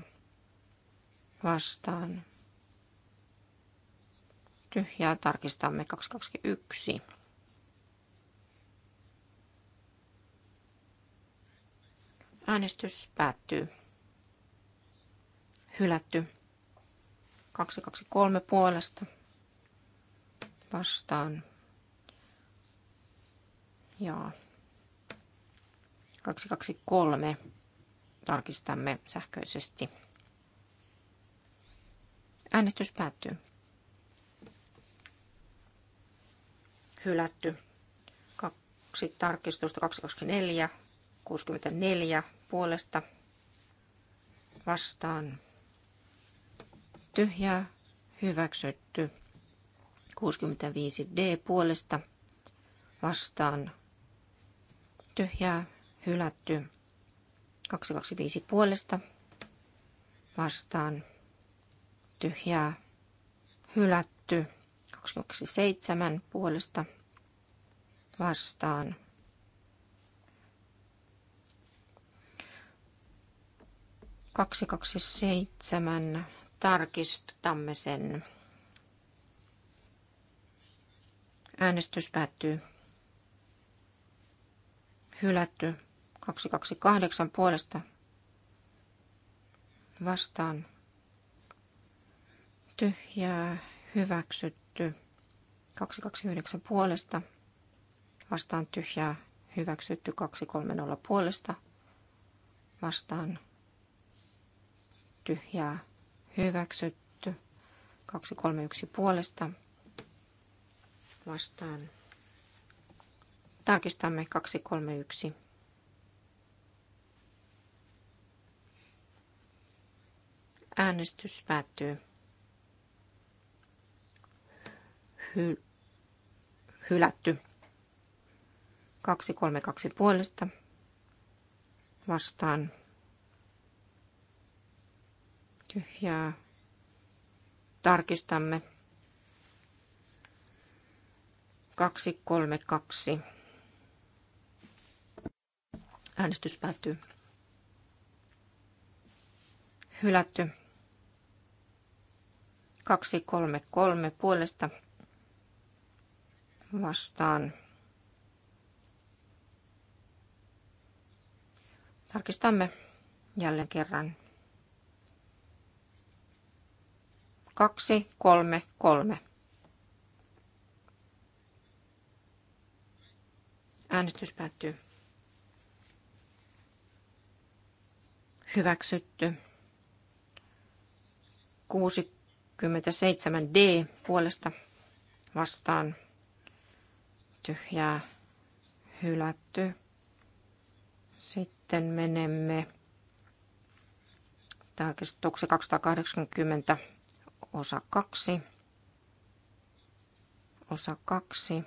Speaker 4: vastaan tyhjää tarkistamme 221. Äänestys päättyy. Hylätty. 223 puolesta vastaan. Ja 223 tarkistamme sähköisesti. Äänestys päättyy. Hylätty. Kaksi tarkistusta 224, 64 puolesta vastaan tyhjää hyväksytty. 65D puolesta vastaan tyhjää hylätty. 225 puolesta vastaan tyhjää hylätty. 227 puolesta vastaan 227. Tarkistamme sen. Äänestys päättyy. Hylätty. 228 puolesta. Vastaan. Tyhjää. Hyväksytty. 229 puolesta. Vastaan tyhjää. Hyväksytty. 230 puolesta. Vastaan tyhjää hyväksytty. 231 puolesta vastaan. Tarkistamme 231. Äänestys päättyy. Hy- hylätty. 232 puolesta vastaan tyhjää. Tarkistamme. 232. Äänestys päättyy. Hylätty. 233 puolesta vastaan. Tarkistamme jälleen kerran kaksi kolme kolme Äänestys päättyy. Hyväksytty. 67D puolesta vastaan. Tyhjää hylätty. Sitten menemme tarkistuksi 280 osa kaksi, osa kaksi,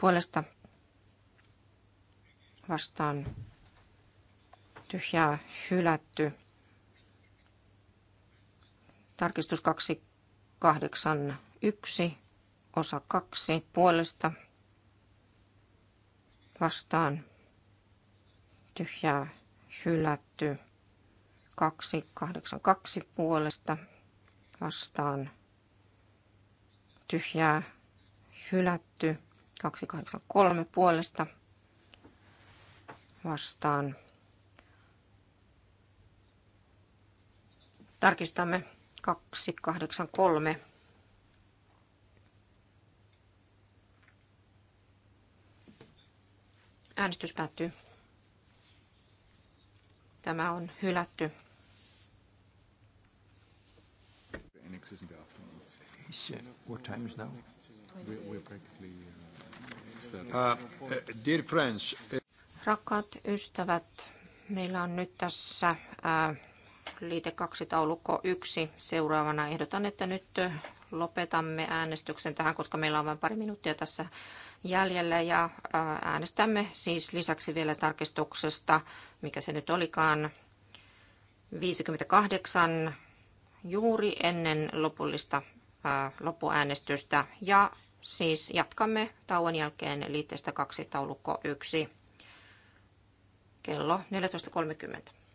Speaker 4: puolesta vastaan tyhjää hylätty. Tarkistus 281, osa 2 puolesta vastaan tyhjää hylätty. 282 puolesta vastaan tyhjää hylätty 283 puolesta vastaan. Tarkistamme 283. Äänestys päättyy. Tämä on hylätty
Speaker 1: annexes in the afternoon. Uh, what time is now? We're, we're practically, uh, uh, uh dear friends, uh,
Speaker 4: Rakkaat ystävät, meillä on nyt tässä uh, liite 2 taulukko 1. Seuraavana ehdotan, että nyt uh, lopetamme äänestyksen tähän, koska meillä on vain pari minuuttia tässä jäljellä ja äänestämme siis lisäksi vielä tarkistuksesta, mikä se nyt olikaan, 58 juuri ennen lopullista loppuäänestystä ja siis jatkamme tauon jälkeen liitteestä 2 taulukko 1 kello 14.30.